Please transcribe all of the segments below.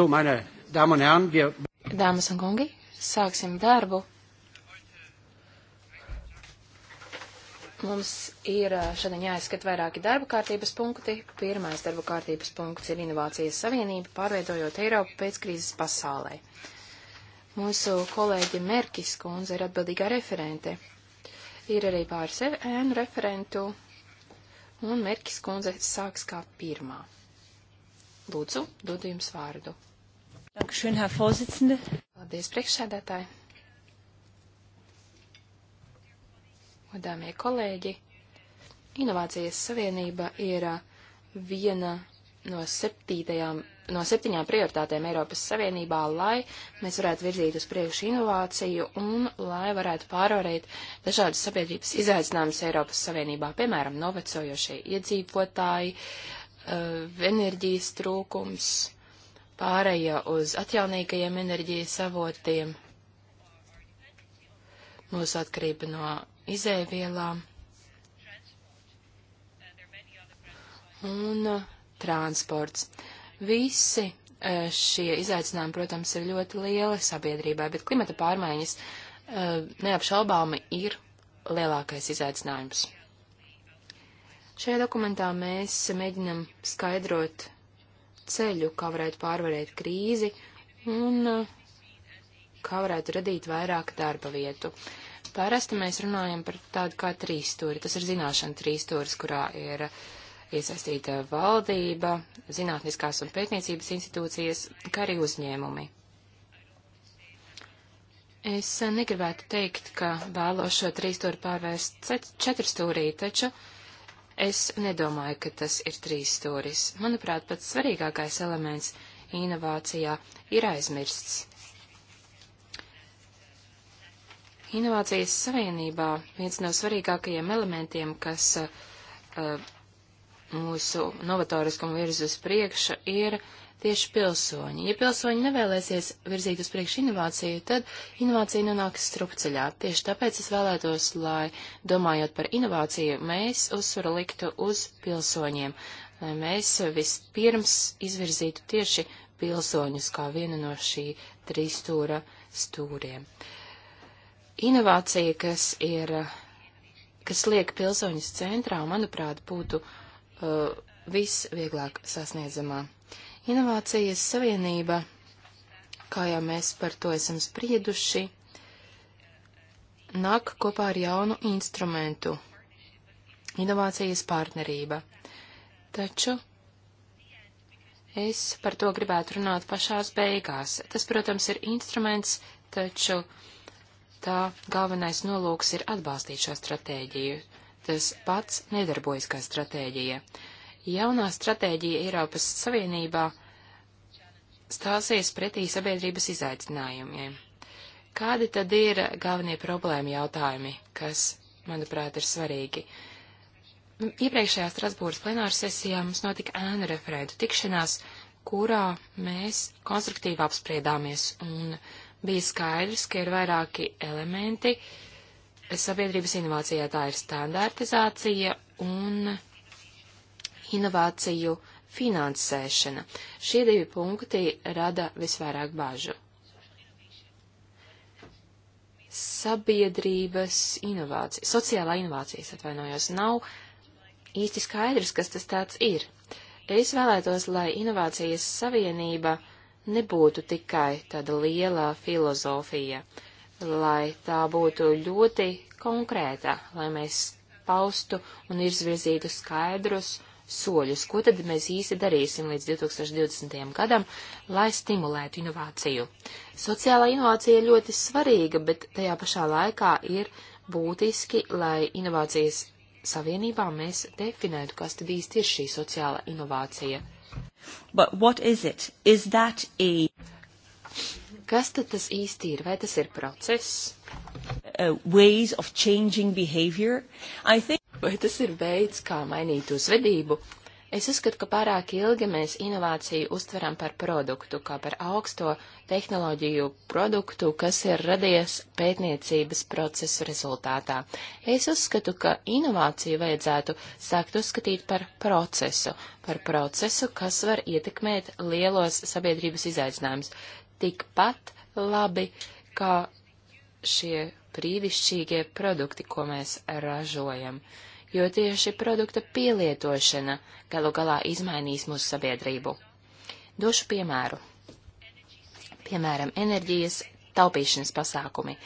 So, meine Damen un Herren, wir... Dāmas un kungi, sāksim darbu. Mums ir šodien jāizskat vairāki darba kārtības punkti. Pirmais darba kārtības punkts ir Inovācijas Savienība, pārveidojot Eiropu pēc krīzes pasaulē. Mūsu kolēģi Merkis kundze ir atbildīgā referente. Ir arī pāris ēnu referentu, un Merkis kundze sāks kā pirmā. Lūdzu, dodu jums vārdu. Paldies, priekšsēdētāji! Godāmie kolēģi! Inovācijas savienība ir uh, viena no, no septiņām prioritātēm Eiropas Savienībā, lai mēs varētu virzīt uz priekšu inovāciju un lai varētu pārvarēt dažādas sabiedrības izaicinājumus Eiropas Savienībā, piemēram, novecojošie iedzīvotāji, uh, enerģijas trūkums, pārēja uz atjaunīgajiem enerģijas avotiem, mūsu atkarība no izēvielām un uh, transports. Visi uh, šie izaicinājumi, protams, ir ļoti lieli sabiedrībai, bet klimata pārmaiņas uh, neapšaubāmi ir lielākais izaicinājums. Šajā dokumentā mēs mēģinam skaidrot ceļu, kā varētu pārvarēt krīzi un eh, kā varētu radīt vairāk darba vietu. Parasti mēs runājam par tādu kā trīstūri. Tas ir zināšana trīstūris, kurā ir iesaistīta valdība, zinātniskās un pētniecības institūcijas, kā arī uzņēmumi. Es negribētu teikt, ka vēlos šo trīstūri pārvērst četrstūrī, taču uh, Es nedomāju, ka tas ir trīs stūris. Manuprāt, pats svarīgākais elements inovācijā ir aizmirsts. Inovācijas savienībā viens no svarīgākajiem elementiem, kas uh, mūsu novatoriskumu virz uz priekšu, ir tieši pilsoņi. Ja pilsoņi nevēlēsies virzīt uz priekšu inovāciju, tad inovācija nonāks strupceļā. Tieši tāpēc es vēlētos, lai, domājot par inovāciju, mēs uzsvaru liktu uz pilsoņiem, lai mēs vispirms izvirzītu tieši pilsoņus kā vienu no šī trīstūra stūriem. Inovācija, kas ir, kas liek pilsoņus centrā, manuprāt, būtu uh, visvieglāk sasniedzamā Inovācijas savienība, kā jau mēs par to esam sprieduši, nāk kopā ar jaunu instrumentu - inovācijas partnerība. Taču es par to gribētu runāt pašās beigās. Tas, protams, ir instruments, taču tā galvenais nolūks ir atbalstīt šo stratēģiju. Tas pats nedarbojas kā stratēģija. Jaunā stratēģija Eiropas Savienībā stāsies pretī sabiedrības izaicinājumiem. Kādi tad ir galvenie problēma jautājumi, kas, manuprāt, ir svarīgi? Nu, iepriekšējā Strasbūras plenāra sesijā mums notika ēnu referentu tikšanās, kurā mēs konstruktīvi apspriedāmies, un bija skaidrs, ka ir vairāki elementi. Sabiedrības inovācijā tā ir standartizācija un inovāciju finansēšana. Šie divi punkti rada visvairāk bāžu. Sabiedrības inovācija, sociālā inovācijas atvainojos, nav īsti skaidrs, kas tas tāds ir. Es vēlētos, lai inovācijas savienība nebūtu tikai tāda liela filozofija, lai tā būtu ļoti konkrēta, lai mēs paustu un izvirzītu skaidrus soļus, ko tad mēs īsti darīsim līdz 2020. gadam, lai stimulētu inovāciju. Sociālā inovācija ir ļoti svarīga, bet tajā pašā laikā ir būtiski, lai inovācijas savienībā mēs definētu, kas tad īsti ir šī sociāla inovācija. But what is it? Is that a... Kas tad tas īsti ir? Vai tas ir process? Uh, ways of changing behavior. I think Vai tas ir veids, kā mainīt uzvedību? Es uzskatu, ka pārāk ilgi mēs inovāciju uztveram par produktu, kā par augsto tehnoloģiju produktu, kas ir radies pētniecības procesu rezultātā. Es uzskatu, ka inovāciju vajadzētu sākt uzskatīt par procesu, par procesu, kas var ietekmēt lielos sabiedrības izaicinājumus tikpat labi, kā šie brīvišķīgie produkti, ko mēs ražojam. Uh, jo tieši produkta pielietošana galu galā izmainīs mūsu sabiedrību. Došu piemēru. Piemēram, enerģijas taupīšanas pasākumi.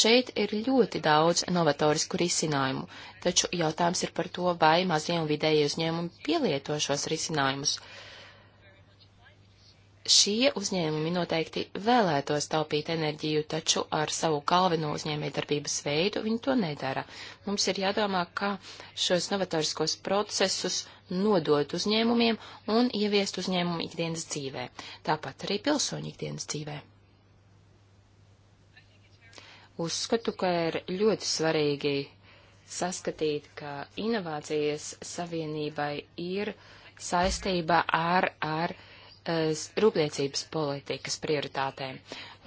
Šeit ir ļoti daudz novatorisku risinājumu, taču jautājums ir par to, vai mazie un vidēji uzņēmumi pielieto šos risinājumus. Uh, Šie uzņēmumi noteikti vēlētos taupīt enerģiju, taču ar savu galveno uzņēmējdarbības veidu viņi to nedara. Mums ir jādomā, kā šos novatoriskos procesus nodot uzņēmumiem un ieviest uzņēmumu ikdienas dzīvē, tāpat arī pilsoņu ikdienas dzīvē. Uzskatu, ka ir ļoti svarīgi saskatīt, ka inovācijas savienībai ir saistība ar, ar rūpniecības politikas prioritātēm.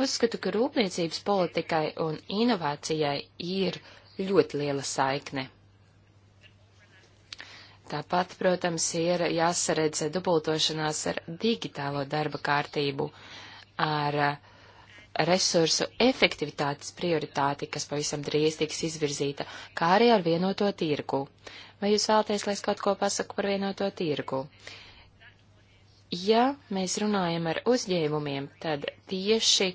Uzskatu, ka rūpniecības politikai un inovācijai ir ļoti liela saikne. Tāpat, protams, ir jāsaredz dubultošanās ar digitālo darba kārtību, ar resursu efektivitātes prioritāti, kas pavisam drīz tiks izvirzīta, kā arī ar vienoto tirgu. Vai jūs vēlaties, lai es kaut ko pasaku par vienoto tirgu? Uh, Ja mēs runājam ar uzņēmumiem, tad tieši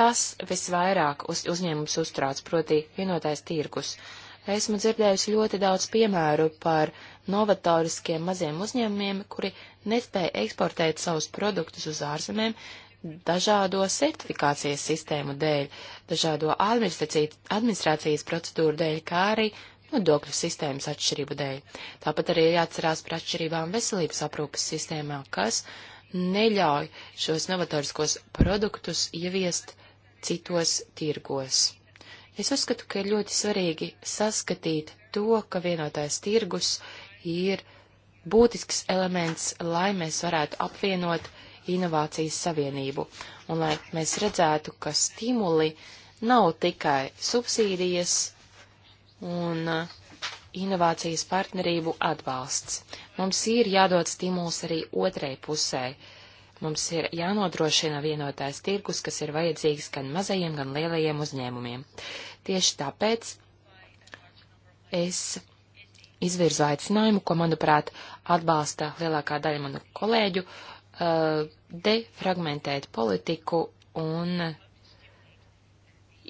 tas visvairāk uz, uzņēmums uztrauc, proti vienotais tirkus. Esmu dzirdējusi ļoti daudz piemēru par novatoriskiem maziem uzņēmumiem, kuri nespēja eksportēt savus produktus uz ārzemēm dažādo certifikācijas sistēmu dēļ, dažādo administrācijas procedūru dēļ, kā arī nodokļu sistēmas atšķirību dēļ. Tāpat arī jāatcerās par atšķirībām veselības aprūpas sistēmā, kas neļauj šos novatoriskos produktus ieviest citos tirgos. Es uzskatu, ka ir ļoti svarīgi saskatīt to, ka vienotais tirgus ir būtisks elements, lai mēs varētu apvienot inovācijas savienību un lai mēs redzētu, ka stimuli nav tikai subsīdijas, un eh, inovācijas partnerību atbalsts. Mums ir jādod stimuls arī otrai pusē. Mums ir jānodrošina vienotais tirgus, kas ir vajadzīgs gan mazajiem, gan lielajiem uzņēmumiem. Tieši tāpēc es izvirzu aicinājumu, ko, manuprāt, atbalsta lielākā daļa manu kolēģu, eh, defragmentēt politiku un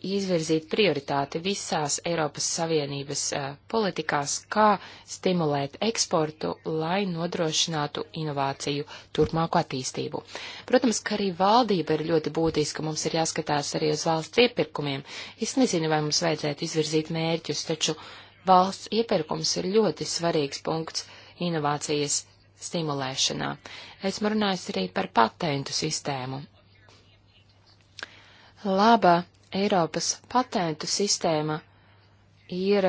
izvirzīt prioritāti visās Eiropas Savienības uh, politikās, kā stimulēt eksportu, lai nodrošinātu inovāciju turpmāku attīstību. Protams, ka arī valdība ir ļoti būtiska, mums ir jāskatās arī uz valsts iepirkumiem. Es nezinu, vai mums vajadzētu izvirzīt mērķus, taču valsts iepirkums ir ļoti svarīgs punkts inovācijas stimulēšanā. Esmu runājis arī par patentu sistēmu. Laba Eiropas patentu sistēma ir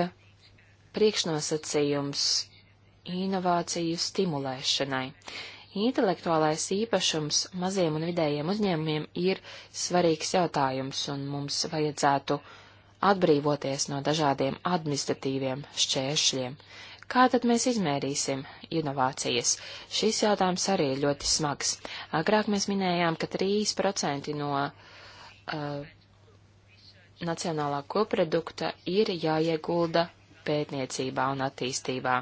priekšnosacījums inovāciju stimulēšanai. Intelektuālais īpašums maziem un vidējiem uzņēmumiem ir svarīgs jautājums, un mums vajadzētu atbrīvoties no dažādiem administratīviem šķēršļiem. Kā tad mēs izmērīsim inovācijas? Šis jautājums arī ir ļoti smags. Agrāk mēs minējām, ka 3% no uh, nacionālā koprodukta ir jāiegulda pētniecībā un attīstībā.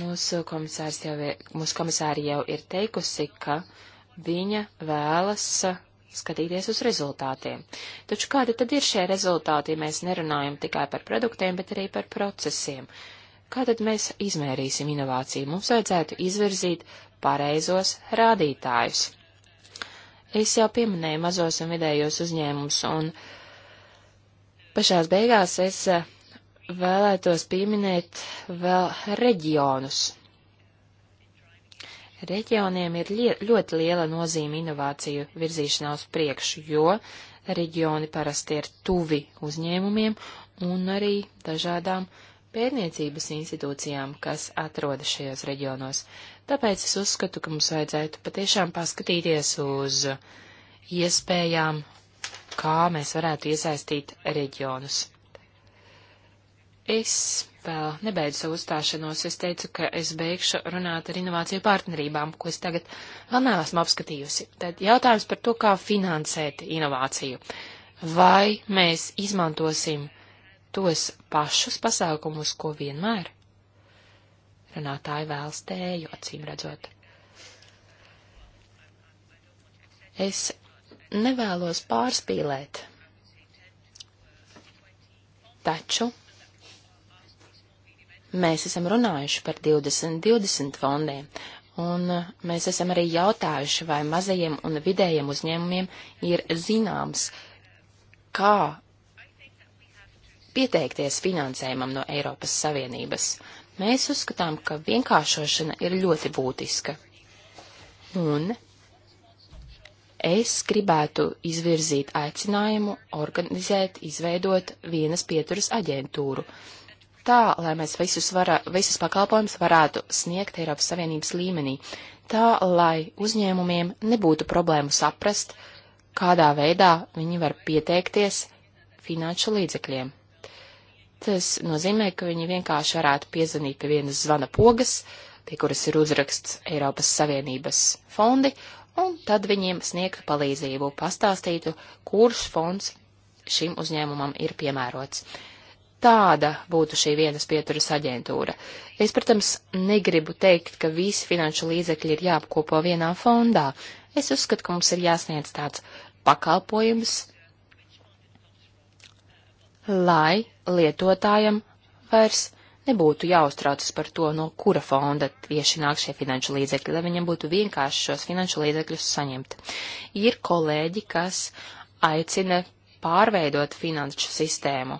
Mūsu, jau, mūsu komisāri jau ir teikusi, ka viņa vēlas skatīties uz rezultātiem. Taču kādi tad ir šie rezultāti, ja mēs nerunājam tikai par produktiem, bet arī par procesiem? Kā tad mēs izmērīsim inovāciju? Mums vajadzētu izvirzīt pareizos rādītājus. Es jau pieminēju mazos un vidējos uzņēmumus, un pašās beigās es eh, vēlētos pieminēt vēl reģionus. Reģioniem ir li ļoti liela nozīme inovāciju virzīšanā uz priekšu, jo reģioni parasti ir tuvi uzņēmumiem un arī dažādām pētniecības institūcijām, kas atrodas šajos reģionos. Tāpēc es uzskatu, ka mums vajadzētu patiešām paskatīties uz iespējām, kā mēs varētu iesaistīt reģionus. Es vēl nebeidzu savu uzstāšanos, es teicu, ka es beigšu runāt ar inovāciju partnerībām, ko es tagad vēl neesmu apskatījusi. Tad jautājums par to, kā finansēt inovāciju. Vai mēs izmantosim tos pašus pasākumus, ko vienmēr? Runātāji vēlas tēju, acīm redzot. Es nevēlos pārspīlēt, taču mēs esam runājuši par 2020 fondiem, un mēs esam arī jautājuši, vai mazajiem un vidējiem uzņēmumiem ir zināms, kā pieteikties finansējumam no Eiropas Savienības. Mēs uzskatām, ka vienkāršošana ir ļoti būtiska. Un es gribētu izvirzīt aicinājumu organizēt, izveidot vienas pieturas aģentūru. Tā, lai mēs visus, vara, visus pakalpojumus varētu sniegt Eiropas Savienības līmenī. Tā, lai uzņēmumiem nebūtu problēmu saprast, kādā veidā viņi var pieteikties finanšu līdzekļiem. Tas nozīmē, ka viņi vienkārši varētu piezvanīt pie vienas zvana pogas, pie kuras ir uzraksts Eiropas Savienības fondi, un tad viņiem sniegtu palīdzību, pastāstītu, kurš fonds šim uzņēmumam ir piemērots. Tāda būtu šī vienas pieturas aģentūra. Es, protams, negribu teikt, ka visi finanšu līdzekļi ir jāapkopo vienā fondā. Es uzskatu, ka mums ir jāsniedz tāds pakalpojums, lai lietotājam vairs nebūtu jāuztraucas par to, no kura fonda tieši nāk šie finanšu līdzekļi, lai viņam būtu vienkārši šos finanšu līdzekļus saņemt. Ir kolēģi, kas aicina pārveidot finanšu sistēmu.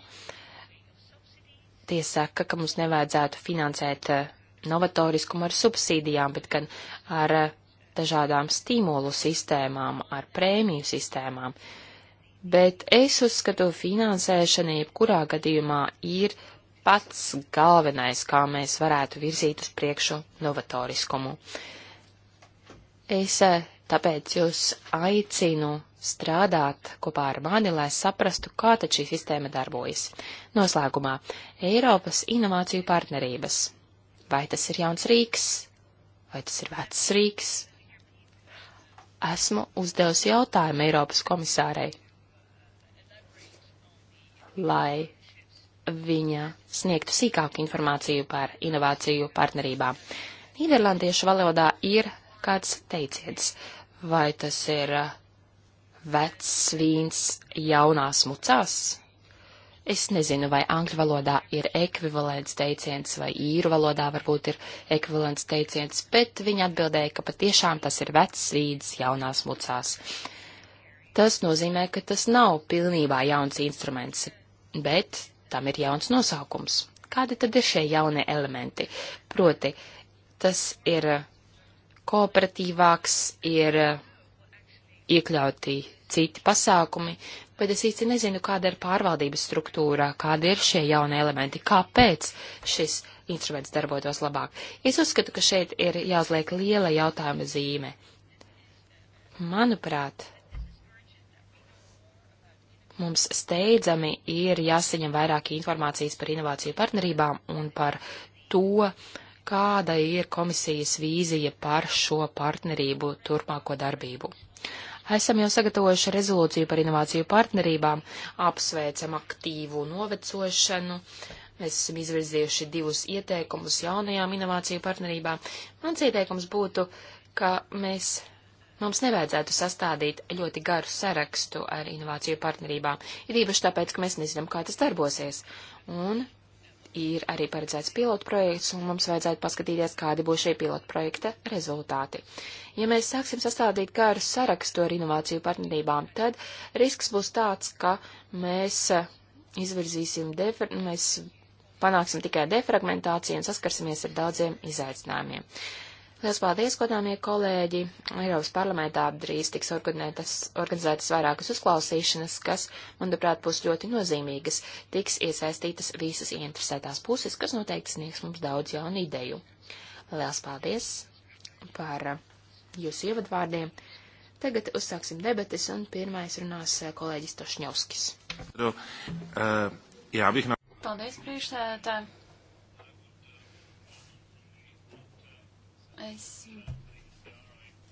Tie saka, ka mums nevajadzētu finansēt eh, novatoriskumu ar subsīdijām, bet gan ar eh, dažādām stimulu sistēmām, ar prēmiju sistēmām. Uh, bet es uzskatu, finansēšana jebkurā gadījumā ir pats galvenais, kā mēs varētu virzīt uz priekšu novatoriskumu. Es eh, tāpēc jūs aicinu strādāt kopā ar mani, lai saprastu, kā tad šī sistēma darbojas. Noslēgumā - Eiropas inovāciju partnerības. Vai tas ir jauns rīks? Vai tas ir vecs rīks? Esmu uzdevusi jautājumu Eiropas komisārei lai viņa sniegtu sīkāku informāciju par inovāciju partnerībām. Nīderlandiešu valodā ir kāds teiciens, vai tas ir eh, vecs vīns jaunās mucās? Es nezinu, vai angļu valodā ir ekvivalents teiciens, vai īru valodā varbūt ir ekvivalents teiciens, bet viņa atbildēja, ka patiešām tas ir vecs vīns jaunās mucās. Tas nozīmē, ka tas nav pilnībā jauns instruments, bet tam ir jauns nosaukums. Kādi tad ir šie jaunie elementi? Proti, tas ir kooperatīvāks, ir iekļauti citi pasākumi, bet es īsti nezinu, kāda ir pārvaldības struktūra, kādi ir šie jaunie elementi, kāpēc šis instruments darbotos labāk. Es uzskatu, ka šeit ir jāuzliek liela jautājuma zīme. Manuprāt, Mums steidzami ir jāsaņem vairāk informācijas par inovāciju partnerībām un par to, kāda ir komisijas vīzija par šo partnerību turpmāko darbību. Esam jau sagatavojuši rezolūciju par inovāciju partnerībām, apsveicam aktīvu novecošanu, mēs esam izvirzījuši divus ieteikumus jaunajām inovāciju partnerībām. Mans ieteikums būtu, ka mēs Mums nevajadzētu sastādīt ļoti garu sarakstu ar inovāciju partnerībām, ir īpaši tāpēc, ka mēs nezinām, kā tas darbosies. Un ir arī paredzēts pilotprojekts, un mums vajadzētu paskatīties, kādi būs šī pilotprojekta rezultāti. Ja mēs sāksim sastādīt garu sarakstu ar inovāciju partnerībām, tad risks būs tāds, ka mēs eh, izvirzīsim, defer, mēs panāksim tikai defragmentāciju un saskarsimies ar daudziem izaicinājumiem. Lielas paldies, godāmie kolēģi! Eiropas parlamentā drīz tiks organizētas vairākas uzklausīšanas, kas, manuprāt, būs ļoti nozīmīgas. Tiks iesaistītas visas ieinteresētās puses, kas noteikti sniegs mums daudz jaunu ideju. Lielas paldies par jūsu ievadvārdiem! Tagad uzsāksim debatis, un pirmais runās eh, kolēģis Tošņovskis. Paldies, priekšsēdētāji! Es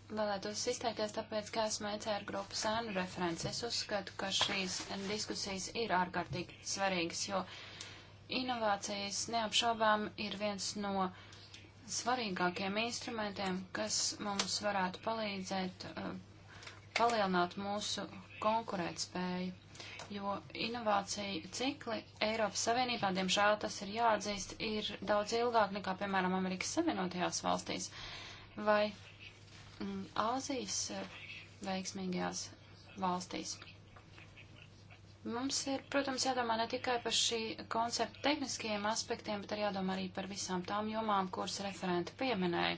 vēlētos izteikties tāpēc, ka esmu ECR grupas ēnu referents. Es uzskatu, ka šīs diskusijas ir ārkārtīgi svarīgas, jo inovācijas neapšaubām ir viens no svarīgākiem instrumentiem, kas mums varētu palīdzēt uh, palielināt mūsu konkurētspēju jo inovāciju cikli Eiropas Savienībā, diemžēl tas ir jāatzīst, ir daudz ilgāk nekā, piemēram, Amerikas Savienotajās valstīs vai mm, Āzijas eh, veiksmīgajās valstīs. Mums ir, protams, jādomā ne tikai par šī koncepta tehniskajiem aspektiem, bet arī jādomā arī par visām tām jomām, kuras referenti pieminēja.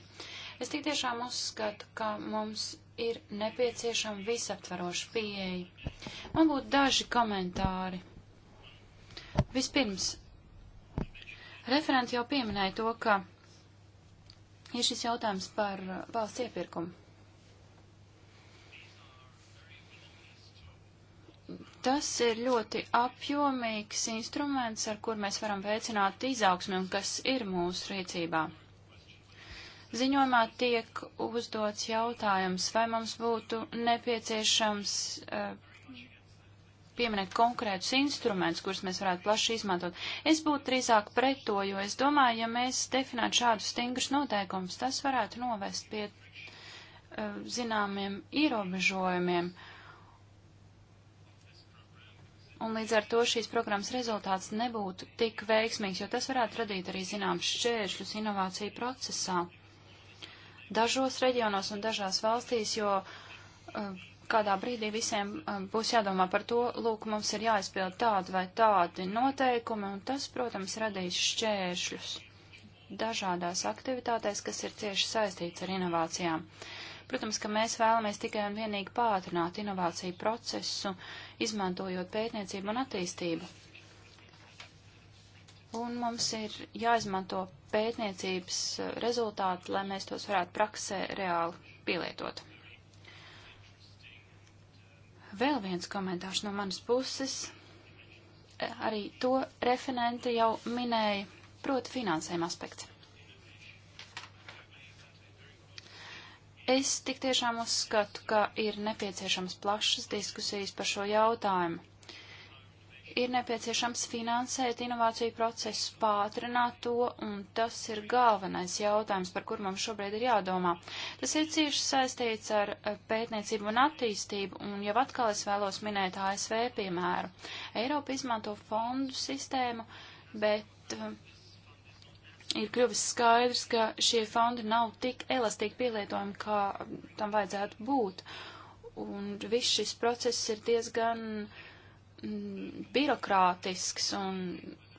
Es tik tiešām uzskatu, ka mums ir nepieciešama visaptvaroša pieeja. Man būtu daži komentāri. Vispirms, referenti jau pieminēja to, ka ir šis jautājums par uh, valsts iepirkumu. Tas ir ļoti apjomīgs instruments, ar kur mēs varam veicināt izaugsmi un kas ir mūsu rīcībā. Ziņojumā tiek uzdots jautājums, vai mums būtu nepieciešams uh, pieminēt konkrētus instrumentus, kurus mēs varētu plaši izmantot. Es būtu drīzāk pret to, jo es domāju, ja mēs definētu šādus stingrus noteikumus, tas varētu novest pie uh, zināmiem ierobežojumiem. Un līdz ar to šīs programmas rezultāts nebūtu tik veiksmīgs, jo tas varētu radīt arī zināmas šķēršļus inovāciju procesā dažos reģionos un dažās valstīs, jo um, kādā brīdī visiem um, būs jādomā par to, lūk, mums ir jāizpild tādi vai tādi noteikumi, un tas, protams, radīs šķēršļus dažādās aktivitātēs, kas ir cieši saistīts ar inovācijām. Protams, ka mēs vēlamies tikai un vienīgi pātrināt inovāciju procesu, izmantojot pētniecību un attīstību un mums ir jāizmanto pētniecības eh, rezultāti, lai mēs tos varētu praksē reāli pielietot. Vēl viens komentārs no manas puses. Eh, arī to referente jau minēja, proti finansējuma aspekts. Es tik tiešām uzskatu, ka ir nepieciešams plašas diskusijas par šo jautājumu ir nepieciešams finansēt inovāciju procesu, pātrināt to, un tas ir galvenais jautājums, par kur mums šobrīd ir jādomā. Tas ir cieši saistīts ar eh, pētniecību un attīstību, un jau atkal es vēlos minēt ASV piemēru. Eiropa izmanto fondu sistēmu, bet eh, ir kļuvis skaidrs, ka šie fondi nav tik elastīgi pielietojami, kā tam vajadzētu būt. Un viss šis process ir diezgan uh, Mm, birokrātisks un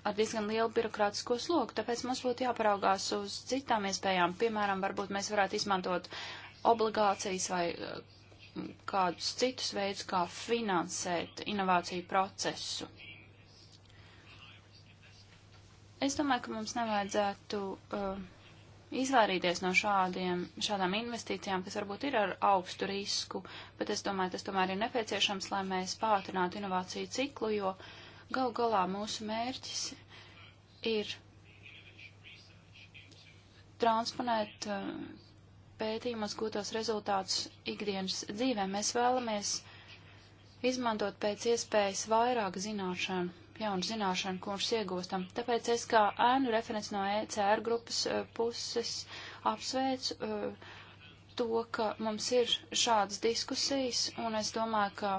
ar diezgan lielu birokrātisko sloku, tāpēc mums būtu jāparaugās uz citām iespējām. Piemēram, varbūt mēs varētu izmantot obligācijas vai eh, kādus citus veidus, kā finansēt inovāciju procesu. Es domāju, ka mums nevajadzētu uh, izvairīties no šādiem, šādām investīcijām, kas varbūt ir ar augstu risku, bet es domāju, tas tomēr ir nepieciešams, lai mēs pātrinātu inovāciju ciklu, jo gal galā mūsu mērķis ir transponēt uh, pētījumos gūtos rezultātus ikdienas dzīvē. Mēs vēlamies izmantot pēc iespējas vairāk zināšanu jaunu zināšanu, ko mums iegūstam. Tāpēc es kā ēnu referents no ECR grupas eh, puses apsveicu uh, to, ka mums ir šādas diskusijas, un es domāju, ka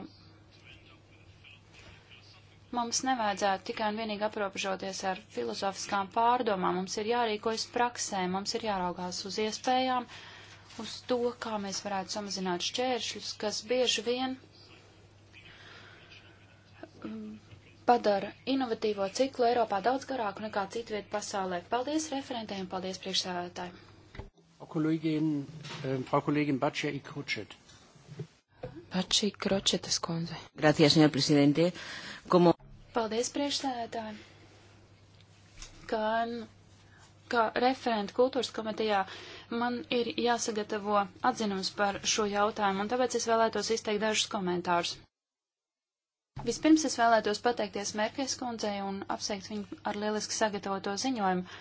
mums nevajadzētu tikai un vienīgi aprobežoties ar filozofiskām pārdomām. Mums ir jārīkojas praksē, mums ir jāraugās uz iespējām, uz to, kā mēs varētu samazināt šķēršļus, kas bieži vien padara inovatīvo ciklu Eiropā daudz garāku nekā citviet pasaulē. Paldies referentēm, paldies priekšsēdētāji. Frau Kollegin Batsche Ikruchet. Batsche Ikruchetas kundze. Gracias, señor presidente. Como... Paldies priekšsēdētāji. Kā, kā referenta kultūras komitejā man ir jāsagatavo atzinums par šo jautājumu, un tāpēc es vēlētos izteikt dažus komentārus. Vispirms es vēlētos pateikties Merkes kundzei un apsveikt viņu ar lieliski sagatavoto ziņojumu.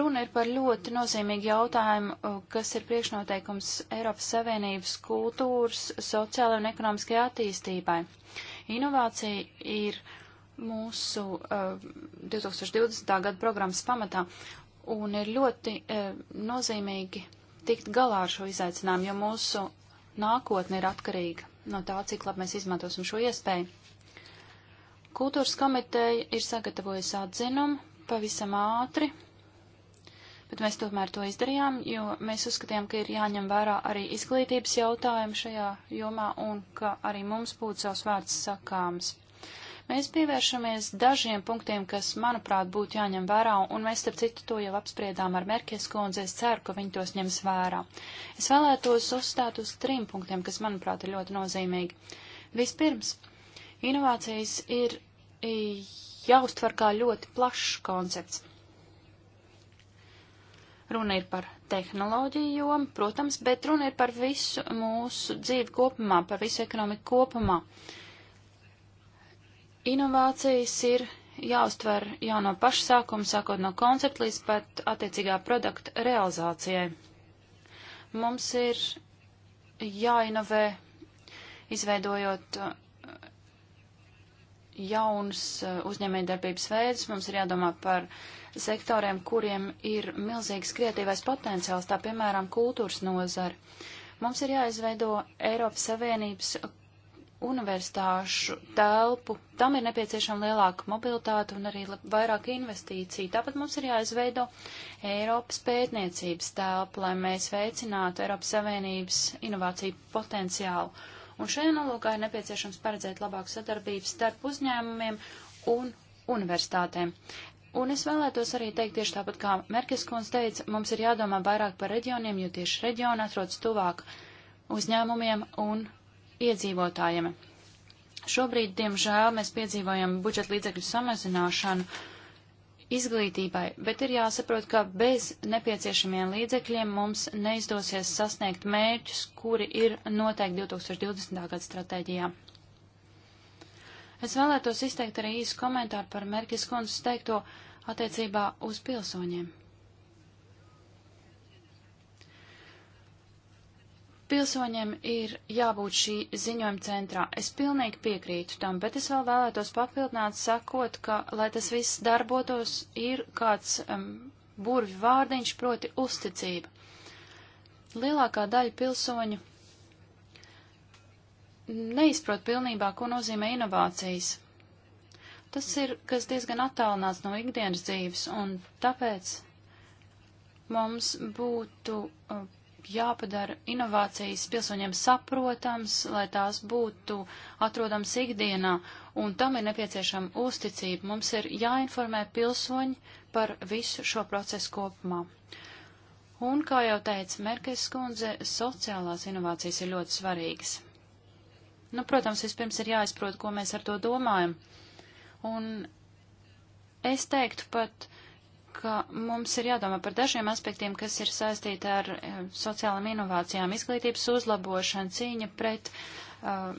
Runa ir par ļoti nozīmīgu jautājumu, uh, kas ir priekšnoteikums Eiropas Savienības kultūras, sociālajai un ekonomiskajai attīstībai. Inovācija ir mūsu uh, 2020. gada programmas pamatā un ir ļoti uh, nozīmīgi tikt galā ar šo izaicinājumu, jo mūsu nākotne ir atkarīga no tā, cik labi mēs izmantosim šo iespēju. Kultūras komiteja ir sagatavojusi atzinumu pavisam ātri, bet mēs tomēr to izdarījām, jo mēs uzskatījām, ka ir jāņem vērā arī izglītības jautājumi šajā jomā un ka arī mums būtu savs vārds sakāms. Mēs pievēršamies dažiem punktiem, kas, manuprāt, būtu jāņem vērā, un mēs, starp citu, to jau apspriedām ar Merkies kundzi, es ceru, ka viņi tos ņems vērā. Es vēlētos uzstāt uz trim punktiem, kas, manuprāt, ir ļoti nozīmīgi. Vispirms, Inovācijas ir jāuztver kā ļoti plašs koncepts. Runa ir par tehnoloģiju jomu, protams, bet runa ir par visu mūsu dzīvi kopumā, par visu ekonomiku kopumā. Inovācijas ir jāuztver jau no paša sākuma, sākot no koncepta līdz pat attiecīgā produkta realizācijai. Mums ir jāinovē, izveidojot jauns eh, uzņēmējdarbības veids, mums ir jādomā par sektoriem, kuriem ir milzīgs kreatīvais potenciāls, tā piemēram kultūras nozara. Mums ir jāizveido Eiropas Savienības universitāšu telpu, tam ir nepieciešama lielāka mobilitāte un arī vairāk investīciju. Tāpat mums ir jāizveido Eiropas pētniecības telpa, lai mēs veicinātu Eiropas Savienības inovāciju potenciālu Un šajā nolūkā ir nepieciešams paredzēt labāku sadarbību starp uzņēmumiem un universitātēm. Un es vēlētos arī teikt tieši tāpat, kā Merkis kundz teica, mums ir jādomā vairāk par reģioniem, jo tieši reģiona atrodas tuvāk uzņēmumiem un iedzīvotājiem. Šobrīd, diemžēl, mēs piedzīvojam budžeta līdzekļu samazināšanu izglītībai, bet ir jāsaprot, ka bez nepieciešamiem līdzekļiem mums neizdosies sasniegt mērķus, kuri ir noteikti 2020. gada stratēģijā. Es vēlētos izteikt arī īsu komentāru par Merkis kundzes teikto attiecībā uz pilsoņiem. Pilsoņiem ir jābūt šī ziņojuma centrā. Es pilnīgi piekrītu tam, bet es vēl vēlētos papildināt, sakot, ka, lai tas viss darbotos, ir kāds um, burvju vārdiņš, proti uzticība. Lielākā daļa pilsoņu neizprot pilnībā, ko nozīmē inovācijas. Tas ir kas diezgan attālināts no ikdienas dzīves, un tāpēc mums būtu. Uh, jāpadara inovācijas pilsoņiem saprotams, lai tās būtu atrodams ikdienā, un tam ir nepieciešama uzticība. Mums ir jāinformē pilsoņi par visu šo procesu kopumā. Un, kā jau teica Merkes kundze, sociālās inovācijas ir ļoti svarīgas. Nu, protams, vispirms ir jāizprot, ko mēs ar to domājam. Un es teiktu pat, uh, ka mums ir jādomā par dažiem aspektiem, kas ir saistīti ar eh, sociālām inovācijām, izglītības uzlabošana, cīņa pret uh,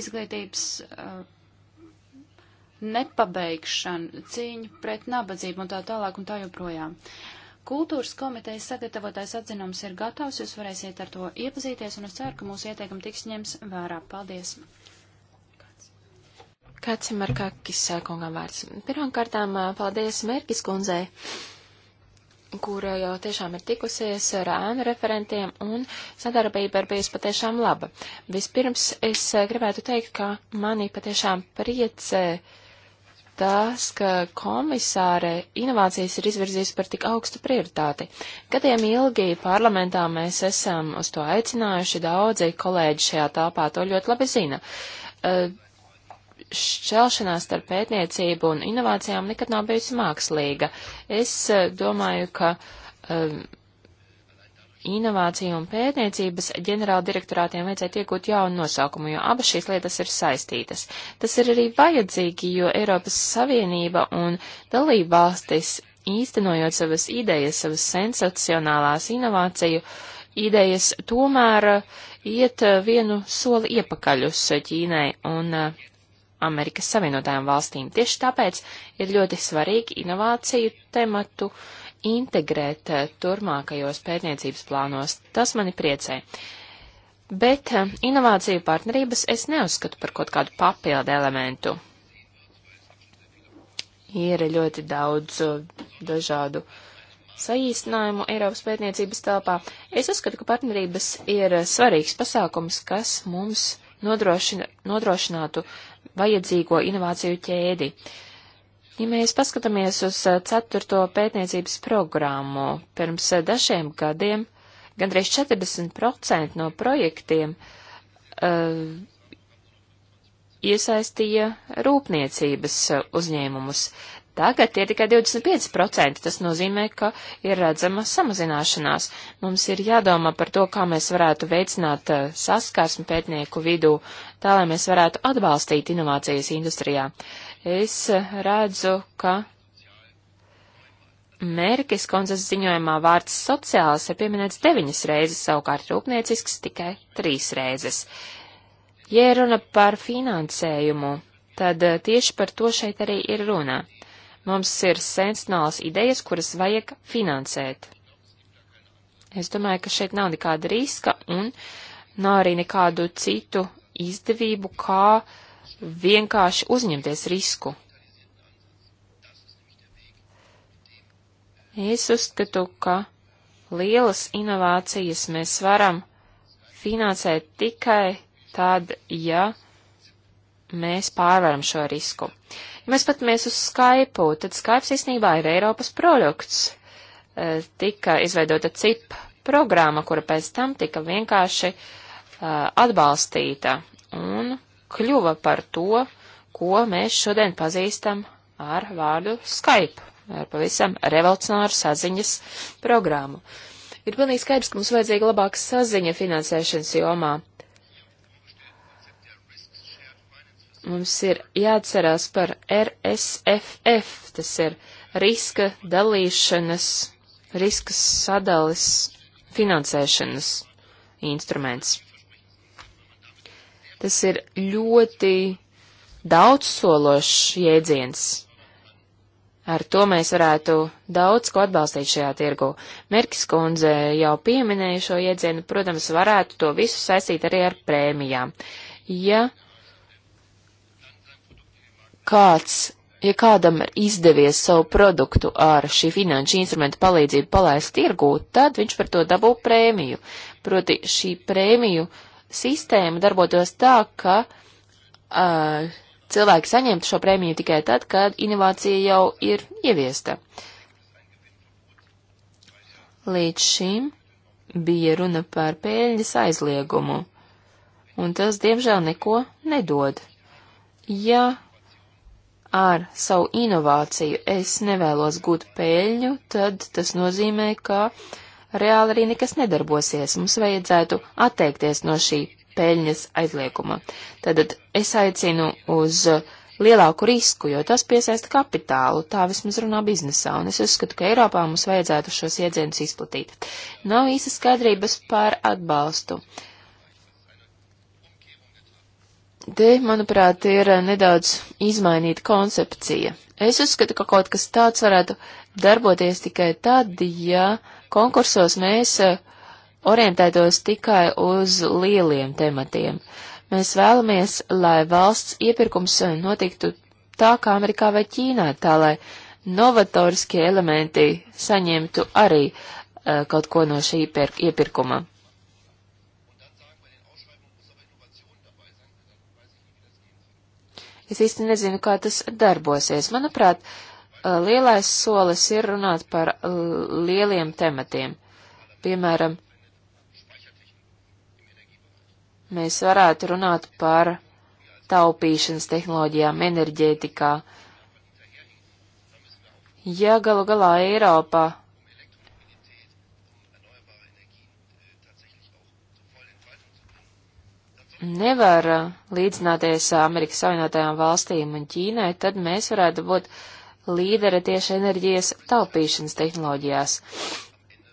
izglītības uh, nepabeigšanu, cīņa pret nabadzību un tā tālāk un tā joprojām. Kultūras komitejas sagatavotais atzinums ir gatavs, jūs varēsiet ar to iepazīties un es ceru, ka mūsu ieteikumi tiks ņems vērā. Paldies! Kāds ir Markakis kungam vārds? Pirmkārtām, paldies Mērkis kundzei, kura jau tiešām ir tikusies ar ēnu referentiem, un sadarbība ir bijusi patiešām laba. Vispirms es gribētu teikt, ka mani patiešām priecē tas, ka komisāre inovācijas ir izvirzījusi par tik augstu prioritāti. Gadiem ilgi parlamentā mēs esam uz to aicinājuši, daudzi kolēģi šajā tāpā to ļoti labi zina šķelšanās starp pētniecību un inovācijām nekad nav bijusi mākslīga. Es eh, domāju, ka um, ehm, inovāciju un pētniecības ģenerāla direktorātiem vajadzētu iegūt jaunu nosaukumu, jo abas šīs lietas ir saistītas. Tas ir arī vajadzīgi, jo Eiropas Savienība un dalība valstis īstenojot savas idejas, savas sensacionālās inovāciju idejas, tomēr eh, iet eh, vienu soli iepakaļ uz Ķīnai un uh, Amerikas Savienotajām valstīm. Tieši tāpēc ir ļoti svarīgi inovāciju tematu integrēt eh, turmākajos pētniecības plānos. Tas mani priecē. Bet eh, inovāciju partnerības es neuzskatu par kaut kādu papildu elementu. Ir ļoti daudz eh, dažādu saīsinājumu Eiropas pētniecības telpā. Es uzskatu, ka partnerības ir svarīgs pasākums, kas mums nodrošina, nodrošinātu uh, vajadzīgo inovāciju ķēdi. Ja mēs paskatāmies uz eh, ceturto pētniecības programmu, pirms eh, dažiem gadiem gandrīz 40% no projektiem uh, iesaistīja rūpniecības uzņēmumus. Tagad ir tikai 25%, tas nozīmē, ka ir redzama samazināšanās. Mums ir jādomā par to, kā mēs varētu veicināt eh, saskarsmi pētnieku vidū, tā lai mēs varētu atbalstīt inovācijas industrijā. Es eh, redzu, ka Mērķis konzes ziņojumā vārds sociāls ir pieminēts deviņas reizes, savukārt rūpniecisks tikai trīs reizes. Ja runa par finansējumu, tad eh, tieši par to šeit arī ir runa. Mums ir sensacionālas idejas, kuras vajag finansēt. Es domāju, ka šeit nav nekāda riska un nav arī nekādu citu izdevību, kā vienkārši uzņemties risku. Es uzskatu, ka lielas inovācijas mēs varam finansēt tikai tad, ja mēs pārvaram šo risku. Ja mēs patāmies uz Skype, tad Skype īstenībā ir Eiropas produkts. E, tika izveidota CIP programma, kura pēc tam tika vienkārši e, atbalstīta un kļuva par to, ko mēs šodien pazīstam ar vārdu Skype, ar pavisam revolucionāru saziņas programmu. Ir pilnīgi skaidrs, ka mums vajadzīga labāka saziņa finansēšanas jomā. Mums ir jāatcerās par RSFF, tas ir riska dalīšanas, riska sadalis finansēšanas instruments. Tas ir ļoti daudzsološs jēdziens. Ar to mēs varētu daudz ko atbalstīt šajā tirgu. Merkis kundze jau pieminēja šo jēdzienu, protams, varētu to visu saistīt arī ar prēmijām. Ja kāds, ja kādam ir izdevies savu produktu ar šī finanšu instrumentu palīdzību palaist tirgū, tad viņš par to dabū prēmiju. Proti šī prēmiju sistēma darbotos tā, ka uh, cilvēki saņemtu šo prēmiju tikai tad, kad inovācija jau ir ieviesta. Līdz šim bija runa par pēļņas aizliegumu, un tas, diemžēl, neko nedod. Ja ar savu inovāciju es nevēlos gūt peļņu, tad tas nozīmē, ka reāli arī nekas nedarbosies. Mums vajadzētu atteikties no šī peļņas aizlieguma. Tad es aicinu uz lielāku risku, jo tas piesaista kapitālu, tā vismaz runā biznesā, un es uzskatu, ka Eiropā mums vajadzētu šos iedzienus izplatīt. Nav īsa skaidrības par atbalstu. Uh, Te, manuprāt, ir eh, nedaudz izmainīta koncepcija. Es uzskatu, ka kaut kas tāds varētu darboties tikai tad, ja konkursos mēs eh, orientētos tikai uz lieliem tematiem. Mēs vēlamies, lai valsts iepirkums eh, notiktu tā kā Amerikā vai Ķīnā, tā lai novatoriskie elementi saņemtu arī uh, kaut ko no šī iepirkuma. Es īsti nezinu, kā tas darbosies. Manuprāt, lielais solis ir runāt par lieliem tematiem. Piemēram, mēs varētu runāt par taupīšanas tehnoloģijām, enerģētikā. Ja galu galā Eiropa nevar uh, līdzināties uh, Amerikas Savienotajām valstīm un Ķīnai, tad mēs varētu būt līderi tieši enerģijas taupīšanas tehnoloģijās.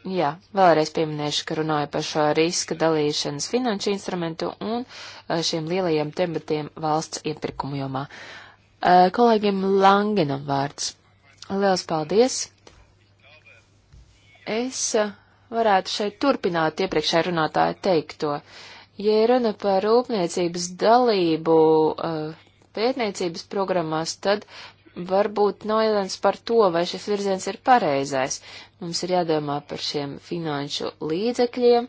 Jā, vēlreiz pieminēšu, ka runāju par šo riska dalīšanas finanšu instrumentu un uh, šiem lielajiem tematiem valsts iepirkumu jomā. Kolēģim Langenam vārds. Liels paldies! Es varētu šeit turpināt iepriekšējā runātāja teikto. Uh, Ja runa par rūpniecības dalību uh, pētniecības programmās, tad varbūt noilens par to, vai šis virziens ir pareizais. Mums ir jādomā par šiem finanšu līdzekļiem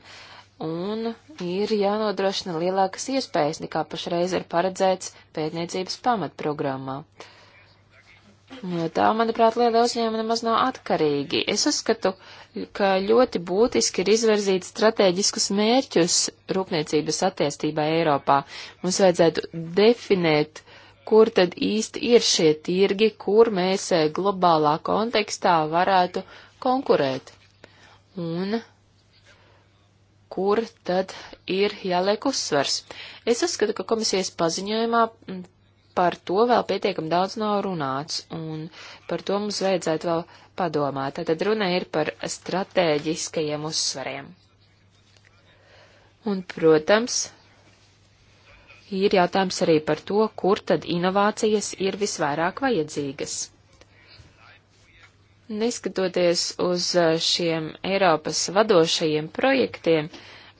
un ir jānodrošina lielākas iespējas nekā pašreiz ir paredzēts pētniecības pamatprogrammā. Uh, No nu, tā, manuprāt, lielie uzņēmumi nemaz nav atkarīgi. Es uzskatu, ka ļoti būtiski ir izverzīt strateģiskus mērķus rūpniecības attīstībai Eiropā. Mums vajadzētu definēt, kur tad īsti ir šie tirgi, kur mēs eh, globālā kontekstā varētu konkurēt. Un kur tad ir jāliek uzsvers. Es uzskatu, ka komisijas paziņojumā par to vēl pietiekami daudz nav runāts, un par to mums vajadzētu vēl padomāt. Tad runa ir par stratēģiskajiem uzsvariem. Un, protams, ir jautājums arī par to, kur tad inovācijas ir visvairāk vajadzīgas. Neskatoties uz šiem Eiropas vadošajiem projektiem,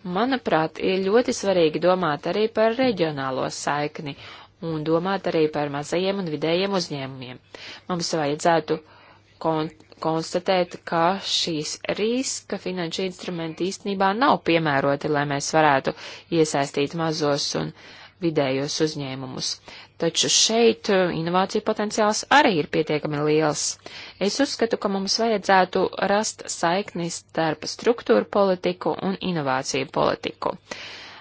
manuprāt, ir ļoti svarīgi domāt arī par reģionālo saikni un domāt arī par mazajiem un vidējiem uzņēmumiem. Mums vajadzētu kon konstatēt, ka šīs riska finanšu instrumenti īstenībā nav piemēroti, lai mēs varētu iesaistīt mazos un vidējos uzņēmumus. Taču šeit uh, inovāciju potenciāls arī ir pietiekami liels. Es uzskatu, ka mums vajadzētu rast saiknis starp struktūru politiku un inovāciju politiku.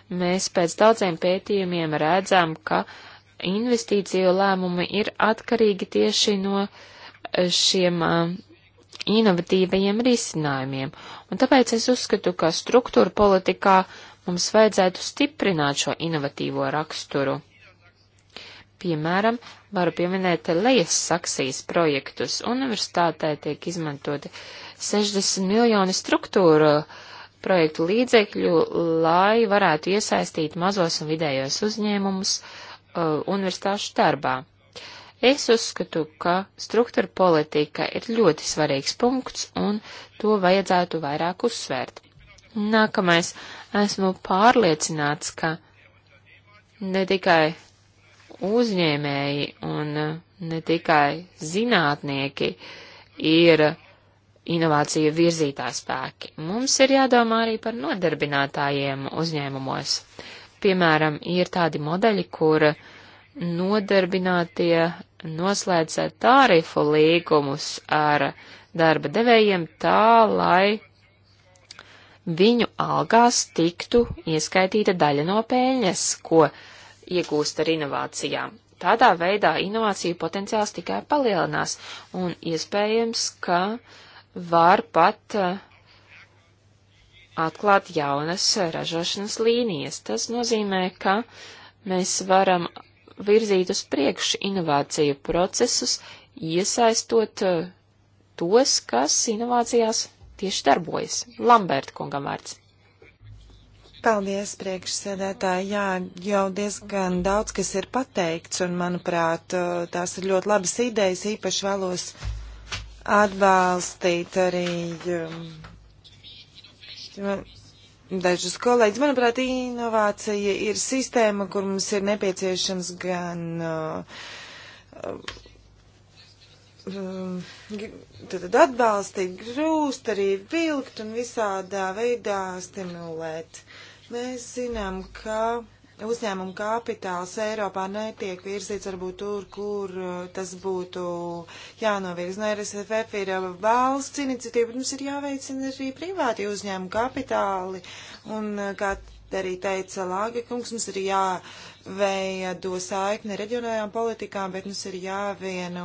Mēs pēc daudziem pētījumiem redzam, ka uh, investīciju lēmumi ir atkarīgi tieši no eh, šiem eh, inovatīvajiem risinājumiem. Un tāpēc es uzskatu, ka struktūra politikā mums vajadzētu stiprināt šo inovatīvo raksturu. Piemēram, varu pieminēt lejas saksijas projektus. Universitātē tiek izmantoti 60 miljoni struktūru projektu līdzekļu, lai varētu iesaistīt mazos un vidējos uzņēmumus uh, uh, universitāšu darbā. Es uzskatu, ka struktūra politika ir ļoti svarīgs punkts un to vajadzētu vairāk uzsvērt. Nākamais, esmu pārliecināts, ka ne tikai uzņēmēji un uh, ne tikai zinātnieki ir inovāciju virzītā spēki. Mums ir jādomā arī par nodarbinātājiem uzņēmumos. Uh, Piemēram, ir tādi modeļi, kur nodarbinātie noslēdz tārifu līgumus ar darba devējiem tā, lai viņu algās tiktu ieskaitīta daļa no peļņas, ko iegūst ar inovācijām. Tādā veidā inovāciju potenciāls tikai palielinās, un iespējams, ka var pat uh, atklāt jaunas ražošanas līnijas. Tas nozīmē, ka mēs varam virzīt uz priekšu inovāciju procesus, iesaistot uh, tos, kas inovācijās tieši darbojas. Lamberta kungam vārds. Paldies, priekšsēdētāji. Jā, jau diezgan daudz, kas ir pateikts, un, manuprāt, uh, tās ir ļoti labas idejas. Īpaši vēlos atbalstīt arī um, dažus kolēģus. Manuprāt, inovācija ir sistēma, kur mums ir nepieciešams gan. Uh, uh, um, tad atbalstīt, grūst arī vilkt un visādā veidā stimulēt. Mēs zinām, ka uzņēmumu kapitāls Eiropā netiek virzīts varbūt tur, kur uh, tas būtu jānovirz. No nu, RSFF ir uh, valsts iniciatīva, bet mums ir jāveicina arī privāti uzņēmumu kapitāli. Un, uh, kā arī teica Lāga kungs, mums ir jā veido saikni reģionālajām politikām, bet mums ir jāvieno,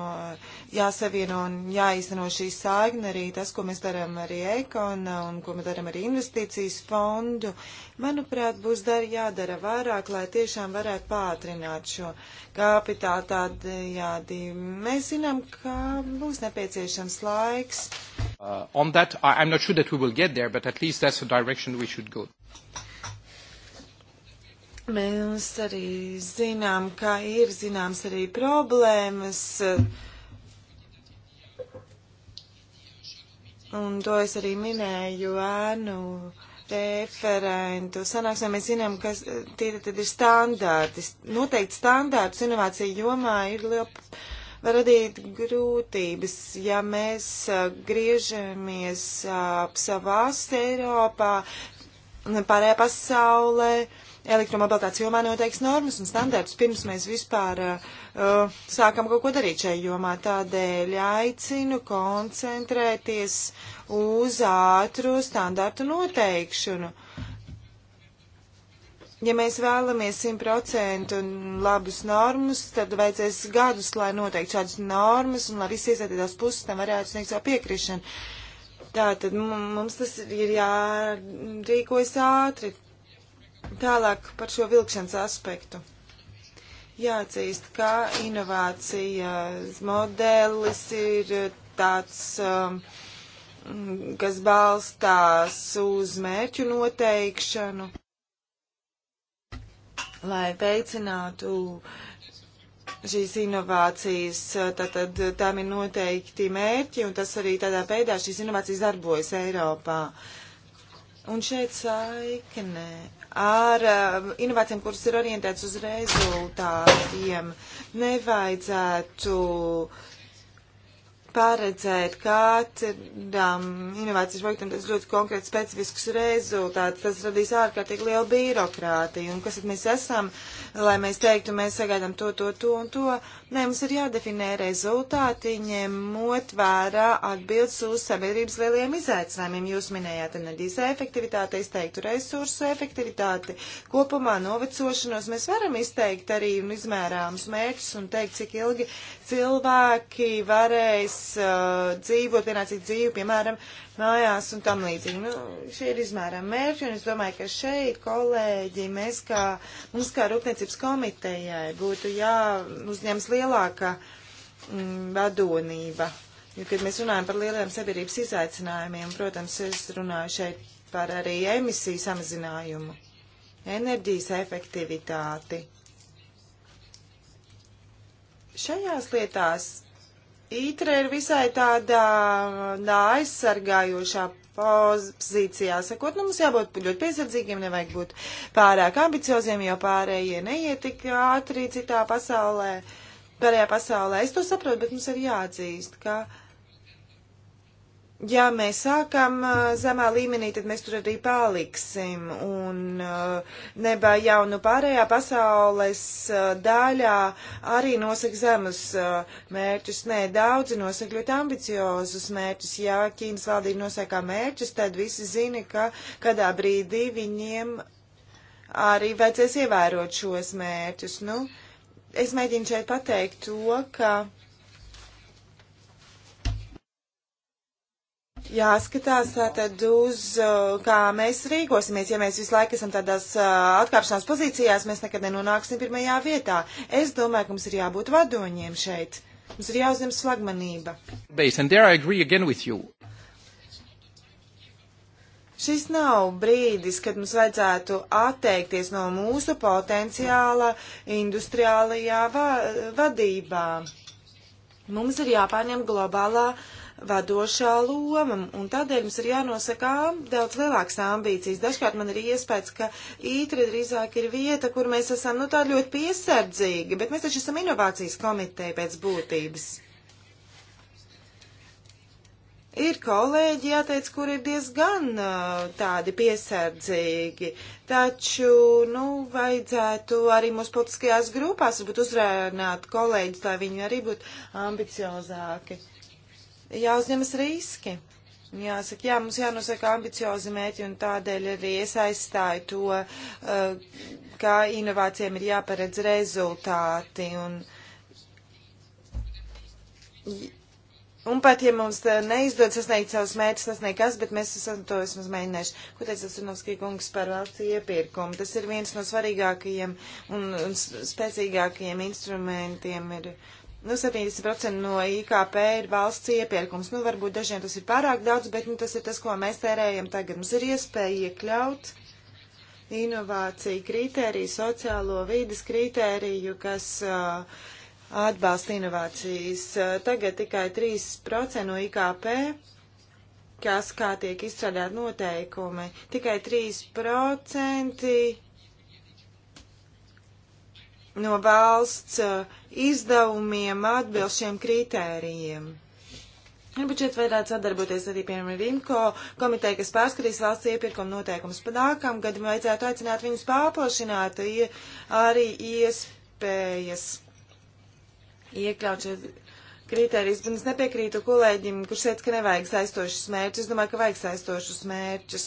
jāsavieno un jāizteno šī saikne arī tas, ko mēs darām arī ekona un ko mēs darām arī investīcijas fondu. Manuprāt, būs dar, jādara vairāk, lai tiešām varētu pātrināt šo kapitālu tādējādi. Mēs zinām, ka būs nepieciešams laiks. Uh, on that, I, I'm not sure that we will get there, but at least that's the direction we should go. Mēs arī zinām, ka ir zināms arī problēmas, un to es arī minēju ēnu referentu. Sanāksim, mēs zinām, ka tie tad ir standārti. Noteikti standārts inovācija jomā ir liela, var radīt grūtības, ja mēs griežamies ap savās Eiropā, pārējā pasaulē elektromobilitātes jomā noteiks normas un standartus, pirms mēs vispār uh, sākam kaut ko darīt šajā jomā. Tādēļ aicinu koncentrēties uz ātru standartu noteikšanu. Ja mēs vēlamies 100% labus normas, tad vajadzēs gadus, lai noteikti šādas normas un lai visi iesaistītās puses tam varētu sniegt savu piekrišanu. Tā tad mums tas ir jārīkojas ātri. Tālāk par šo vilkšanas aspektu. Jāatzīst, ka inovācijas modelis ir tāds, um, kas balstās uz mērķu noteikšanu, lai veicinātu šīs inovācijas, tātad tām ir noteikti mērķi, un tas arī tādā veidā šīs inovācijas darbojas Eiropā. Un šeit saikne ar uh, inovācijām, kuras ir orientētas uz rezultātiem. Nevajadzētu paredzēt katram inovācijas projektam tas ļoti konkrēti specifisks rezultāts. Tas radīs ārkārtīgi lielu birokrātiju. Un kas tad mēs esam, lai mēs teiktu, mēs sagaidām to, to, to un to. Nē, mums ir jādefinē rezultāti, ņemot vērā atbildes uz sabiedrības lieliem izaicinājumiem. Jūs minējāt enerģijas efektivitāti, es teiktu resursu efektivitāti. Kopumā novecošanos mēs varam izteikt arī un izmērāms mērķus un teikt, cik ilgi cilvēki varēs uh, dzīvot, pienācīt dzīvi, piemēram, mājās un tam līdzīgi. Nu, šie ir izmērām mērķi, un es domāju, ka šeit, kolēģi, mēs kā, mums kā Rūpniecības komitejai būtu jāuzņems liela lielākā mm, vadonība. Jo, kad mēs runājam par lieliem sabiedrības izaicinājumiem, protams, es runāju šeit par arī emisiju samazinājumu, enerģijas efektivitāti. Šajās lietās ītre ir visai tādā, tādā aizsargājošā pozīcijā, sakot, nu mums jābūt ļoti piesardzīgiem, nevajag būt pārāk ambicioziem, jo pārējie neiet tik ātri citā pasaulē. Uh, pārējā pasaulē. Es to saprotu, bet mums ir jāatzīst, ka, ja mēs sākam zemā līmenī, tad mēs tur arī paliksim. Un nebā jau nu pārējā pasaules daļā arī nosaka zemus mērķus. Nē, daudzi nosaka ļoti ambiciozus mērķus. Ja Ķīnas valdība nosaka mērķus, tad visi zina, ka kādā brīdī viņiem arī vajadzēs ievērot šos mērķus. Nu, uh, es mēģinu šeit pateikt to, ka jāskatās tātad uz, uh, kā mēs rīkosimies. Ja mēs visu laiku esam tādās uh, atkāpšanās pozīcijās, mēs nekad nenonāksim pirmajā vietā. Es domāju, ka mums ir jābūt vadoņiem šeit. Mums ir jāuzņems flagmanība. Šis nav brīdis, kad mums vajadzētu atteikties no mūsu potenciāla industriālajā va vadībā. Mums ir jāpārņem globālā vadošā loma, un tādēļ mums ir jānosaka daudz lielākas ambīcijas. Dažkārt man ir iespējas, ka ītri drīzāk ir vieta, kur mēs esam, nu, tā ļoti piesardzīgi, bet mēs taču esam inovācijas komiteja pēc būtības. Ir kolēģi, jāteic, kur ir diezgan tādi piesardzīgi, taču, nu, vajadzētu arī mūsu politiskajās grupās, varbūt uzrēnāt kolēģis, lai viņi arī būtu ambiciozāki. Jāuzņemas riski. Jāsaka, jā, mums jānosaka ambiciozi mērķi, un tādēļ arī es aizstāju to, kā inovācijām ir jāparedz rezultāti. Un Un pat, ja mums eh, neizdodas sasniegt savus mērķus, tas nekas, bet mēs esam to vismaz mēģinājuši. Ko teica Sunovskija kungs par valsts iepirkumu? Tas ir viens no svarīgākajiem un, un spēcīgākajiem instrumentiem. Ir, nu, 70% no IKP ir valsts iepirkums. Nu, varbūt dažiem tas ir pārāk daudz, bet nu, tas ir tas, ko mēs tērējam tagad. Mums ir iespēja iekļaut inovāciju kritēriju, sociālo vīdes kritēriju, kas. Uh, atbalsta inovācijas. Eh, tagad tikai 3% no IKP, kas kā tiek izstrādāt noteikumi, tikai 3% no valsts eh, izdevumiem atbilst šiem kritērijiem. Varbūt šeit vajadzētu sadarboties arī, piemēram, ar IMCO komiteju, kas pārskatīs valsts iepirkuma noteikumus. Pa nākam gadam vajadzētu aicināt viņus pāplašināt arī iespējas iekļaut šeit kritērijas, bet es nepiekrītu kolēģim, kurš teica, ka nevajag saistošus mērķus. Es domāju, ka vajag saistošus mērķus.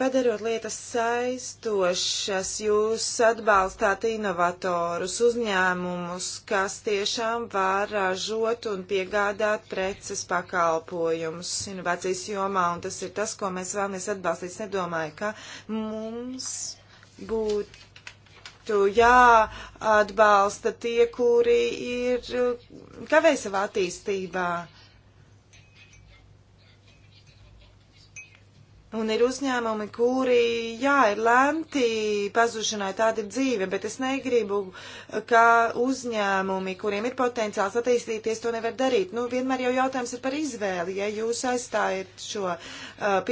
Padarot lietas saistošas, jūs atbalstāt inovatorus, uzņēmumus, kas tiešām var ražot un piegādāt preces pakalpojumus inovācijas jomā, un tas ir tas, ko mēs vēlamies atbalstīt. Es nedomāju, ka mums būtu būtu jāatbalsta tie, kuri ir kavē savā attīstībā. Un ir uzņēmumi, kuri, jā, ir lemti pazušanai tāda ir dzīve, bet es negribu, ka uzņēmumi, kuriem ir potenciāls attīstīties, to nevar darīt. Nu, vienmēr jau jautājums ir par izvēli. Ja jūs aizstājat šo uh,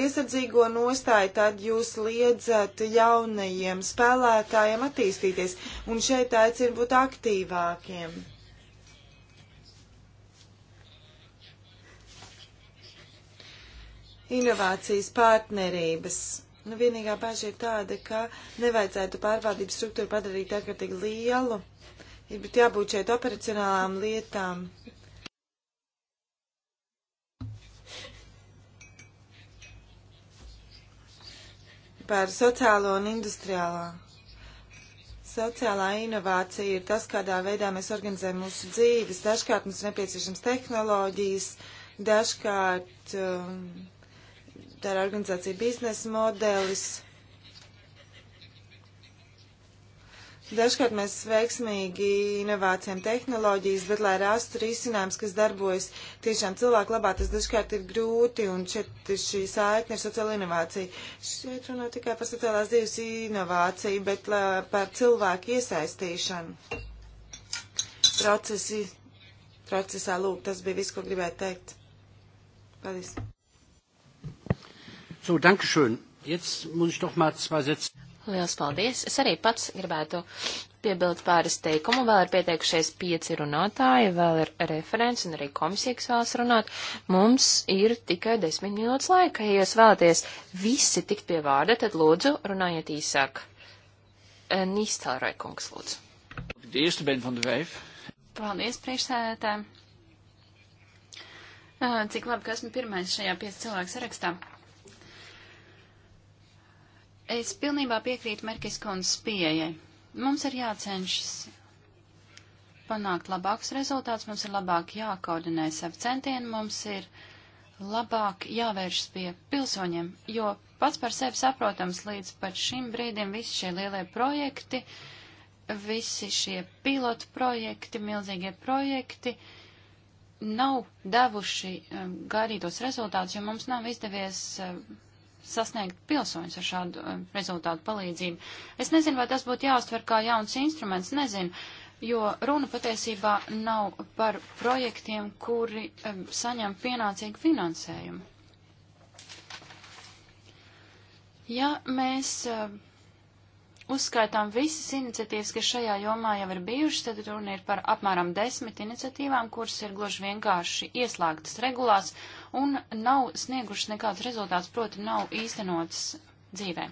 piesardzīgo nostāju, tad jūs liedzat jaunajiem spēlētājiem attīstīties. Un šeit aicinu būt aktīvākiem. inovācijas partnerības. Nu, vienīgā bažība ir tāda, ka nevajadzētu pārvaldības struktūru padarīt ārkārtīgi lielu, ir jābūt šeit operacionālām lietām. Par sociālo un industriālā. Sociālā inovācija ir tas, kādā veidā mēs organizējam mūsu dzīves. Dažkārt mums nepieciešams tehnoloģijas, dažkārt. Um, Tā ir organizācija biznesa modelis. Dažkārt mēs veiksmīgi inovācijām tehnoloģijas, bet, lai rastu risinājums, kas darbojas tiešām cilvēku labā, tas dažkārt ir grūti, un šeit šī saikne ir sociāla inovācija. Šeit runā tikai par sociālās dzīves inovāciju, bet la, par cilvēku iesaistīšanu. Procesi, procesā, lūk, tas bija viss, ko gribēju teikt. Paldies. So, danke schön. Jetzt muss ich doch mal zwei Sätze. Lielas paldies. Es arī pats gribētu piebilst pāris teikumu. Vēl ir pieteikušies pieci runātāji, vēl ir referents un arī komisija, kas vēlas runāt. Mums ir tikai desmit minūtes laika. Ja jūs vēlaties visi tikt pie vārda, tad lūdzu runājiet īsāk. Eh, Nīstārai kungs, lūdzu. Paldies, priekšsēdētāji. Eh, cik labi, ka esmu pirmais šajā pieci cilvēku sarakstā. Es pilnībā piekrītu Merkis kundzes pieejai. Mums ir jācenšas panākt labāks rezultāts, mums ir labāk jākoordinē sev centieni, mums ir labāk jāvēršas pie pilsoņiem, jo pats par sevi saprotams līdz pat šim brīdim visi šie lielie projekti, visi šie pilotu projekti, milzīgie projekti nav devuši um, gaidītos rezultātus, jo mums nav izdevies um, sasniegt pilsoņus ar šādu um, rezultātu palīdzību. Es nezinu, vai tas būtu jāuztver kā jauns instruments, nezinu, jo runa patiesībā nav par projektiem, kuri um, saņem pienācīgu finansējumu. Ja mēs um, uzskaitām visas iniciatīvas, kas šajā jomā jau ir bijušas, tad runa ir par apmēram desmit iniciatīvām, kuras ir gluži vienkārši ieslēgtas regulās un nav sniegušas nekādus rezultātus, proti nav īstenotas dzīvē.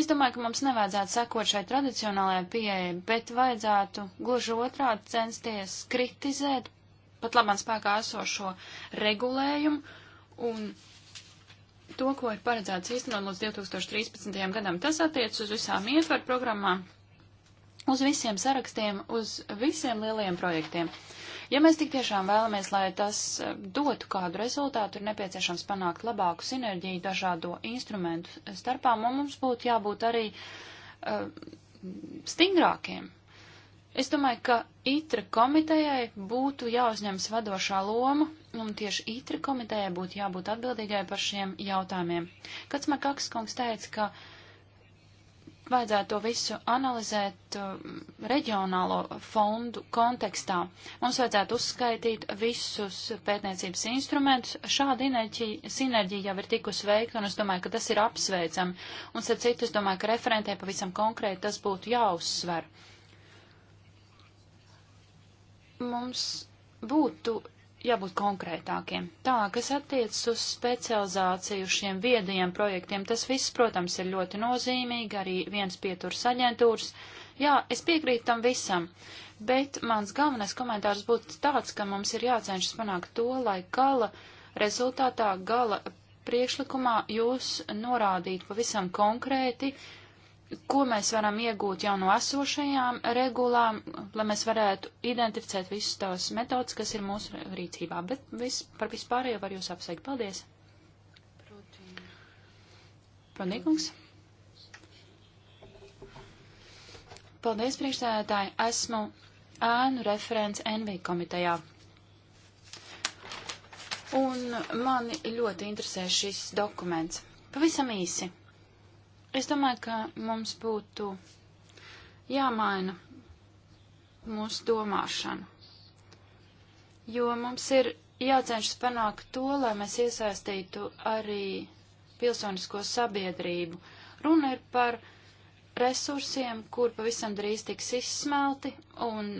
Es domāju, ka mums nevajadzētu sekot šai tradicionālajai pieejai, bet vajadzētu gluži otrādi censties kritizēt pat labāk spēkā esošo regulējumu un to, ko ir paredzēts īstenot līdz 2013. gadam. Tas attiec uz visām ietvaru programmām, uz visiem sarakstiem, uz visiem lielajiem projektiem. Ja mēs tik tiešām vēlamies, lai tas eh, dotu kādu rezultātu, ir nepieciešams panākt labāku sinerģiju dažādo instrumentu starpā, un mums būtu jābūt arī uh, stingrākiem. Es domāju, ka ITRA komitejai būtu jāuzņems vadošā loma, un tieši ITRA komitejai būtu jābūt atbildīgai par šiem jautājumiem. Kāds Makaks kungs teica, ka vajadzētu to visu analizēt um, reģionālo fondu kontekstā. Mums vajadzētu uzskaitīt visus pētniecības instrumentus. Šāda inerģija, sinerģija jau ir tikus veikta, un es domāju, ka tas ir apsveicami. Un, starp citu, es domāju, ka referentē pavisam konkrēti tas būtu jāuzsver. Mums būtu jābūt konkrētākiem. Tā, kas attiecas uz specializāciju šiem viedajiem projektiem, tas viss, protams, ir ļoti nozīmīgi, arī viens pieturs aģentūras. Jā, es piekrītu tam visam, bet mans galvenais komentārs būtu tāds, ka mums ir jācenšas panākt to, lai gala rezultātā, gala priekšlikumā jūs norādītu pavisam konkrēti, uh, ko mēs varam iegūt jau no esošajām regulām, lai mēs varētu identificēt visus tās metodas, kas ir mūsu rīcībā. Bet vis, par vispārējo var jūs apsveikt. Paldies! Prodīgums. Paldies, priekšsēdētāji. Esmu ēnu referents NV komitejā. Un mani ļoti interesē šis dokuments. Pavisam īsi. Es domāju, ka mums būtu jāmaina mūsu domāšana, jo mums ir jācenšas panākt to, lai mēs iesaistītu arī pilsonisko sabiedrību. Runa ir par resursiem, kur pavisam drīz tiks izsmelti, un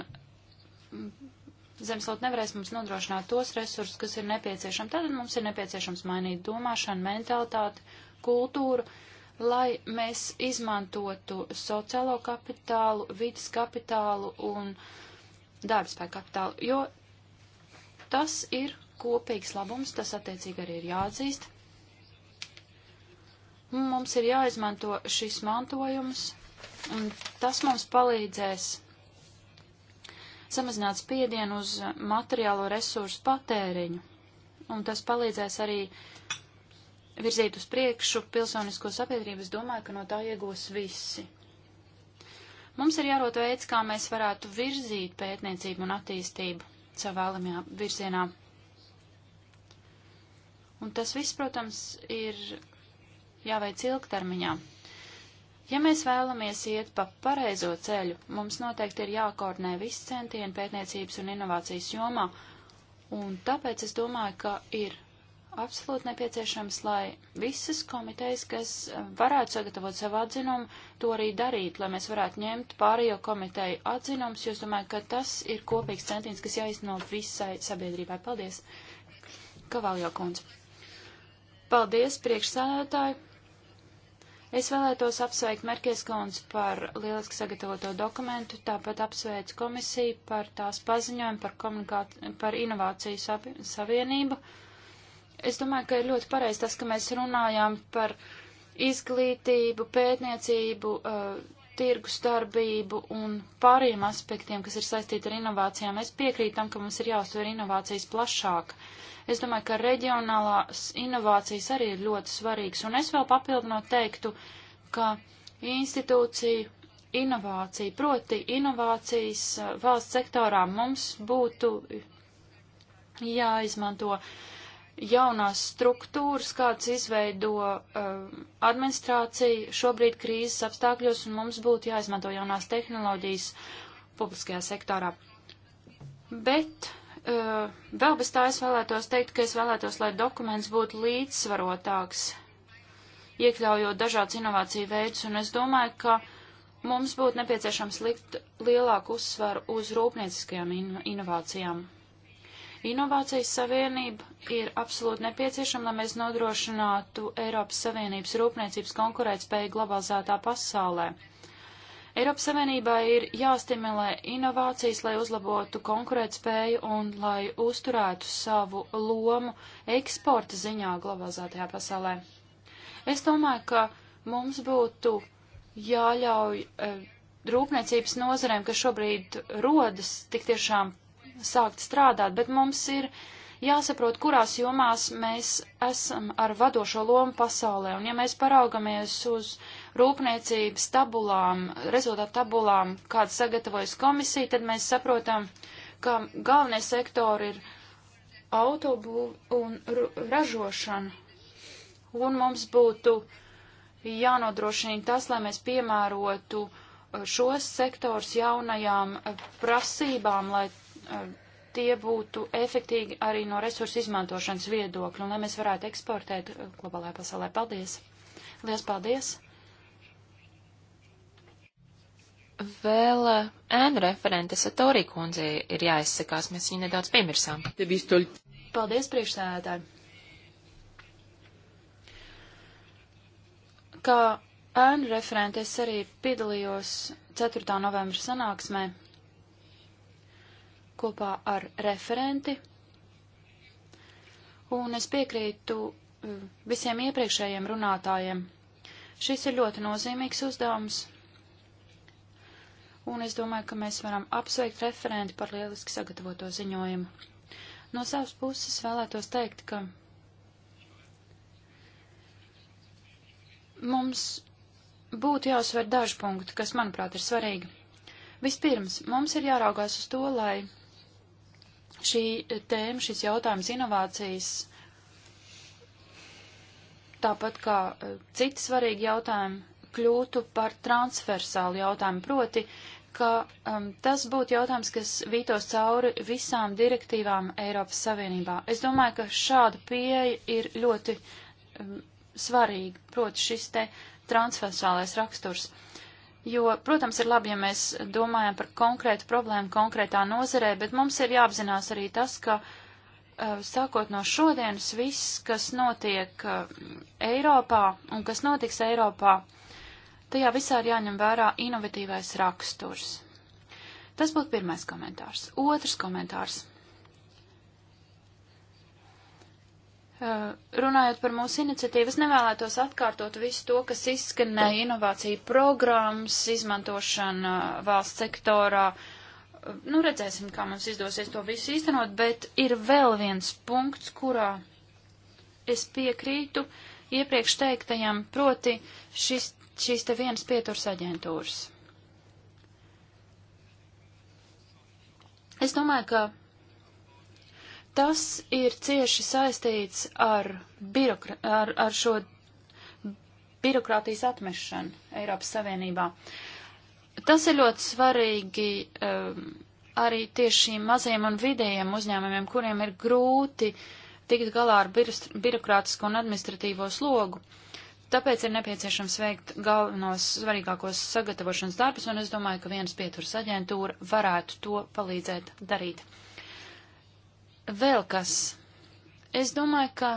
Zemeslauka nevarēs mums nodrošināt tos resursus, kas ir nepieciešami. Tātad mums ir nepieciešams mainīt domāšanu, mentalitāti, kultūru, lai mēs izmantotu sociālo kapitālu, vidas kapitālu un darbspēku kapitālu, jo tas ir kopīgs labums, tas attiecīgi arī ir jāatzīst. Mums ir jāizmanto šis mantojums, un tas mums palīdzēs samazināt spiedienu uz materiālo resursu patēriņu, un tas palīdzēs arī uh, virzīt uz priekšu pilsonisko sabiedrību, es domāju, ka no tā iegūs visi. Mums ir jārot veids, kā mēs varētu virzīt pētniecību un attīstību savā vēlamajā virzienā. Un tas viss, protams, ir jāveic ilgtermiņā. Ja mēs vēlamies iet pa pareizo ceļu, mums noteikti ir jākoordinē viss centieni pētniecības un inovācijas jomā, un tāpēc es domāju, ka ir absolūti nepieciešams, lai visas komitejas, kas varētu sagatavot savu atzinumu, to arī darītu, lai mēs varētu ņemt pārējo komiteju atzinumus, jo es domāju, ka tas ir kopīgs centiens, kas jāizno visai sabiedrībai. Paldies, Kavaljo kundze. Paldies, priekšsēdētāji. Es vēlētos apsveikt Merkies kundzi par lieliski sagatavoto dokumentu, tāpat apsveicu komisiju par tās paziņojumu par, par inovāciju savienību. Sabi Es domāju, ka ir ļoti pareizi tas, ka mēs runājām par izglītību, pētniecību, uh, tirgus darbību un pāriem aspektiem, kas ir saistīti ar inovācijām. Es piekrītu tam, ka mums ir jāuztver inovācijas plašāk. Es domāju, ka reģionālās inovācijas arī ir ļoti svarīgas. Un es vēl papildinot teiktu, ka institūciju inovācija, proti inovācijas uh, valsts sektorā mums būtu jāizmanto jaunās struktūras, kādas izveido uh, eh, administrācija šobrīd krīzes apstākļos, un mums būtu jāizmanto jaunās tehnoloģijas publiskajā sektorā. Bet uh, vēl bez tā es vēlētos teikt, ka es vēlētos, lai dokuments būtu līdzsvarotāks, iekļaujot dažādas inovāciju veidus, un es domāju, ka mums būtu nepieciešams likt lielāku uzsvaru uz rūpnieciskajām in inovācijām. Inovācijas savienība ir absolūti nepieciešama, lai mēs nodrošinātu Eiropas Savienības rūpniecības konkurētspēju globalizētā pasaulē. Eiropas Savienībā ir jāstimulē inovācijas, lai uzlabotu konkurētspēju un lai uzturētu savu lomu eksporta ziņā globalizētajā pasaulē. Es domāju, ka mums būtu jāļauj e, rūpniecības nozarēm, kas šobrīd rodas, tik tiešām sākt strādāt, bet mums ir jāsaprot, kurās jomās mēs esam ar vadošo lomu pasaulē. Un ja mēs paraugamies uz rūpniecības tabulām, rezultātu tabulām, kādas sagatavojas komisija, tad mēs saprotam, ka galvenie sektori ir autobūv un ražošana. Un mums būtu jānodrošina tas, lai mēs piemērotu šos sektors jaunajām prasībām, lai Um, tie būtu efektīvi arī no resursu izmantošanas viedokļa, un lai mēs varētu eksportēt uh, globālajā pasaulē. Paldies! Lielas paldies! Vēl uh, ēnu referente Satorī kundze ir jāizsakās, mēs viņu nedaudz piemirsām. Paldies, priekšsēdētāji! Kā ēnu referente es arī piedalījos 4. novembra sanāksmē kopā ar referenti, un es piekrītu mm, visiem iepriekšējiem runātājiem. Šis ir ļoti nozīmīgs uzdevums, un es domāju, ka mēs varam apsveikt referenti par lieliski sagatavoto ziņojumu. No savas puses vēlētos teikt, ka mums būtu jāuzsver daži punkti, kas, manuprāt, ir svarīgi. Vispirms, mums ir jāraugās uz to, lai Šī tēma, šis jautājums inovācijas, tāpat kā e, citi svarīgi jautājumi, kļūtu par transversālu jautājumu, proti, ka um, tas būtu jautājums, kas vītos cauri visām direktīvām Eiropas Savienībā. Es domāju, ka šāda pieeja ir ļoti um, svarīga, proti šis te transversālais raksturs. Uh, Jo, protams, ir labi, ja mēs domājam par konkrētu problēmu konkrētā nozerē, bet mums ir jāapzinās arī tas, ka eh, sākot no šodienas viss, kas notiek eh, Eiropā un kas notiks Eiropā, tajā visā ir jāņem vērā inovatīvais raksturs. Tas būtu pirmais komentārs. Otrs komentārs. Eh, runājot par mūsu iniciatīvas, nevēlētos atkārtot visu to, kas izskanēja inovāciju programmas, izmantošana eh, valsts sektorā. Eh, nu, redzēsim, kā mums izdosies to visu īstenot, bet ir vēl viens punkts, kurā es piekrītu iepriekš teiktajam, proti šis, šīs te vienas pieturs aģentūras. Es domāju, ka Tas ir cieši saistīts ar, birokra, ar, ar šo birokrātijas atmešanu Eiropas Savienībā. Tas ir ļoti svarīgi um, arī tieši šīm mazajiem un vidējiem uzņēmumiem, kuriem ir grūti tikt galā ar birokrātisko un administratīvo slogu. Tāpēc ir nepieciešams veikt galvenos svarīgākos sagatavošanas darbus, un es domāju, ka vienas pieturas aģentūra varētu to palīdzēt darīt. Vēl kas. Es domāju, ka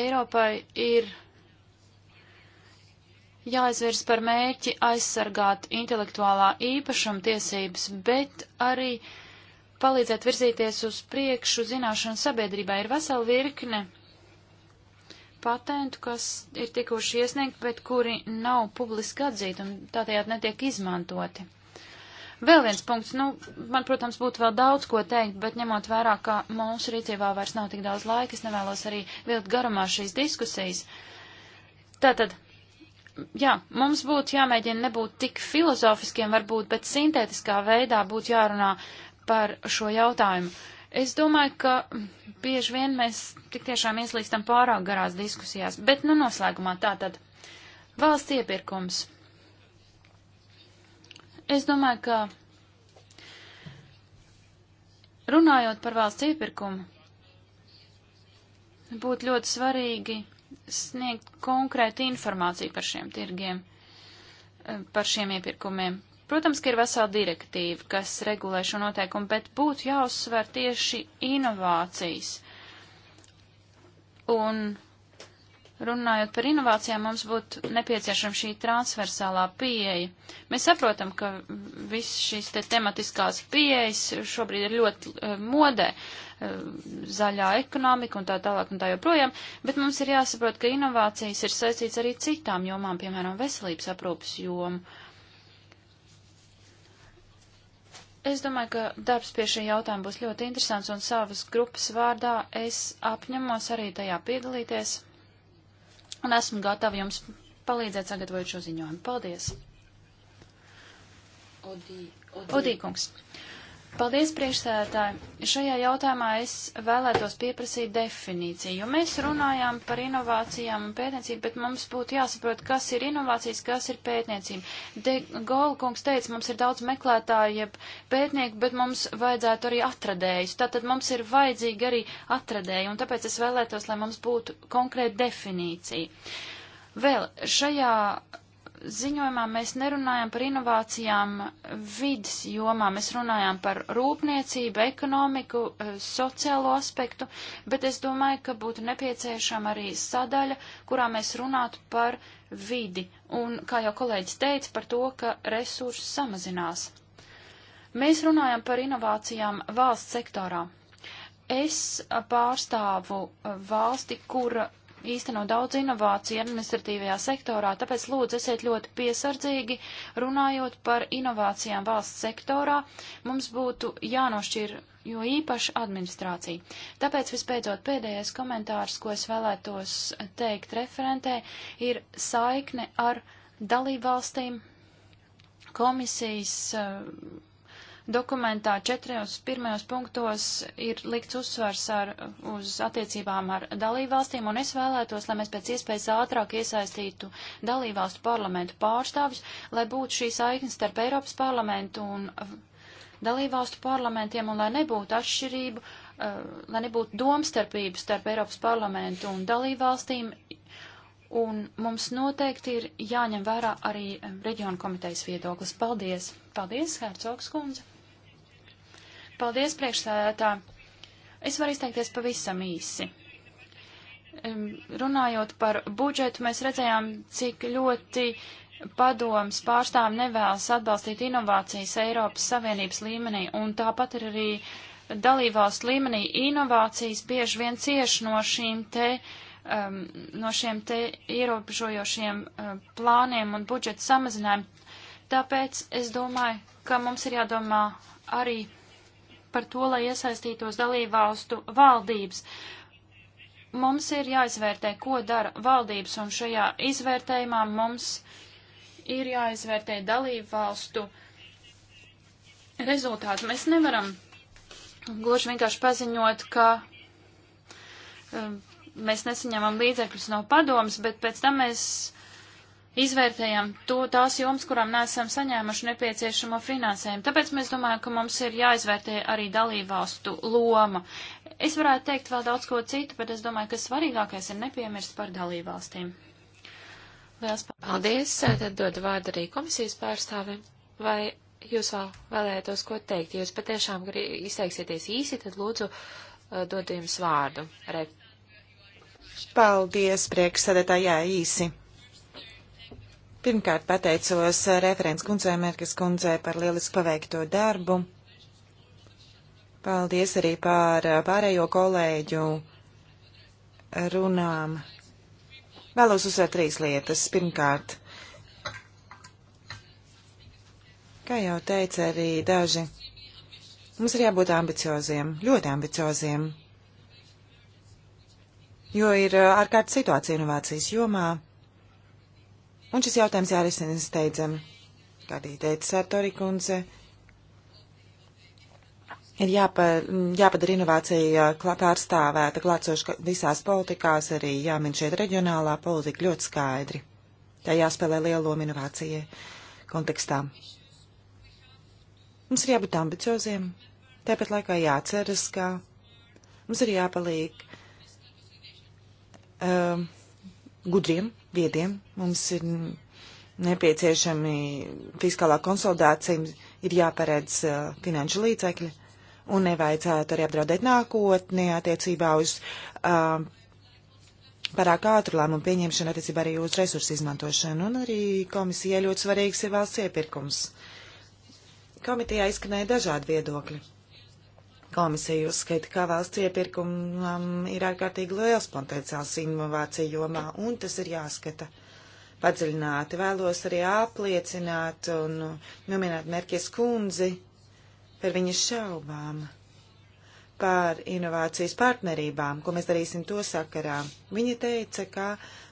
Eiropai ir jāizvirs par mērķi aizsargāt intelektuālā īpašuma tiesības, bet arī palīdzēt virzīties uz priekšu zināšanu sabiedrībā. Ir vesela virkne patentu, kas ir tikuši iesniegti, bet kuri nav publiski atzīti un tādējādi netiek izmantoti. Vēl viens punkts, nu, man, protams, būtu vēl daudz ko teikt, bet ņemot vērā, ka mūsu rīcībā vairs nav tik daudz laika, es nevēlos arī vilkt garumā šīs diskusijas. Tātad, jā, mums būtu jāmēģina nebūt tik filozofiskiem varbūt, bet sintētiskā veidā būtu jārunā par šo jautājumu. Es domāju, ka bieži vien mēs tik tiešām ieslīkstam pārāk garās diskusijās, bet, nu, noslēgumā tātad valsts iepirkums. Es domāju, ka runājot par valsts iepirkumu, būtu ļoti svarīgi sniegt konkrētu informāciju par šiem tirgiem, eh, par šiem iepirkumiem. Protams, ka ir vesela direktīva, kas regulē šo noteikumu, bet būtu jāuzsver tieši inovācijas. Un Runājot par inovācijām, mums būtu nepieciešama šī transversālā pieeja. Mēs saprotam, ka viss šīs te tematiskās pieejas šobrīd ir ļoti uh, modē, uh, zaļā ekonomika un tā tālāk un tā joprojām, bet mums ir jāsaprot, ka inovācijas ir saistīts arī citām jomām, piemēram, veselības aprūpas jomu. Es domāju, ka darbs pie šī jautājuma būs ļoti interesants un savas grupas vārdā es apņemos arī tajā piedalīties un esmu gatava jums palīdzēt sagatavot šo ziņojumu. Paldies! Odī, odī. Odī kungs. Paldies, priekšsēdētāji. Šajā jautājumā es vēlētos pieprasīt definīciju, jo mēs runājām par inovācijām un pētniecību, bet mums būtu jāsaprot, kas ir inovācijas, kas ir pētniecība. De Golkungs teica, mums ir daudz meklētāju, jeb pētnieku, bet mums vajadzētu arī atradējus. Tātad mums ir vajadzīgi arī atradēji, un tāpēc es vēlētos, lai mums būtu konkrēta definīcija. Vēl šajā ziņojumā mēs nerunājam par inovācijām vidas jomā, mēs runājam par rūpniecību, ekonomiku, eh, sociālo aspektu, bet es domāju, ka būtu nepieciešama arī sadaļa, kurā mēs runātu par vidi un, kā jau kolēģis teica, par to, ka resursi samazinās. Mēs runājam par inovācijām valsts sektorā. Es eh, pārstāvu eh, valsti, kura īsteno daudz inovāciju administratīvajā sektorā, tāpēc lūdzu esiet ļoti piesardzīgi runājot par inovācijām valsts sektorā. Mums būtu jānošķir jo īpaši administrācija. Tāpēc vispēcot pēdējais komentārs, ko es vēlētos teikt referentē, ir saikne ar dalībvalstīm komisijas Dokumentā četrajos pirmajos punktos ir likts uzsvars ar, uz attiecībām ar dalībvalstīm, un es vēlētos, lai mēs pēc iespējas ātrāk iesaistītu dalībvalstu parlamentu pārstāvis, lai būtu šī saikne starp Eiropas parlamentu un uh, dalībvalstu parlamentiem, un lai nebūtu atšķirību, uh, lai nebūtu domstarpību starp Eiropas parlamentu un dalībvalstīm, un mums noteikti ir jāņem vērā arī um, reģionu komitejas viedoklis. Paldies! Paldies, Hercogs kundze! Paldies, priekšsēdētā. Es varu izteikties pavisam īsi. Runājot par budžetu, mēs redzējām, cik ļoti padoms pārstāv nevēlas atbalstīt inovācijas Eiropas Savienības līmenī, un tāpat ir arī dalībvalstu līmenī inovācijas bieži vien cieši no šīm te um, no šiem te ierobežojošiem um, plāniem un budžeta samazinājumiem. Tāpēc es domāju, ka mums ir jādomā arī par to, lai iesaistītos dalībvalstu valdības. Mums ir jāizvērtē, ko dara valdības, un šajā izvērtējumā mums ir jāizvērtē dalībvalstu rezultāti. Mēs nevaram gluži vienkārši paziņot, ka um, mēs nesaņemam līdzekļus no padomas, bet pēc tam mēs izvērtējam to, tās jomas, kurām nesam saņēmuši nepieciešamo finansējumu. Tāpēc mēs domājam, ka mums ir jāizvērtē arī dalībvalstu loma. Es varētu teikt vēl daudz ko citu, bet es domāju, ka svarīgākais ir nepiemirst par dalībvalstīm. Liels paldies. Paldies. Tad dodu vārdu arī komisijas pārstāvim. Vai jūs vēl vēlētos ko teikt? Jūs patiešām izteiksieties īsi, tad lūdzu uh, dodu jums vārdu. Re. Paldies, priekšsēdētāji, jā, īsi. Pirmkārt pateicos referents kundzei Merkas kundzei par lielisku paveikto darbu. Paldies arī par pārējo kolēģu runām. Vēlos uzsvērt trīs lietas. Pirmkārt, kā jau teica arī daži, mums ir jābūt ambicioziem, ļoti ambicioziem jo ir ārkārtas situācija inovācijas jomā. Un šis jautājums jārisina steidzami, kā arī teica Sartori kundze. Ir jāpa, jāpadara inovācija pārstāvēta klātsoši visās politikās, arī jāmin šeit reģionālā politika ļoti skaidri. Tā jāspēlē liela loma inovācijai kontekstā. Mums ir jābūt ambicioziem, tāpat laikā jāceras, ka mums ir jāpaliek um, gudriem viediem. Mums ir nepieciešami fiskālā konsolidācija, ir jāparedz uh, finanšu līdzekļi un nevajadzētu arī apdraudēt nākotni attiecībā uz uh, parāk ātru lēmumu pieņemšanu attiecībā arī uz resursu izmantošanu. Un arī komisijai ļoti svarīgs ir valsts iepirkums. Komitejā izskanēja dažādi viedokļi. Komisija uzskaita, ka valsts iepirkumam ir ārkārtīgi liels potenciāls inovāciju jomā, un tas ir jāskata padziļināti. Vēlos arī apliecināt un nominēt Merkies kundzi par viņas šaubām par inovācijas partnerībām, ko mēs darīsim to sakarā. Viņa teica, ka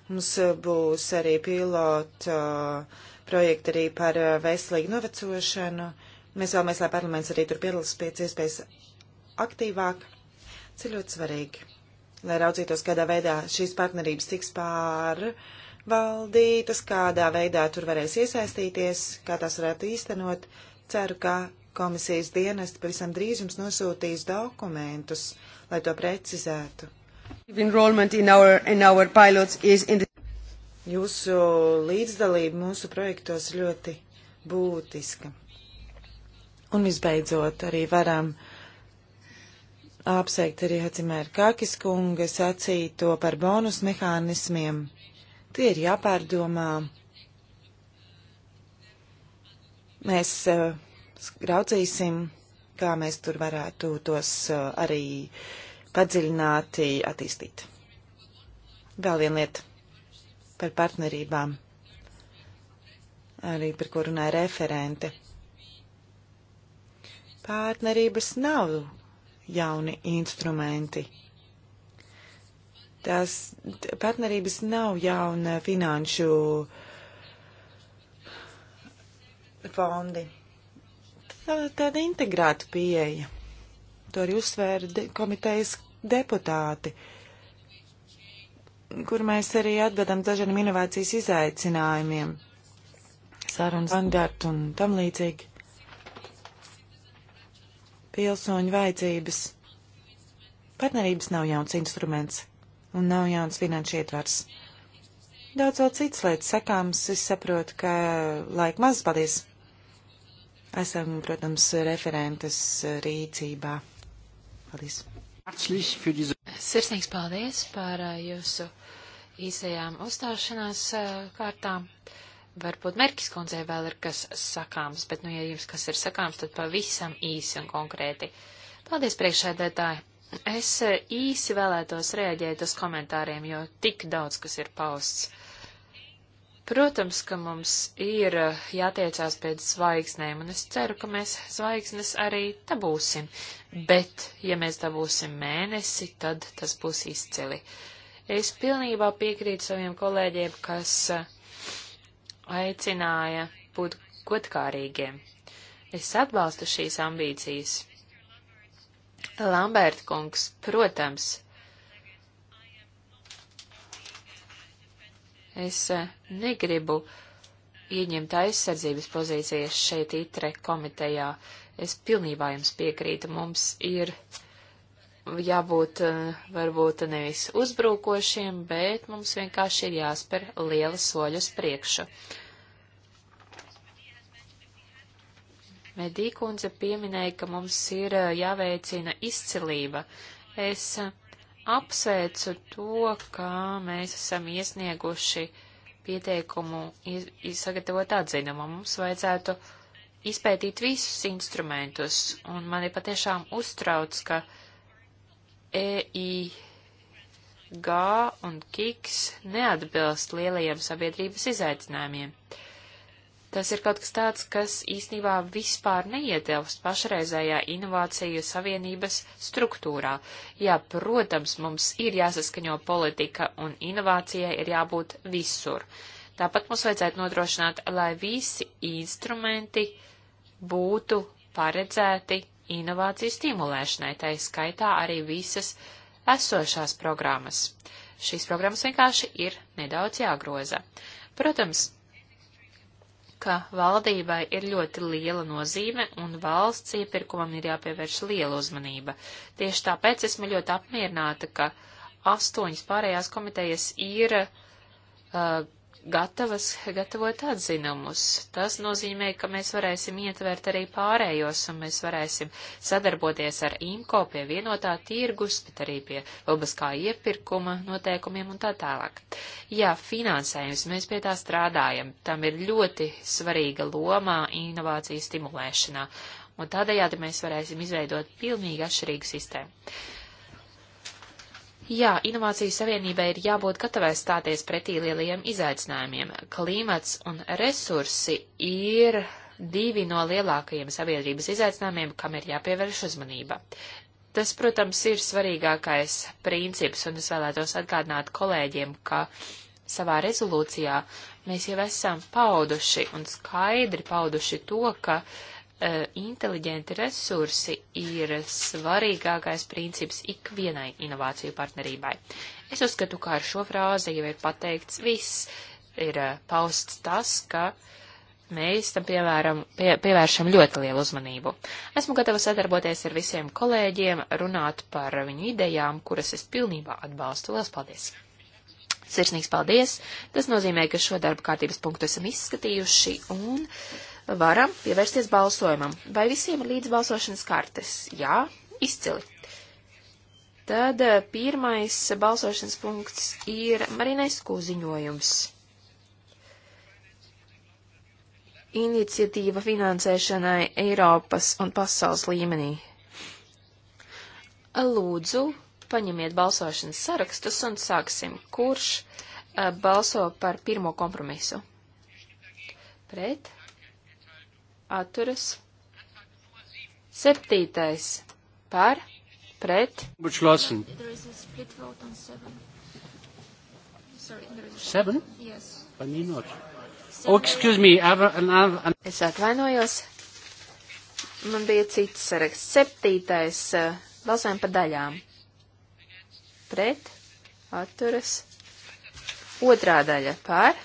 mums būs arī pilota uh, projekti arī par uh, veselīgu novecošanu. Mēs vēlamies, lai parlaments arī tur piedalās pēc iespējas aktīvāk. Tas ir ļoti svarīgi, lai raudzītos, kādā veidā šīs partnerības tiks pārvaldītas, kādā veidā tur varēs iesaistīties, kā tās varētu īstenot. Ceru, ka komisijas dienesti pavisam drīz jums nosūtīs dokumentus, lai to precizētu. In our, in our the... Jūsu līdzdalība mūsu projektos ļoti būtiska. Un visbeidzot, arī varam apsveikt arī Hacimēra Kakis kunga sacīto par bonus mehānismiem. Tie ir jāpārdomā. Mēs uh, raucīsim, kā mēs tur varētu tos uh, arī padziļināti attīstīt. Vēl viena lieta par partnerībām, arī par ko runāja referente. Partnerības nav jauni instrumenti. Tās partnerības nav jauna finanšu fondi. Tā, tāda integrēta pieeja. To arī uzsvēra de komitejas deputāti, kur mēs arī atvedam dažādiem inovācijas izaicinājumiem, sarunu standartu un tam līdzīgi pilsoņu vajadzības. Partnerības nav jauns instruments un nav jauns finanšu ietvars. Daudz vēl citas lietas sakāms, es saprotu, ka laika maz paldies. Esam, protams, referentes rīcībā. Paldies. Sirsnīgs paldies par uh, jūsu īsajām uzstāšanās uh, kārtām. Varbūt Merkis kundzei vēl ir kas sakāms, bet, nu, ja jums kas ir sakāms, tad pavisam īsi un konkrēti. Paldies, priekšēdētāji! Es e, īsi vēlētos reaģēt uz komentāriem, jo tik daudz, kas ir pausts. Protams, ka mums ir e, jātiecās pēc zvaigznēm, un es ceru, ka mēs zvaigznes arī dabūsim, bet, ja mēs dabūsim mēnesi, tad tas būs izcili. Es pilnībā piekrītu saviem kolēģiem, kas uh, aicināja būt godkārīgiem. Es atbalstu šīs ambīcijas. Lambert kungs, protams, es eh, negribu ieņemt aizsardzības pozīcijas šeit itre komitejā. Es pilnībā jums piekrītu, mums ir uh, jābūt eh, varbūt nevis uzbrukošiem, bet mums vienkārši ir jāspēr liela soļa uz priekšu. Medīkundze pieminēja, ka mums ir eh, jāveicina izcilība. Es eh, apsveicu to, ka mēs esam iesnieguši pieteikumu sagatavot atzinumu. Mums vajadzētu izpētīt visus instrumentus, un mani patiešām uztrauc, ka uh, EIG un KIKS neatbilst lielajiem sabiedrības izaicinājumiem. Tas ir kaut kas tāds, kas īsnībā vispār neietilpst pašreizējā inovāciju savienības struktūrā. Jā, protams, mums ir jāsaskaņo politika un inovācijai ir jābūt visur. Tāpat mums vajadzētu nodrošināt, lai visi instrumenti būtu paredzēti inovāciju stimulēšanai, tai skaitā arī visas esošās programmas. Šīs programmas vienkārši ir nedaudz jāgroza. Protams, ka valdībai ir ļoti liela nozīme un valsts iepirkumam ir jāpievērš liela uzmanība. Tieši tāpēc esmu ļoti apmierināta, ka astoņas pārējās komitejas ir uh, gatavas gatavot atzinumus. Tas nozīmē, ka mēs varēsim ietvert arī pārējos, un mēs varēsim sadarboties ar IMCO pie vienotā tirgus, bet arī pie publiskā iepirkuma noteikumiem un tā tālāk. Jā, finansējums, mēs pie tā strādājam. Tam ir ļoti svarīga loma inovāciju stimulēšanā, un tādējādi mēs varēsim izveidot pilnīgi atšķirīgu sistēmu. Jā, Inovāciju Savienībai ir jābūt gatavai stāties pretī lielajiem izaicinājumiem. Klimats un resursi ir divi no lielākajiem sabiedrības izaicinājumiem, kam ir jāpievērš uzmanība. Tas, protams, ir svarīgākais princips, un es vēlētos atgādināt kolēģiem, ka savā rezolūcijā mēs jau esam pauduši un skaidri pauduši to, ka uh, E, inteliģenti resursi ir svarīgākais princips ikvienai inovāciju partnerībai. Es uzskatu, ka ar šo frāzi jau ir pateikts viss, ir e, pausts tas, ka mēs tam pievēram, pie, pievēršam ļoti lielu uzmanību. Esmu gatava sadarboties ar visiem kolēģiem, runāt par viņu idejām, kuras es pilnībā atbalstu. Lielas paldies! Sirsnīgs paldies! Tas nozīmē, ka šo darba kārtības punktu esam izskatījuši un. Uh, varam pievērsties balsojumam. Vai visiem ir līdz balsošanas kartes? Jā, izcili. Tad eh, pirmais balsošanas punkts ir Marinesku ziņojums. Iniciatīva finansēšanai Eiropas un pasaules līmenī. Lūdzu, paņemiet balsošanas sarakstus un sāksim. Kurš eh, balso par pirmo kompromisu? Pret? atturas. Septītais par, pret. Bučlosen. Seven? Yes. By me not. Oh, excuse me, I have an, I have an... Es atvainojos. Man bija cits saraksts. Septītais. Eh, balsojam pa daļām. Pret. Atturas. Otrā daļa par.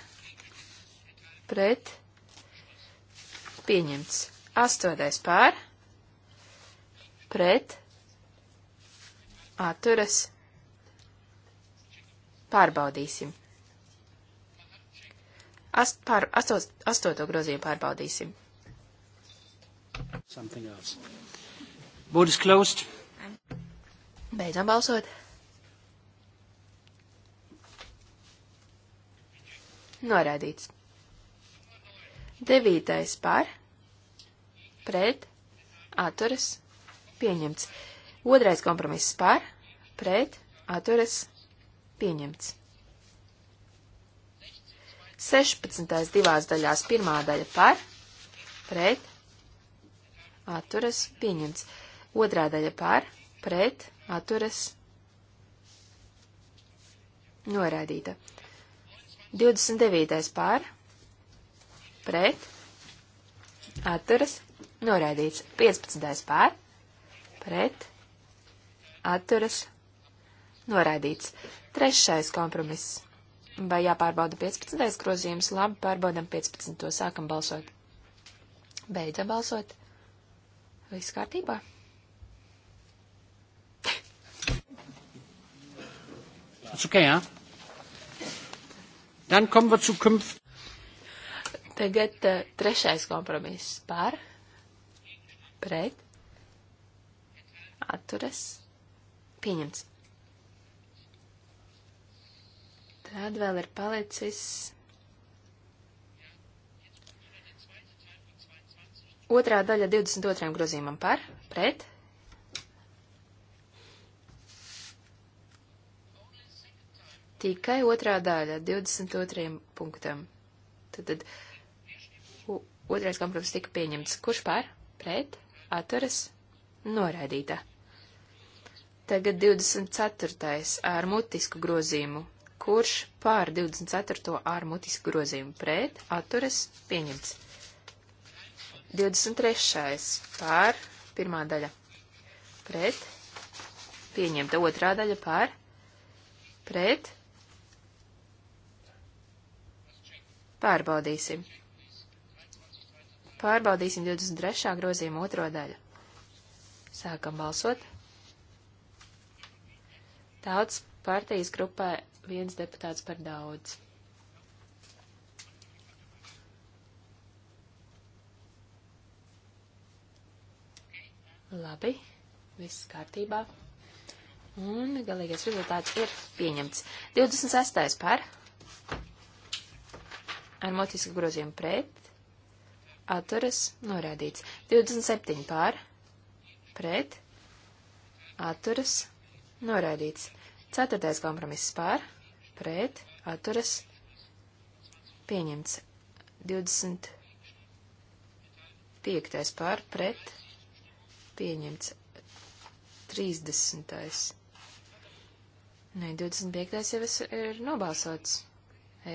Pret pieņemts. Astotais pār, pret, atturas, pārbaudīsim. Ast, pār, astot, astoto grozījumu pārbaudīsim. Something else. Vote is closed. Beidzam balsot. Norādīts. Devītais par, pret, atturas, pieņemts. Otrais kompromiss par, pret, atturas, pieņemts. 16. divās daļās pirmā daļa par, pret, atturas, pieņemts. Otrā daļa par, pret, atturas, noraidīta. 29. par, pret, atturas, noraidīts. 15. pār, pret, atturas, noraidīts. Trešais kompromiss. Vai jāpārbauda 15. grozījums? Labi, pārbaudam 15. sākam balsot. Beidzam balsot. Viss kārtībā. It's okay, ja? Dann kommen wir zu künft. Tagad eh, trešais kompromiss par, pret, atturas, pieņemts. Tad vēl ir palicis otrā daļa 22. grozījumam par, pret. Tikai otrā daļa 22. punktam. Tad, tad Otrais kompromiss tika pieņemts. Kurš par? Pret? Atturas? Noraidīta. Tagad 24. ar mutisku grozījumu. Kurš pār 24. ar mutisku grozījumu pret atturas pieņemts? 23. pār pirmā daļa pret pieņemta otrā daļa pār pret pārbaudīsim. Pārbaudīsim 23. grozījuma otro daļu. Sākam balsot. Tautas partijas grupē viens deputāts par daudz. Labi, viss kārtībā. Un galīgais rezultāts ir pieņemts. 26. par. Ar motisku grozījumu pret atturas norādīts. 27 pār, pret, atturas norādīts. 4. kompromiss pār, pret, atturas pieņemts. 25. pār, pret, pieņemts. 30. Nē, 25. jau es ir nobalsots.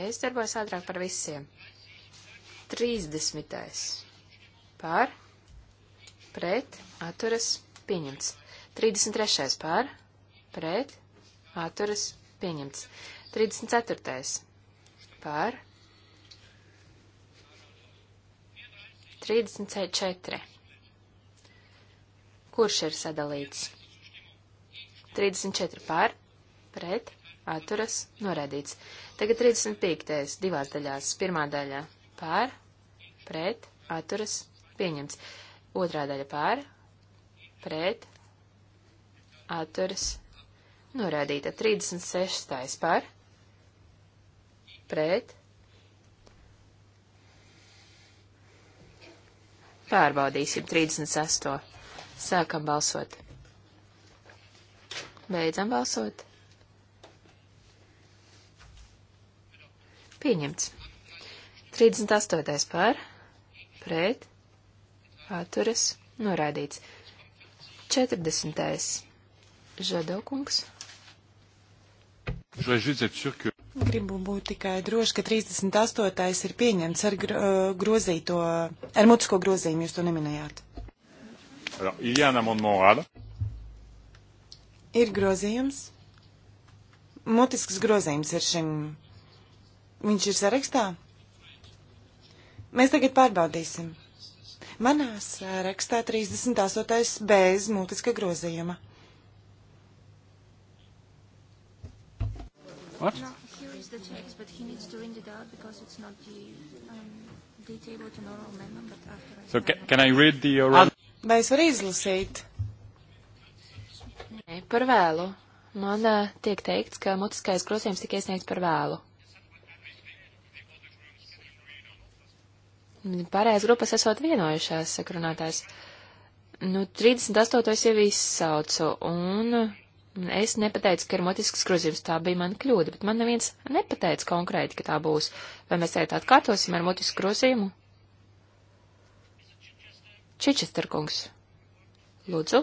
Es darbojos ātrāk par visiem. 30. pār, pret, atturas, pieņemts. 33. pār, pret, atturas, pieņemts. 34. pār, 34. Kurš ir sadalīts? 34 pār, pret, atturas, norēdīts. Tagad 35. divās daļās. Pirmā daļā pār, pret, atturas, pieņemts. Otrā daļa pār, pret, atturas, norādīta. 36. pār, pret, pārbaudīsim 38. Sākam balsot. Beidzam balsot. Pieņemts. 38. pār pret, atturas, noraidīts. 40. Žadokungs. Gribu būt tikai droši, ka 38. ir pieņemts ar grozīto, ar mutisko grozījumu, jūs to neminējāt. Alors, ir grozījums. Mutisks grozījums ir šim. Viņš ir sarakstā? Mēs tagad pārbaudīsim. Manās rakstā 38. bez mūtiska grozījuma. What? No, here is the text, but he needs to read it out because it's not the um, detailed and oral amendment, but after I... So can, can I read the oral... Vai es varu izlasīt? Nē, par vēlu. Man uh, tiek teikts, ka mutiskais grozījums tika iesniegts par vēlu. Pārējās grupas esot vienojušās, saka runātājs. Nu, 38. jau izsaucu, un es nepateicu, ka ir motisks grozījums. Tā bija mana kļūda, bet man neviens nepateica konkrēti, ka tā būs. Vai mēs tagad atkārtosim ar motisku grozījumu? Čičesterkungs. Lūdzu.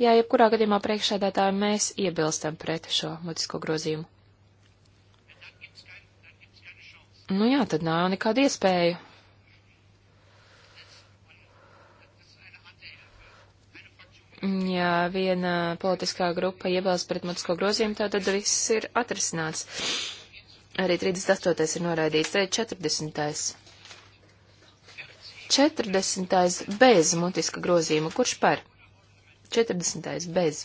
Jā, jebkurā gadījumā priekšsēdētāji mēs iebilstam pret šo mutisko grozījumu. Nu jā, tad nav nekāda iespēja. Ja viena politiskā grupa iebilst pret mutisko grozījumu, tad viss ir atrisināts. Arī 38. ir noraidīts, tad 40. 40. bez mutiska grozījuma. Kurš par? 40. bez.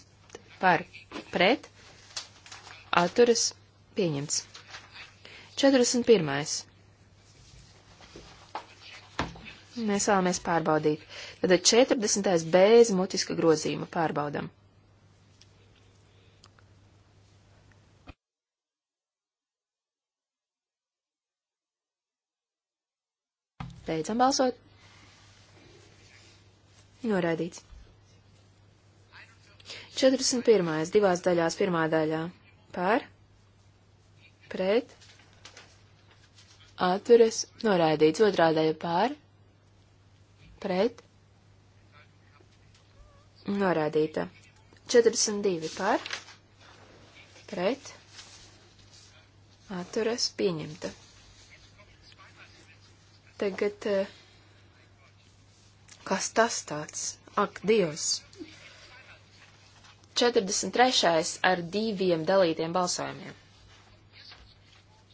Par. Pret. Atturas. Pieņemts. 41. Mēs vēlamies pārbaudīt. Tad 40. bez mutiska grozījuma pārbaudam. Beidzam balsot. Noraidīts. 41. divās daļās pirmā daļā. Pār. Pret. Atturas. Noraidīts. Otrā daļa pār pret, norādīta. 42 par, pret, atturas pieņemta. Tagad, eh, kas tas tāds? Ak, Dievs! 43. ar diviem dalītiem balsojumiem.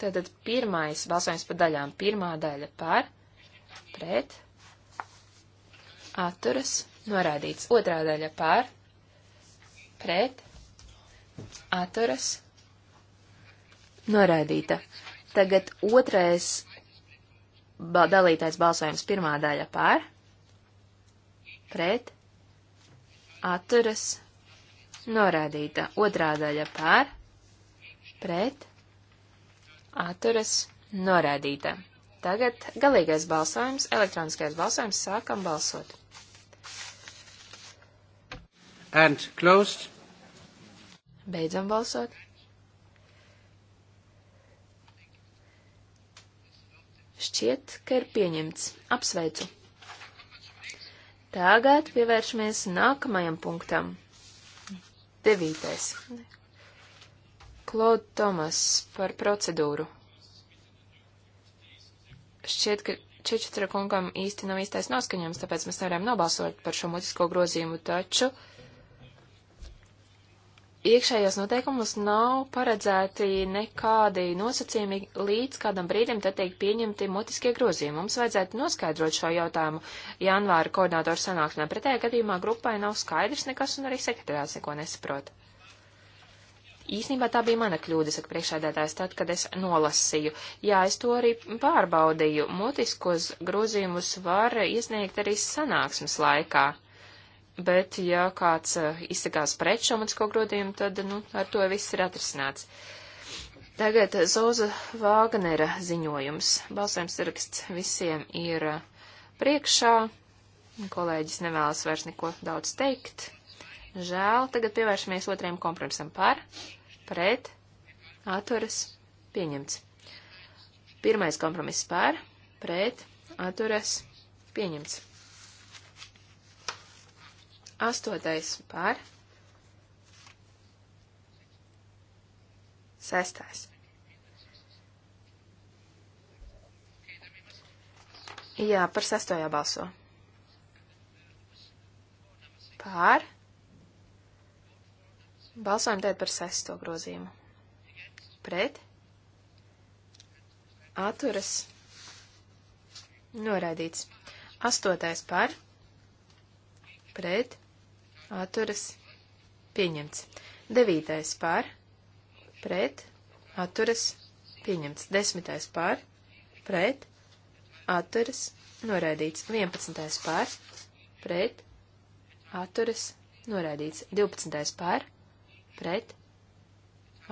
Tātad pirmais balsojums pa daļām. Pirmā daļa par, pret, atturas, norādīts. Otrā daļa par, pret, atturas, norādīta. Tagad otrais dalītais balsojums pirmā daļa par, pret, atturas, norādīta. Otrā daļa par, pret, atturas, norādīta. Tagad galīgais balsojums, elektroniskais balsojums, sākam balsot. And closed. Beidzam balsot. Šķiet, ka ir pieņemts. Apsveicu. Tagad pievēršamies nākamajam punktam. Devītais. Klod Tomas par procedūru. Šķiet, ka Čečetra kungam īsti nav īstais noskaņojums, tāpēc mēs nevaram nobalsot par šo mutisko grozījumu, taču iekšējos noteikumus nav paredzēti nekādi nosacījumi līdz kādam brīdim, tad tiek pieņemti mutiskie grozījumi. Mums vajadzētu noskaidrot šo jautājumu janvāra koordinātoru sanāksmē. Pretējā gadījumā grupai nav skaidrs nekas un arī sekretārāts neko nesaprot. Īsnībā tā bija mana kļūda, saka priekšēdētājs, tad, kad es nolasīju. Jā, es to arī pārbaudīju. Motiskos grozījumus var iesniegt arī sanāksmes laikā. Bet, ja kāds eh, izsakās pret šo motisko grozījumu, tad, nu, ar to viss ir atrisināts. Tagad Zoza Vāgnera ziņojums. Balsojums saraksts visiem ir eh, priekšā. Kolēģis nevēlas vairs neko daudz teikt. Žēl, tagad pievēršamies otrajam kompromisam par, pret, atturas, pieņemts. Pirmais kompromiss par, pret, atturas, pieņemts. Astotais par, sestais. Jā, par sesto jābalso. Pār. Balsojam tagad par sesto grozījumu. Pret. Atturas. Noraidīts. Astotais par. Pret. Atturas. Pieņemts. Devītais par. Pret. Atturas. Pieņemts. Desmitais par. Pret. Atturas. Noraidīts. Vienpadsmitais par. Pret. Atturas. Noraidīts. Divpadsmitais par. Pret pret,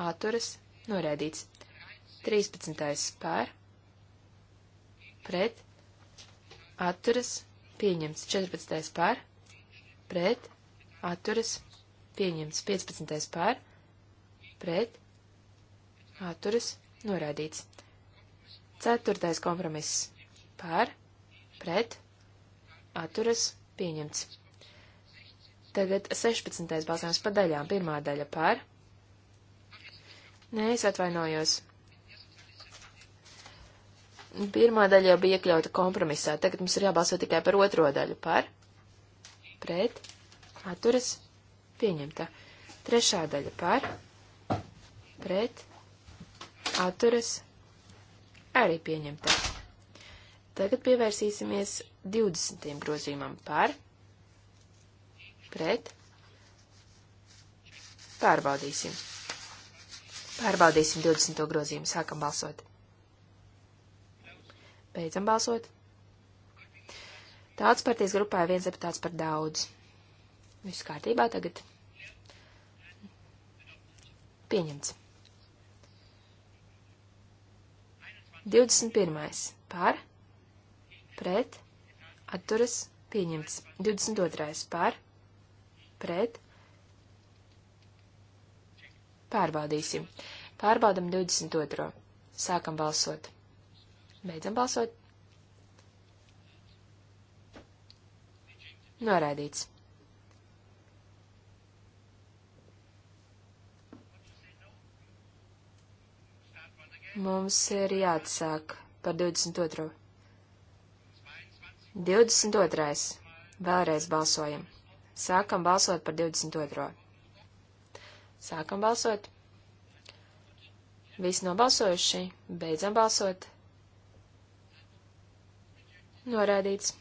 atturas, noraidīts. 13. pār, pret, atturas, pieņemts. 14. pār, pret, atturas, pieņemts. 15. pār, pret, atturas, noraidīts. 4. kompromiss pār, pret, atturas, pieņemts. Tagad 16. balsojums pa daļām. Pirmā daļa par. Nē, es atvainojos. Pirmā daļa jau bija iekļauta kompromisā. Tagad mums ir jābalso tikai par otro daļu. Par, pret, atturas, pieņemta. Trešā daļa par, pret, atturas, arī pieņemta. Tagad pievērsīsimies 20. grozījumam par, pret Pret. Pārbaudīsim. Pārbaudīsim 20. grozījumu. Sākam balsot. Beidzam balsot. Tāds partijas grupā ir viens deputāts par daudz. Viss kārtībā tagad. Pieņemts. 21. Par. Pret. Atturas. Pieņemts. 22. Par pret. Pārbaudīsim. Pārbaudam 22. Sākam balsot. Beidzam balsot. Norādīts. Mums ir jāatsāk par 22. 22. Vēlreiz balsojam. Sākam balsot par 22. Sākam balsot. Visi nobalsojuši. Beidzam balsot. Norādīts.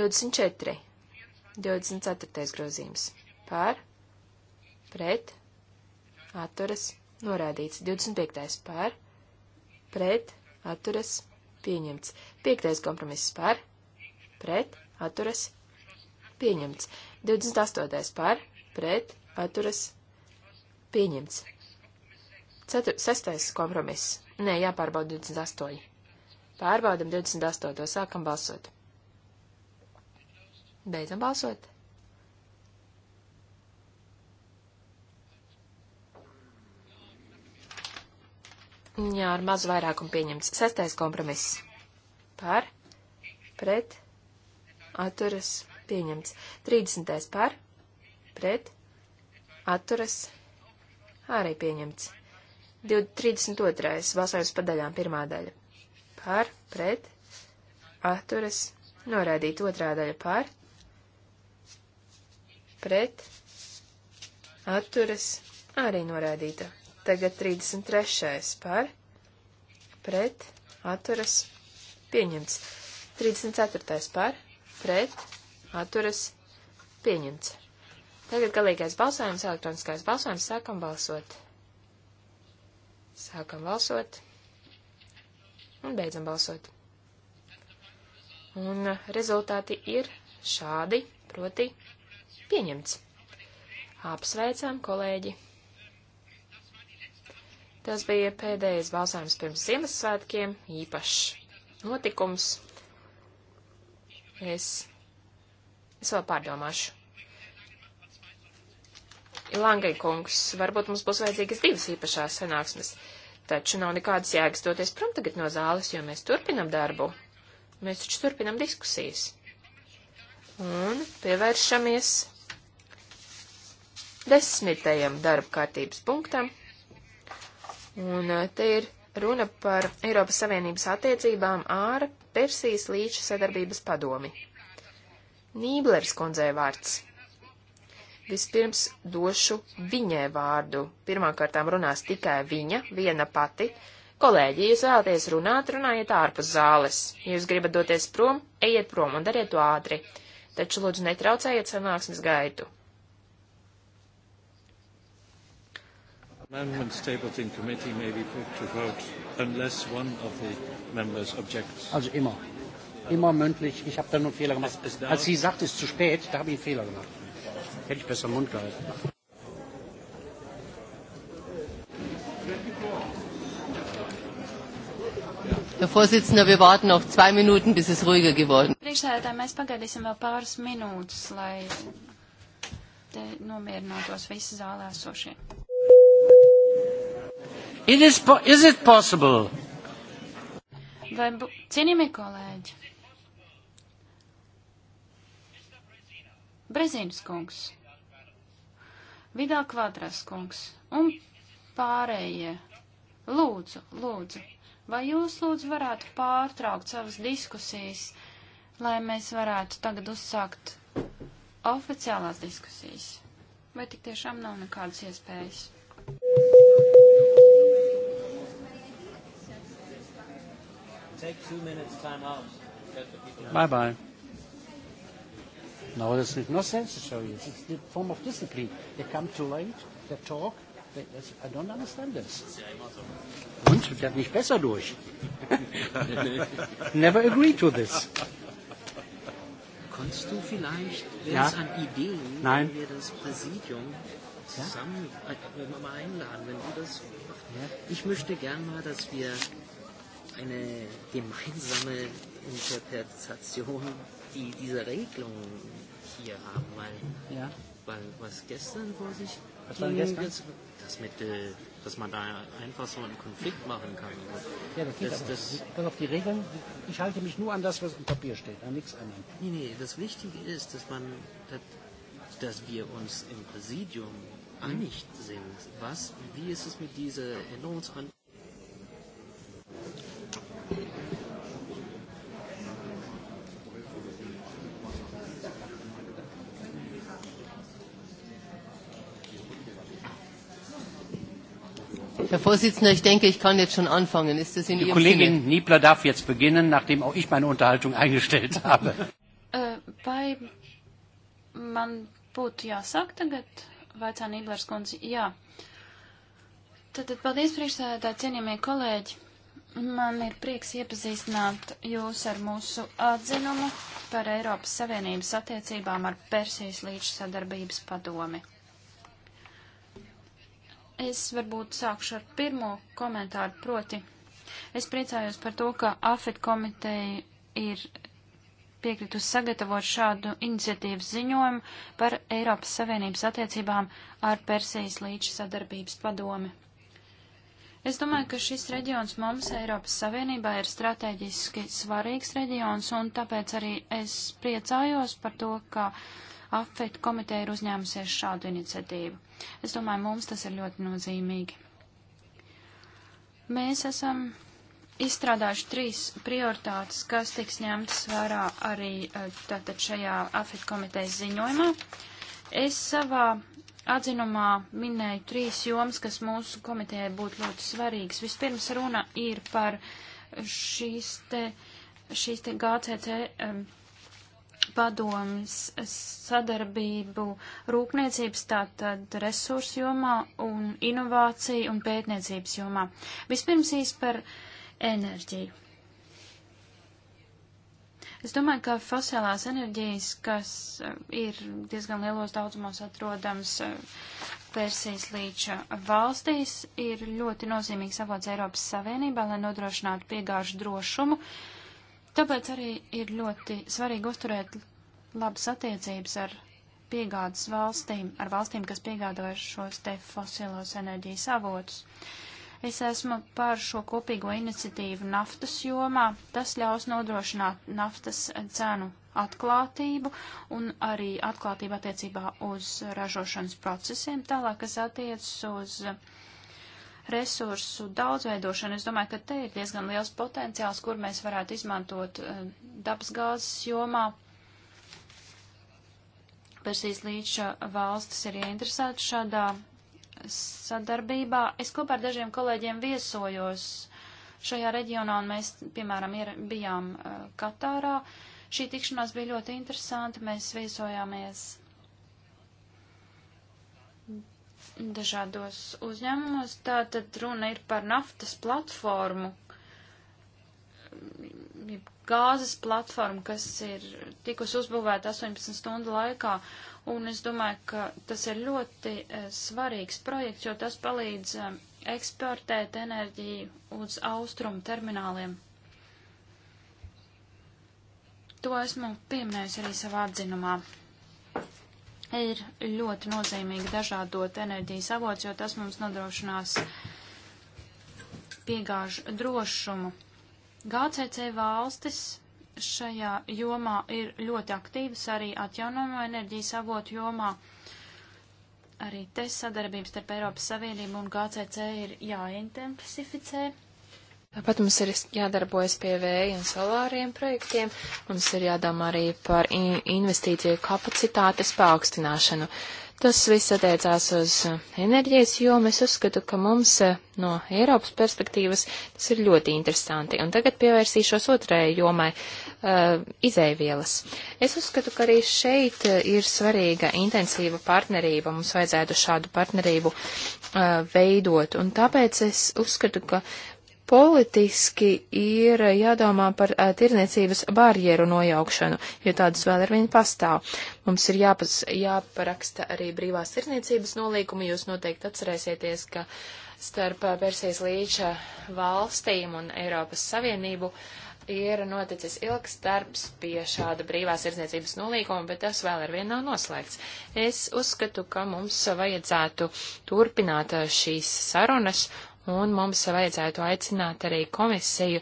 24. 24. grozījums. Pār. Pret. Atturas. Norādīts. 25. Pār. Pret. Atturas. Pieņemts. 5. kompromiss. Pār. Pret. Atturas pieņemts. 28. par, pret, atturas, pieņemts. 4, 6. kompromiss. Nē, jāpārbauda 28. Pārbaudam 28. sākam balsot. Beidzam balsot. Jā, ar mazu vairākumu pieņemts. Sestais kompromiss. Par, pret, atturas, pieņemts. 30. par, pret, atturas, arī pieņemts. 32. balsojums pa daļām, pirmā daļa. Par, pret, atturas, noraidīt otrā daļa par, pret, atturas, arī noraidīta. Tagad 33. par, pret, atturas, pieņemts. 34. par, pret, atturas pieņemts. Tagad galīgais balsojums, elektroniskais balsojums, sākam balsot. Sākam balsot. Un beidzam balsot. Un rezultāti ir šādi, proti pieņemts. Apsveicām kolēģi. Tas bija pēdējais balsojums pirms Ziemassvētkiem, īpašs notikums. Es Es vēl pārdomāšu. Langai kungs, varbūt mums būs vajadzīgas divas īpašās sanāksmes, taču nav nekādas jēgas doties prom tagad no zāles, jo mēs turpinam darbu. Mēs taču turpinam diskusijas. Un pievēršamies desmitajam darba kārtības punktam. Un eh, te ir runa par Eiropas Savienības attiecībām ar Persijas līča sadarbības padomi. Nīblers kundzei vārds. Vispirms došu viņai vārdu. Pirmkārtām runās tikai viņa, viena pati. Kolēģi, ja jūs vēlaties runāt, runājiet ārpus zāles. Ja jūs gribat doties prom, ejiet prom un dariet to ātri. Taču lūdzu netraucējiet sanāksmes gaitu. Amendments tabled in committee may be put to vote unless one of the members objects. Also immer. Immer mündlich. Ich habe da nur einen Fehler gemacht. Als sie sagt, es ist zu spät, da habe ich einen Fehler gemacht. Hätte ich besser im Mund gehalten. Herr Vorsitzender, wir warten noch zwei Minuten, bis es ruhiger geworden ist. Priekšsēdētāji, mēs pagaidīsim vēl pāris minūtes, lai te nomierinātos visi zālē esošie. Is, is it possible? Vai cienījamie kolēģi? Brezīnas kungs, Vidā Kvadras kungs un pārējie. Lūdzu, lūdzu, vai jūs lūdzu varētu pārtraukt savas diskusijas, lai mēs varētu tagad uzsākt oficiālās diskusijas? Vai tik tiešām nav nekādas iespējas? Take two minutes time out. Bye bye. No, this makes no sense to show you. It's the form of discipline. They come too late, they talk. They, that's, I don't understand this. Und? Der hat nicht besser durch. Never agree to this. Konntest du vielleicht, wenn ja? es an Ideen, Nein. wenn wir das Präsidium zusammen ja? äh, mal einladen, wenn du das machst. Ja? Ich möchte gern mal, dass wir eine gemeinsame Interpretation die diese Regelung hier haben, weil, ja. weil was gestern vor sich was ging, war gestern? Jetzt, das mit, äh, dass man da einfach so einen Konflikt machen kann. Ja, das geht das, aber. Das, Pass auf die Regeln. Ich halte mich nur an das, was im Papier steht, an nichts anderem. Nee, nee, das Wichtige ist, dass man, dass, dass wir uns im Präsidium hm. einig sind. Was, wie ist es mit dieser Änderungsanträgen? Herr Vorsitzender, ich denke, ich kann jetzt schon anfangen. Ist das in Die Ihrem Kollegin Sinne? Niebler darf jetzt beginnen, nachdem auch ich meine Unterhaltung eingestellt habe. Äh, vai man būtu jāsāk tagad, vaicā Nīblers kundze? Jā. Tad, tad paldies priekšsēdā, cienījamie kolēģi. Man ir prieks iepazīstināt jūs ar mūsu atzinumu par Eiropas Savienības attiecībām ar Persijas līča sadarbības padomi. Es varbūt sākšu ar pirmo komentāru, proti es priecājos par to, ka AFET komiteja ir piekritusi sagatavot šādu iniciatīvas ziņojumu par Eiropas Savienības attiecībām ar Persijas līča sadarbības padomi. Es domāju, ka šis reģions mums Eiropas Savienībā ir strateģiski svarīgs reģions, un tāpēc arī es priecājos par to, ka AFET komiteja ir uzņēmusies šādu iniciatīvu. Es domāju, mums tas ir ļoti nozīmīgi. Mēs esam izstrādājuši trīs prioritātes, kas tiks ņemtas vērā arī eh, tātad šajā AFIT komitejas ziņojumā. Es savā atzinumā minēju trīs jomas, kas mūsu komitejai būtu ļoti svarīgas. Vispirms runa ir par šīs te, šīs te GCC um, padomas sadarbību rūpniecības, tātad resursu jomā un inovāciju un pētniecības jomā. Vispirms īs par enerģiju. Es domāju, ka fosilās enerģijas, kas eh, ir diezgan lielos daudzumos atrodams eh, Persijas līča valstīs, ir ļoti nozīmīgs avots Eiropas Savienībā, lai nodrošinātu piegāžu drošumu. Uh, Tāpēc arī ir ļoti svarīgi uzturēt labas attiecības ar piegādas valstīm, ar valstīm, kas piegādāja šos te fosilos enerģijas avotus. Es esmu par šo kopīgo iniciatīvu naftas jomā. Tas ļaus nodrošināt naftas cenu atklātību un arī atklātību attiecībā uz ražošanas procesiem, tālāk, kas attiecas uz uh, resursu daudzveidošanu. Es domāju, ka te ir diezgan liels potenciāls, kur mēs varētu izmantot eh, dabasgāzes jomā. Persijas līča valstis ir ieinteresēta šādā sadarbībā. Es kopā ar dažiem kolēģiem viesojos šajā reģionā, un mēs, piemēram, ir, bijām eh, Katārā. Šī tikšanās bija ļoti interesanta. Mēs viesojāmies dažādos uzņēmumos. Tā tad runa ir par naftas platformu, gāzes platformu, kas ir tikus uzbūvēta 18 stundu laikā. Un es domāju, ka tas ir ļoti eh, svarīgs projekts, jo tas palīdz eh, eksportēt enerģiju uz austrumu termināliem. To esmu pieminējusi arī savā atzinumā ir ļoti nozīmīgi dažādot enerģijas avots, jo tas mums nodrošinās piegāžu drošumu. GCC valstis šajā jomā ir ļoti aktīvas arī atjaunojamo enerģijas avotu jomā. Arī te sadarbības starp Eiropas Savienību un GCC ir jāintensificē. Tāpat mums ir jādarbojas pie vēja un solāriem projektiem. Mums ir jādomā arī par in investīciju kapacitātes paaugstināšanu. Tas viss attiecās uz enerģijas jomu. Es uzskatu, ka mums eh, no Eiropas perspektīvas tas ir ļoti interesanti. Un tagad pievērsīšos otrajai jomai uh, - izēvielas. Es uzskatu, ka arī šeit eh, ir svarīga intensīva partnerība. Mums vajadzētu šādu partnerību uh, veidot. Un tāpēc es uzskatu, ka uh, Politiski ir jādomā par uh, tirniecības barjeru nojaukšanu, jo tādas vēl ar vienu pastāv. Mums ir jāpas, jāparaksta arī brīvās tirniecības nolīgumi. Jūs noteikti atcerēsieties, ka starp Persijas līča valstīm un Eiropas Savienību ir noticis ilgs darbs pie šāda brīvās tirdzniecības nolīguma, bet tas vēl ar vienu nav noslēgts. Es uzskatu, ka mums vajadzētu turpināt šīs sarunas un mums vajadzētu aicināt arī komisiju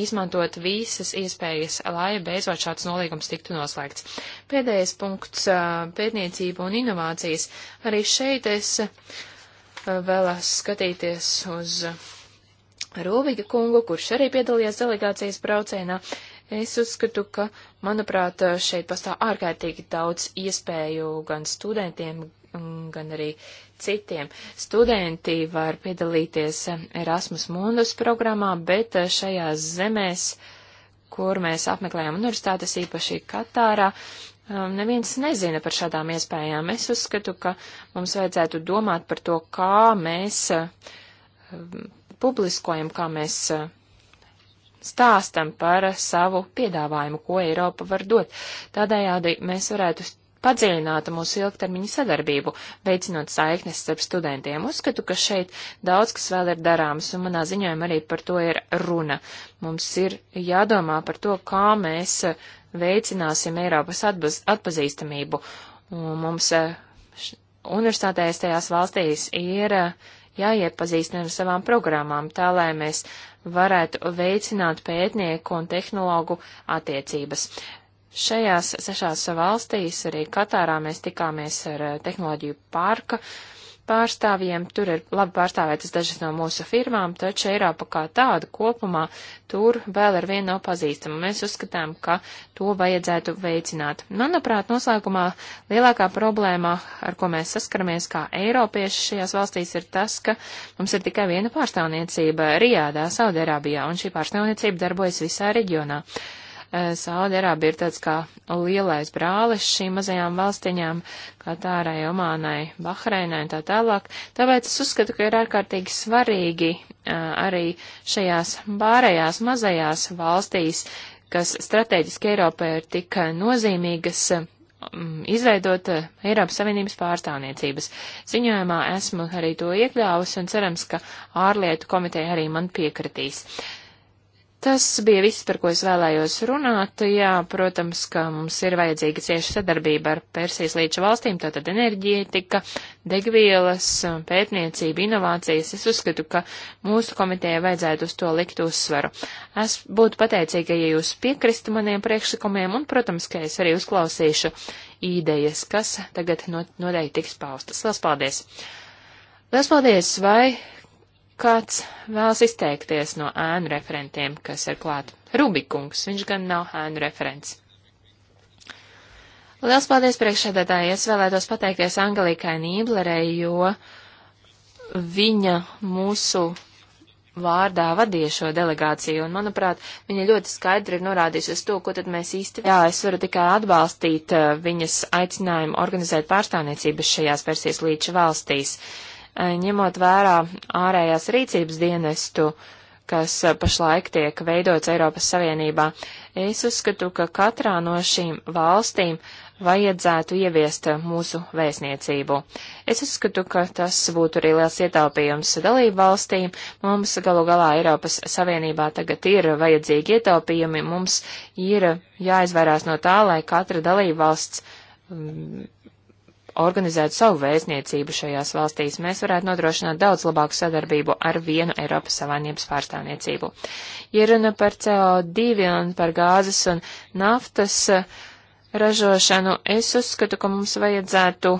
izmantot visas iespējas, lai beidzot šāds nolīgums tiktu noslēgts. Pēdējais punkts - pētniecība un inovācijas. Arī šeit es vēlos skatīties uz Rūviga kungu, kurš arī piedalījās delegācijas braucienā. Es uzskatu, ka, manuprāt, šeit pastāv ārkārtīgi daudz iespēju gan studentiem, gan arī citiem. Studenti var piedalīties Erasmus Mundus programmā, bet šajās zemēs, kur mēs apmeklējām universitātes, īpaši Katārā, um, neviens nezina par šādām iespējām. Es uzskatu, ka mums vajadzētu domāt par to, kā mēs um, publiskojam, kā mēs um, stāstam par savu piedāvājumu, ko Eiropa var dot. Tādējādi mēs varētu padziļinātu mūsu ilgtermiņa sadarbību, veicinot saiknes starp studentiem. Uzskatu, ka šeit daudz kas vēl ir darāms, un manā ziņojumā arī par to ir runa. Mums ir jādomā par to, kā mēs eh, veicināsim Eiropas atbaz, atpazīstamību. Un mums eh, universitātēs tajās valstīs ir eh, jāiepazīstina ar savām programmām, tā lai mēs varētu veicināt pētnieku un tehnologu attiecības. Šajās sešās valstīs, arī Katārā, mēs tikāmies ar eh, tehnoloģiju parka pārstāvjiem. Tur ir labi pārstāvētas dažas no mūsu firmām, taču Eiropa kā tāda kopumā tur vēl ar vienu nav pazīstama. Mēs uzskatām, ka to vajadzētu veicināt. Nu, manuprāt, noslēgumā lielākā problēma, ar ko mēs saskaramies kā eiropieši šajās valstīs, ir tas, ka mums ir tikai viena pārstāvniecība Rijādā, Saudarābijā, un šī pārstāvniecība darbojas visā reģionā. Eh, Saudarābi ir tāds kā lielais brālis šīm mazajām valstiņām, Katārai, Omānai, Bahreinai un tā tālāk. Tāpēc es uzskatu, ka ir ārkārtīgi svarīgi eh, arī šajās pārējās mazajās valstīs, kas strateģiski Eiropai ir tik nozīmīgas, mm, izveidot eh, Eiropas Savienības pārstāvniecības. Ziņojumā esmu arī to iekļāvusi un cerams, ka ārlietu komiteja arī man piekritīs. Tas bija viss, par ko es vēlējos runāt. Jā, protams, ka mums ir vajadzīga cieša sadarbība ar Persijas līča valstīm, tātad enerģētika, degvielas, pētniecība, inovācijas. Es uzskatu, ka mūsu komitejai vajadzētu uz to likt uzsvaru. Es būtu pateicīga, ja jūs piekristu maniem priekšlikumiem, un, protams, ka es arī uzklausīšu idejas, kas tagad noteikti tiks paustas. Lielas paldies! Lielas paldies! Vai Kāds vēlas izteikties no ēnu referentiem, kas ir klāt? Rubikungs, viņš gan nav ēnu referents. Liels paldies priekšsēdētāji, es vēlētos pateikties Angelikai Nīblerei, jo viņa mūsu vārdā vadīja šo delegāciju, un, manuprāt, viņa ļoti skaidri ir norādījusi uz to, ko tad mēs īsti. Jā, es varu tikai atbalstīt uh, viņas aicinājumu organizēt pārstāvniecības šajās Persijas līča valstīs. Uh, Eh, ņemot vērā ārējās rīcības dienestu, kas eh, pašlaik tiek veidots Eiropas Savienībā, es uzskatu, ka katrā no šīm valstīm vajadzētu ieviest mūsu vēstniecību. Es uzskatu, ka tas būtu arī liels ietaupījums dalību valstīm. Mums galu galā Eiropas Savienībā tagad ir vajadzīgi ietaupījumi. Mums ir jāizvairās no tā, lai katra dalību valsts mm, organizētu savu vēstniecību šajās valstīs, mēs varētu nodrošināt daudz labāku sadarbību ar vienu Eiropas Savienības pārstāvniecību. Ja runa par CO2 un par gāzes un naftas eh, ražošanu, es uzskatu, ka mums vajadzētu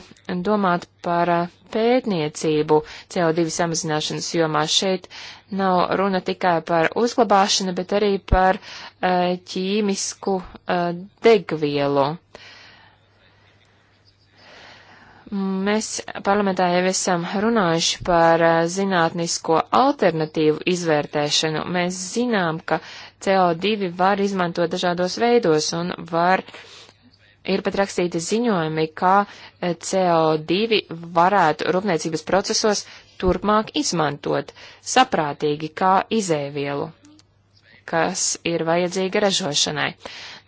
domāt par eh, pētniecību CO2 samazināšanas jomā. Šeit nav runa tikai par uzglabāšanu, bet arī par eh, ķīmisku degvielu. Uh, Mēs parlamentā jau esam runājuši par eh, zinātnisko alternatīvu izvērtēšanu. Mēs zinām, ka CO2 var izmantot dažādos veidos un var ir pat rakstīti ziņojumi, kā eh, CO2 varētu rūpniecības procesos turpmāk izmantot saprātīgi kā izēvielu, kas ir vajadzīga ražošanai.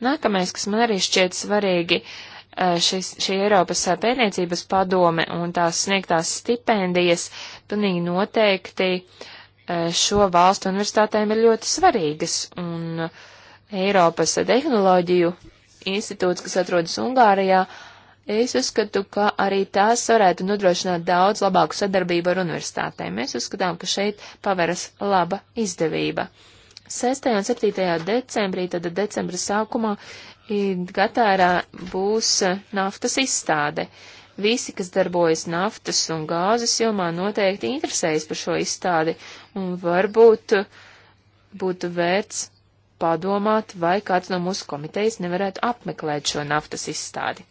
Nākamais, kas man arī šķiet svarīgi, uh, Eh, šis, šī Eiropas eh, pētniecības padome un tās sniegtās stipendijas pilnīgi noteikti eh, šo valstu universitātēm ir ļoti svarīgas. Un Eiropas tehnoloģiju institūts, kas atrodas Ungārijā, es uzskatu, ka arī tās varētu nodrošināt daudz labāku sadarbību ar universitātēm. Mēs uzskatām, ka šeit paveras laba izdevība. 6. un 7. decembrī, tad decembra sākumā, Katārā būs eh, naftas izstāde. Visi, kas darbojas naftas un gāzes jomā, noteikti interesējas par šo izstādi, un varbūt būtu vērts padomāt, vai kāds no mūsu komitejas nevarētu apmeklēt šo naftas izstādi.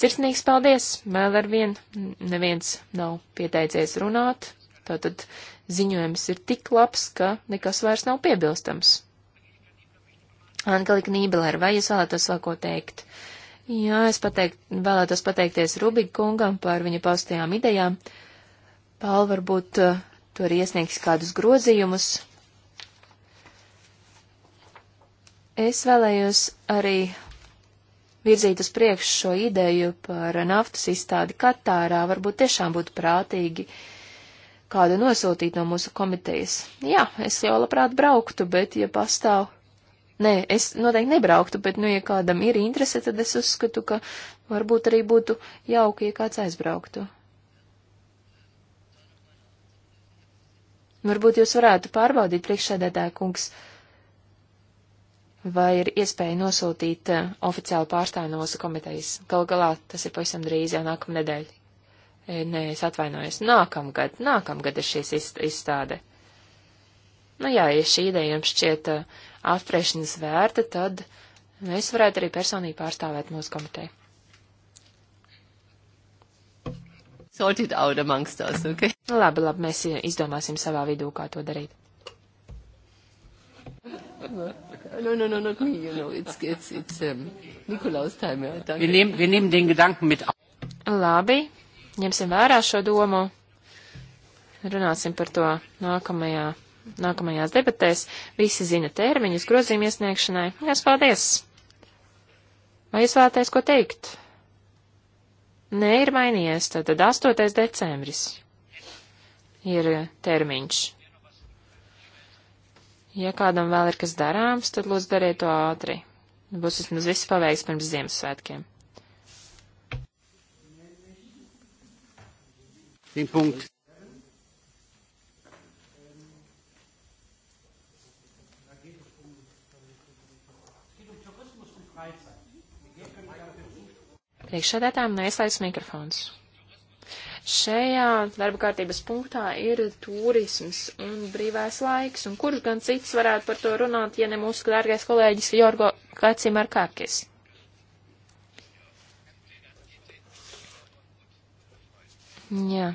Sirsnīgs paldies! Vēl ar vien neviens nav pieteicies runāt, tātad ziņojums ir tik labs, ka nekas vairs nav piebilstams. Angelika Nībelera, vai jūs vēlētos vēl ko teikt? Jā, es pateikt, vēlētos pateikties Rubik kungam par viņa paustajām idejām. Pāl varbūt eh, tu arī iesniegs kādus grozījumus. Es vēlējos arī virzīt uz priekšu šo ideju par naftas izstādi Katārā, varbūt tiešām būtu prātīgi kādu nosūtīt no mūsu komitejas. Jā, es jau labprāt brauktu, bet, ja pastāv Nē, es noteikti nebrauktu, bet, nu, ja kādam ir interese, tad es uzskatu, ka varbūt arī būtu jauki, ja kāds aizbrauktu. Varbūt jūs varētu pārbaudīt priekšsēdētāju kungs, vai ir iespēja nosūtīt uh, oficiālu pārstāvu no mūsu komitejas. Gal galā tas ir pavisam drīz jau nākamnedēļ. E, nē, es atvainojos. Nākamgad, nākamgad ir šīs izstāde. Nu jā, ja šī ideja jums šķiet uh, apspriešanas vērta, tad es varētu arī personīgi pārstāvēt mūsu komiteju. Sort it out amongst us, ok? Labi, labi, mēs izdomāsim savā vidū, kā to darīt. No, no, no, not me, you know, it's, it's, it's um, Nikolaus time, jā, tā. Wir nehmen, wir nehmen den Gedanken mit auf. Labi, ņemsim vērā šo domu, runāsim par to nākamajā nākamajās debatēs. Visi zina termiņus grozījuma iesniegšanai. Jās paldies! Vai jūs vēlaties ko teikt? Nē, ir mainījies, tad 8. decembris ir termiņš. Ja kādam vēl ir kas darāms, tad lūdzu dariet to ātri. Būs vismaz viss paveikts pirms Ziemassvētkiem. Den Punkt Priekšsēdētājiem neieslēdz mikrofons. Šajā darba kārtības punktā ir turisms un brīvais laiks, un kurš gan cits varētu par to runāt, ja ne mūsu dārgais kolēģis Jorgo Kacimarkakis. Jā.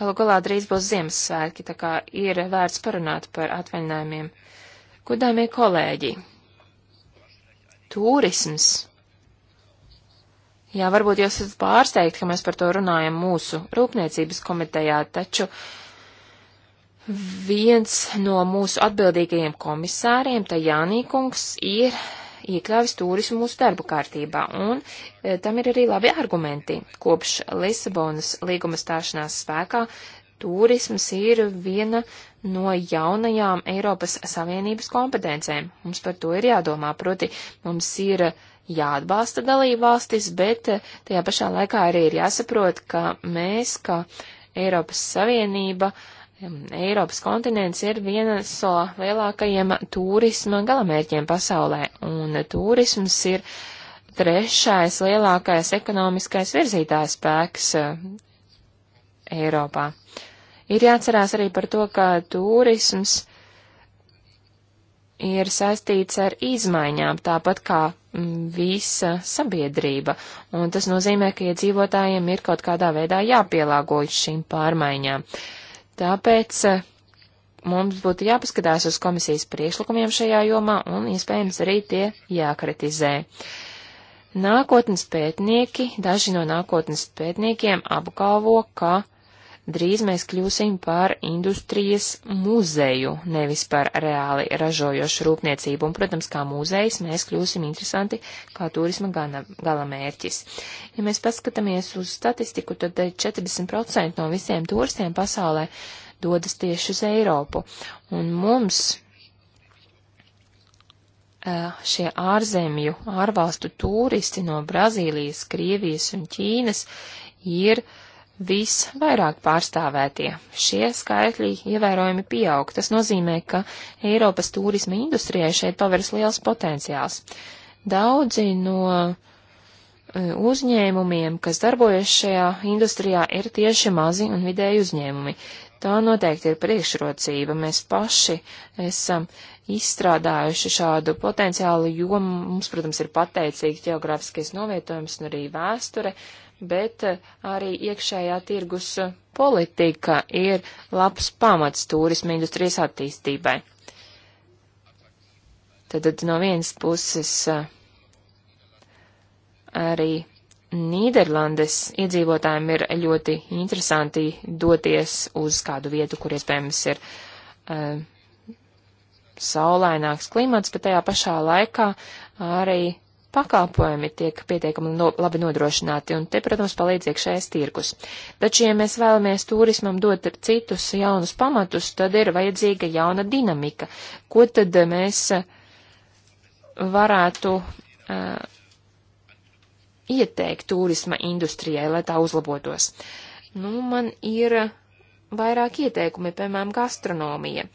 Galu galā drīz būs Ziemassvētki, tā kā ir vērts parunāt par atvaļinājumiem. Gudāmie kolēģi, turisms Jā, varbūt jūs esat pārsteigti, ka mēs par to runājam mūsu rūpniecības komitejā, taču viens no mūsu atbildīgajiem komisāriem, tā Jānīkungs, ir iekļāvis turismu mūsu darba kārtībā, un e, tam ir arī labi argumenti. Kopš Lisabonas līguma stāšanās spēkā turisms ir viena no jaunajām Eiropas Savienības kompetencēm. Mums par to ir jādomā, proti mums ir jāatbalsta dalībvalstis, bet eh, tajā pašā laikā arī ir jāsaprot, ka mēs, kā Eiropas Savienība, Eiropas kontinents ir viens no lielākajiem turisma galamērķiem pasaulē, un turisms ir trešais lielākais ekonomiskais virzītājs spēks eh, Eiropā. Ir jāatcerās arī par to, ka turisms ir saistīts ar izmaiņām, tāpat kā Mm, visa sabiedrība, un tas nozīmē, ka iedzīvotājiem ir kaut kādā veidā jāpielāgojas šīm pārmaiņām. Tāpēc eh, mums būtu jāpaskatās uz komisijas priekšlikumiem šajā jomā, un iespējams arī tie jākritizē. Nākotnes pētnieki, daži no nākotnes pētniekiem apgalvo, ka drīz mēs kļūsim par industrijas muzeju, nevis par reāli ražojošu rūpniecību. Un, protams, kā muzejs mēs kļūsim interesanti kā turisma gana, gala mērķis. Ja mēs paskatāmies uz statistiku, tad 40% eh, no visiem turistiem pasaulē dodas tieši uz Eiropu. Un mums eh, šie ārzemju, ārvalstu turisti no Brazīlijas, Krievijas un Ķīnas ir uh, visvairāk pārstāvētie. Šie skaitļi ievērojami pieaug. Tas nozīmē, ka Eiropas turisma industrijai šeit paveras liels potenciāls. Daudzi no e, uzņēmumiem, kas darbojas šajā industrijā, ir tieši mazi un vidēji uzņēmumi. Tā noteikti ir priekšrocība. Mēs paši esam izstrādājuši šādu potenciālu, jo mums, protams, ir pateicīgi geogrāfiskais novietojums un arī vēsture. Uh, bet eh, arī iekšējā tirgus politika ir labs pamats turisma industrijas attīstībai. Tad no vienas puses eh, arī Nīderlandes iedzīvotājiem ir ļoti interesanti doties uz kādu vietu, kur iespējams ir uh, saulaināks klimats, bet tajā pašā laikā arī pakalpojumi tiek pietiekami no, labi nodrošināti, un te, protams, palīdz iekšējais tirkus. Taču, ja mēs vēlamies turismam dot citus jaunus pamatus, tad ir vajadzīga jauna dinamika. Ko tad mēs eh, varētu uh, ieteikt turisma industrijai, lai tā uzlabotos? Nu, man ir vairāk ieteikumi, piemēram, gastronomija.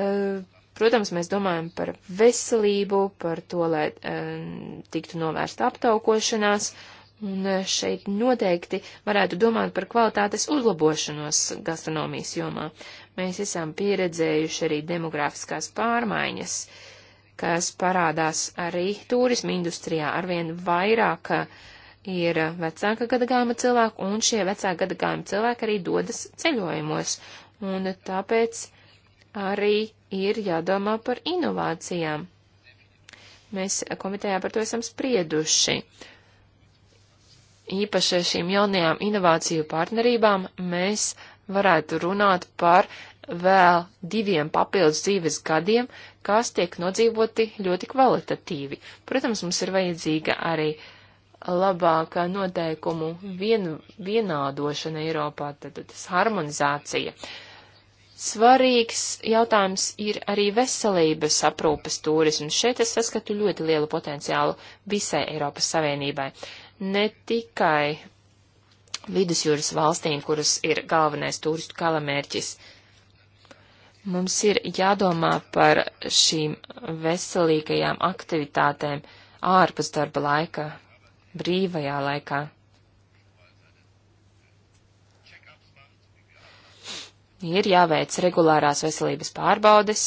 Uh, Protams, mēs domājam par veselību, par to, lai um, tiktu novērsta aptaukošanās, un eh, šeit noteikti varētu domāt par kvalitātes uzlabošanos gastronomijas jomā. Mēs esam pieredzējuši arī demografiskās pārmaiņas, kas parādās arī turismu industrijā arvien vairāk eh, ir vecāka gadagājuma cilvēku, un šie vecāka gadagājuma cilvēki arī dodas ceļojumos, un tāpēc arī ir jādomā par inovācijām. Mēs komitejā par to esam sprieduši. Īpaši šīm jaunajām inovāciju partnerībām mēs varētu runāt par vēl diviem papildus dzīves gadiem, kas tiek nodzīvoti ļoti kvalitatīvi. Protams, mums ir vajadzīga arī labāka noteikumu vien, vienādošana Eiropā, tad tas harmonizācija. Uh, Svarīgs jautājums ir arī veselības aprūpes turisms. Šeit es saskatu ļoti lielu potenciālu visai Eiropas Savienībai. Ne tikai vidusjūras valstīm, kuras ir galvenais turistu kalamērķis. Mums ir jādomā par šīm veselīgajām aktivitātēm ārpus darba laika, brīvajā laikā. ir jāveic regulārās veselības pārbaudes.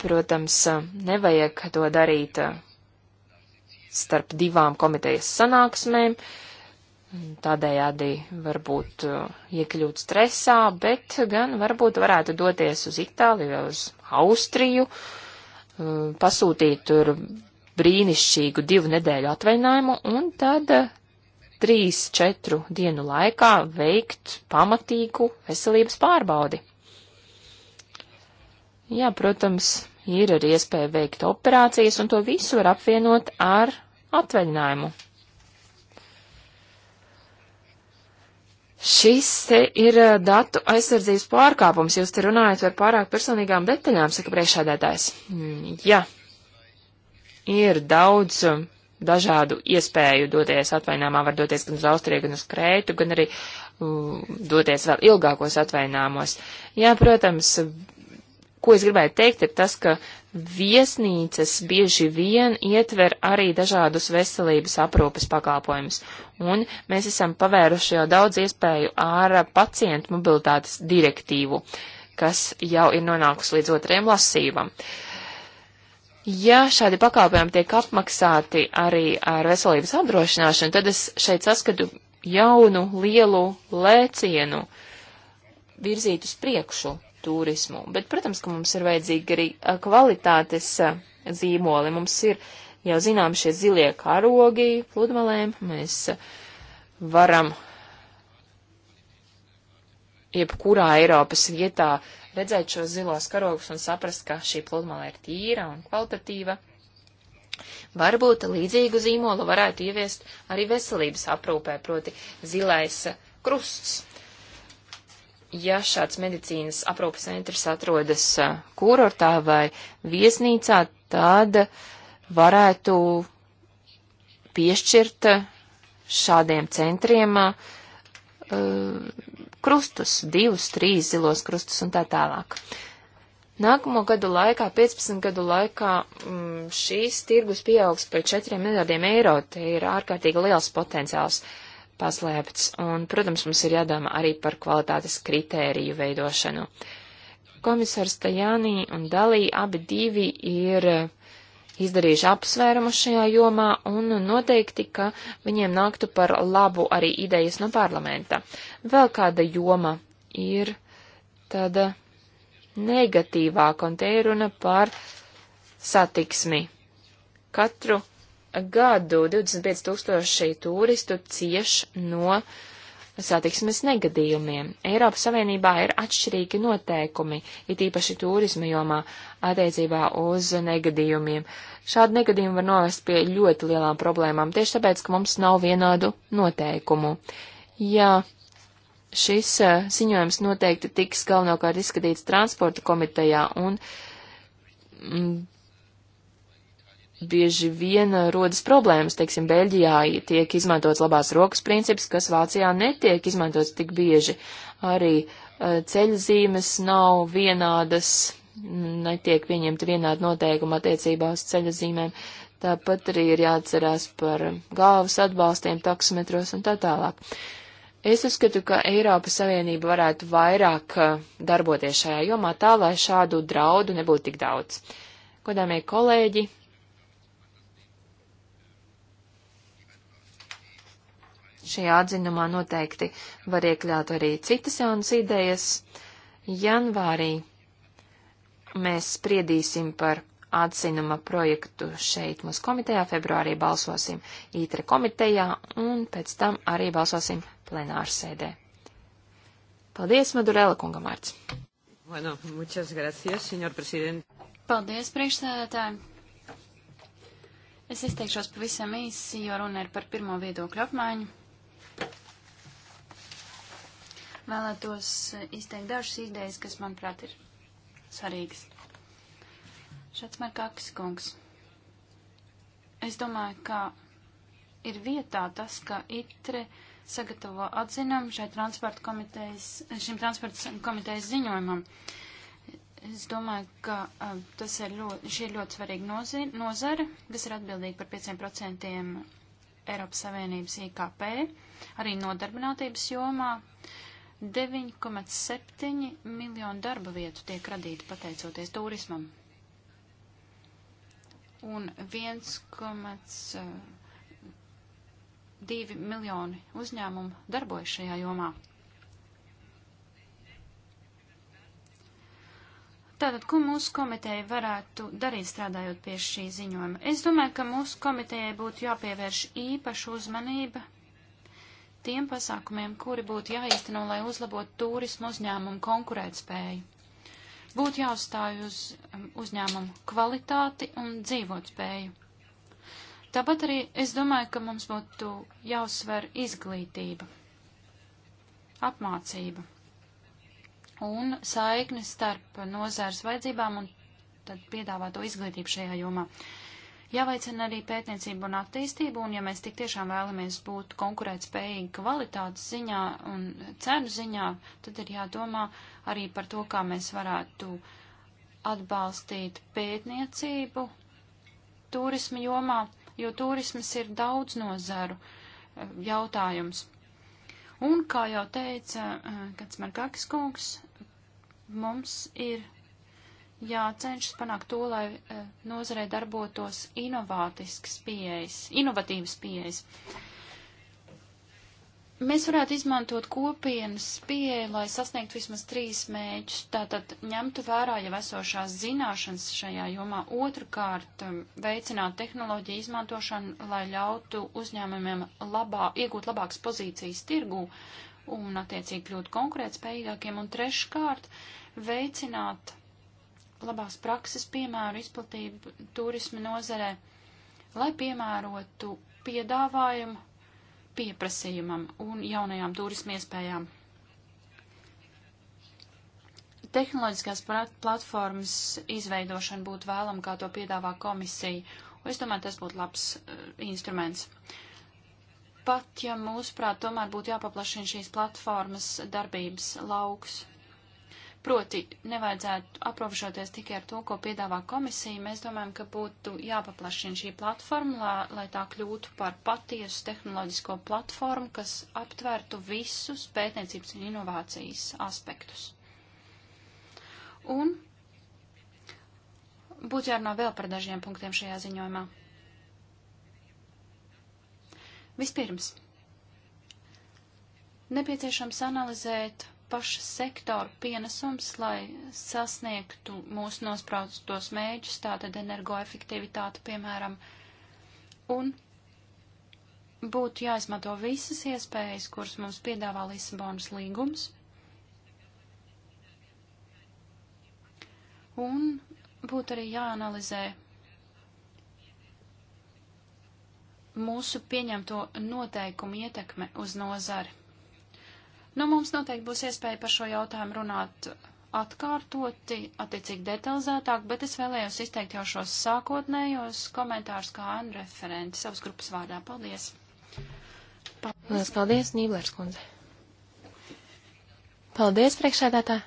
Protams, nevajag to darīt uh, starp divām komitejas sanāksmēm, tādējādi varbūt uh, iekļūt stresā, bet gan varbūt varētu doties uz Itāliju vai uz Austriju, uh, pasūtīt tur brīnišķīgu divu nedēļu atvainājumu un tad trīs, četru dienu laikā veikt pamatīgu veselības pārbaudi. Jā, protams, ir arī iespēja veikt operācijas, un to visu var apvienot ar atvaļinājumu. Šis te ir eh, datu aizsardzības pārkāpums. Jūs te runājat par pārāk personīgām detaļām, saka priekšādētājs. Mm, jā, ir daudz um, dažādu iespēju doties atvainājumā, var doties gan uz Austriju, gan uz Krētu, gan arī uh, doties vēl ilgākos atvainājumos. Jā, protams, ko es gribēju teikt, ir tas, ka viesnīcas bieži vien ietver arī dažādus veselības aprūpes pakalpojumus, un mēs esam pavēruši jau daudz iespēju ar pacientu mobilitātes direktīvu, kas jau ir nonākusi līdz otrajam lasījumam. Uh, Ja šādi pakalpojumi tiek apmaksāti arī ar veselības apdrošināšanu, tad es šeit saskatu jaunu, lielu lēcienu virzīt uz priekšu turismu. Bet, protams, ka mums ir vajadzīgi arī kvalitātes zīmoli. Mums ir jau zinām šie zilie karogi pludmalēm. Mēs varam jebkurā Eiropas vietā uh, redzēt šos zilos karogus un saprast, ka šī pludmale ir tīra un kvalitatīva. Varbūt līdzīgu zīmolu varētu ieviest arī veselības aprūpē, proti zilais krusts. Ja šāds medicīnas aprūpas centrs atrodas kurortā vai viesnīcā, tad varētu piešķirt šādiem centriem uh, krustus, divus, trīs zilos krustus un tā tālāk. Nākamo gadu laikā, 15 gadu laikā, mm, šīs tirgus pieaugs par 4 miljardiem eiro. Te ir ārkārtīgi liels potenciāls paslēpts. Un, protams, mums ir jādomā arī par kvalitātes kritēriju veidošanu. Komisārs Tajānī un Dalī abi divi ir izdarījuši apsvērumu šajā jomā, un noteikti, ka viņiem nāktu par labu arī idejas no parlamenta. Vēl kāda joma ir tāda negatīvāka, un te ir runa par satiksmi. Katru gadu 25 tūkstoši turistu cieš no uh, satiksmes negadījumiem. Eiropas Savienībā ir atšķirīgi noteikumi, it īpaši turisma jomā, attiecībā uz negadījumiem. Šādi negadījumi var novest pie ļoti lielām problēmām, tieši tāpēc, ka mums nav vienādu noteikumu. Ja šis eh, ziņojums noteikti tiks galvenokārt izskatīts transporta komitejā un mm, bieži vien uh, rodas problēmas, teiksim, Beļģijā tiek izmantots labās rokas princips, kas Vācijā netiek izmantots tik bieži. Arī uh, ceļzīmes nav vienādas, netiek pieņemta vienāda noteikuma attiecībā uz ceļzīmēm. Tāpat arī ir jāatcerās par galvas atbalstiem, taksometros un tā tālāk. Es uzskatu, ka Eiropas Savienība varētu vairāk uh, darboties šajā jomā tā, lai šādu draudu nebūtu tik daudz. Godāmie kolēģi, Šajā atzinumā noteikti var iekļaut arī citas jaunas idejas. Janvārī mēs spriedīsim par atzinuma projektu šeit mūsu komitejā, februārī balsosim ītre komitejā un pēc tam arī balsosim plenārsēdē. Paldies, Madurela kungam vārds. Bueno, muchas gracias, señor presidente. Paldies, priekšsēdētāji. Es izteikšos pavisam īsi, jo runa ir par pirmo viedokļu apmaiņu. vēlētos eh, izteikt dažas idejas, kas, manuprāt, ir svarīgas. Šāds Markakis kungs. Es domāju, ka ir vietā tas, ka ITRE sagatavo atzinumu šai transporta komitejas, šim transporta komitejas ziņojumam. Es domāju, ka um, tas ir ļoti, šī ir ļoti svarīga nozara, kas ir atbildīga par 5% Eiropas Savienības IKP, arī nodarbinātības jomā 9,7 miljonu darba vietu tiek radīti pateicoties turismam. Un 1,2 eh, miljoni uzņēmumu darbojas šajā jomā. Tātad, ko mūsu komiteja varētu darīt strādājot pie šī ziņojuma? Es domāju, ka mūsu komitejai būtu jāpievērš īpaša uzmanība tiem pasākumiem, kuri būtu jāīsteno, lai uzlabotu turismu uzņēmumu konkurētspēju. Būtu jāuzstāj uz um, uzņēmumu kvalitāti un dzīvotspēju. Tāpat arī es domāju, ka mums būtu jāuzsver izglītība, apmācība un saiknes starp nozēras vajadzībām un tad piedāvāto izglītību šajā jomā. Uh, Jāveicina arī pētniecība un attīstība, un ja mēs tik tiešām vēlamies būt konkurētspējīgi kvalitātes ziņā un cenu ziņā, tad ir jādomā arī par to, kā mēs varētu atbalstīt pētniecību turisma jomā, jo turismas ir daudz nozaru eh, jautājums. Un, kā jau teica Kacmarkakis eh, kungs, mums ir jācenšas panākt to, lai e, nozarei darbotos inovatīvas pieejas, inovatīvas pieejas. Mēs varētu izmantot kopienas pieeju, lai sasniegtu vismaz trīs mēģus. Tātad ņemtu vērā jau esošās zināšanas šajā jomā. Otrakārt, veicināt tehnoloģiju izmantošanu, lai ļautu uzņēmumiem labā, iegūt labākas pozīcijas tirgū un attiecīgi kļūt konkurētspējīgākiem. Un treškārt, veicināt labās prakses piemēru izplatību turisma nozarē, lai piemērotu piedāvājumu pieprasījumam un jaunajām turisma iespējām. Tehnoloģiskās platformas izveidošana būtu vēlama, kā to piedāvā komisija, un es domāju, tas būtu labs uh, instruments. Pat ja mūsuprāt, tomēr būtu jāpaplašina šīs platformas darbības lauks Proti, nevajadzētu aprobežoties tikai ar to, ko piedāvā komisija. Mēs domājam, ka būtu jāpaplašina šī platforma, lai, lai tā kļūtu par patiesu tehnoloģisko platformu, kas aptvērtu visus pētniecības un inovācijas aspektus. Un būtu jārunā vēl par dažiem punktiem šajā ziņojumā. Vispirms, nepieciešams analizēt paša sektora pienesums, lai sasniegtu mūsu nospraustos mēģus, tātad energoefektivitāte, piemēram, un būtu jāizmanto visas iespējas, kuras mums piedāvā Lisabonas līgums, un būtu arī jāanalizē mūsu pieņemto noteikumu ietekme uz nozari. Nu, mums noteikti būs iespēja par šo jautājumu runāt atkārtoti, attiecīgi detalizētāk, bet es vēlējos izteikt jau šos sākotnējos komentārus kā ANU referenti savas grupas vārdā. Paldies! Paldies, Lielas paldies Nīblers kundze! Paldies, priekšsēdētā!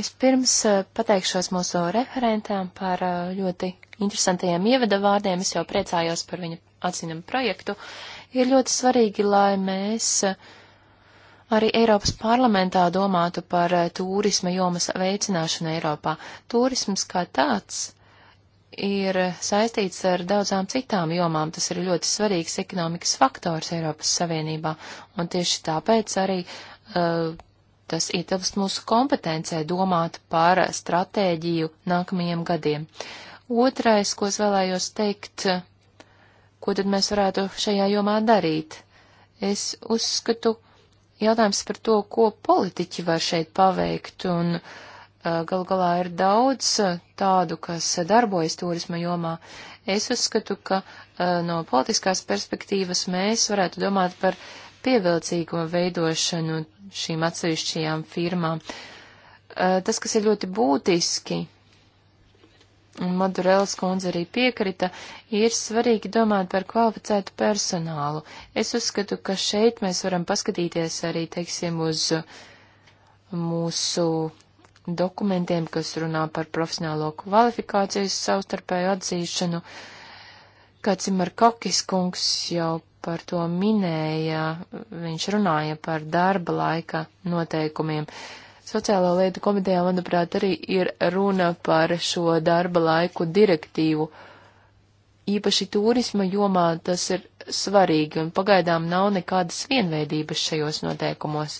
Vispirms pateikšos mūsu referentām par ļoti interesantajiem ievada vārdiem. Es jau priecājos par viņa atzinumu projektu. Ir ļoti svarīgi, lai mēs uh, arī Eiropas parlamentā domātu par eh, turisma jomas veicināšanu Eiropā. Turisms kā tāds ir saistīts ar daudzām citām jomām. Tas ir ļoti svarīgs ekonomikas faktors Eiropas Savienībā, un tieši tāpēc arī uh, tas ietilpst mūsu kompetencē domāt par stratēģiju nākamajiem gadiem. Otrais, ko es vēlējos teikt, ko tad mēs varētu šajā jomā darīt? Es uzskatu, jautājums par to, ko politiķi var šeit paveikt, un uh, gal galā ir daudz uh, tādu, kas darbojas turisma jomā. Es uzskatu, ka uh, no politiskās perspektīvas mēs varētu domāt par pievilcīgumu veidošanu šīm atsevišķajām firmām. Tas, kas ir ļoti būtiski, un Madurēlas kundze arī piekrita, ir svarīgi domāt par kvalificētu personālu. Es uzskatu, ka šeit mēs varam paskatīties arī, teiksim, uz mūsu dokumentiem, kas runā par profesionālo kvalifikācijas savstarpēju atzīšanu. Kāds ir Kokis kungs jau par to minēja, viņš runāja par darba laika noteikumiem. Uh, Sociālo lietu komitejā, manuprāt, arī ir runa par šo darba laiku direktīvu. Īpaši turisma jomā tas ir svarīgi, un pagaidām nav nekādas vienveidības šajos noteikumos.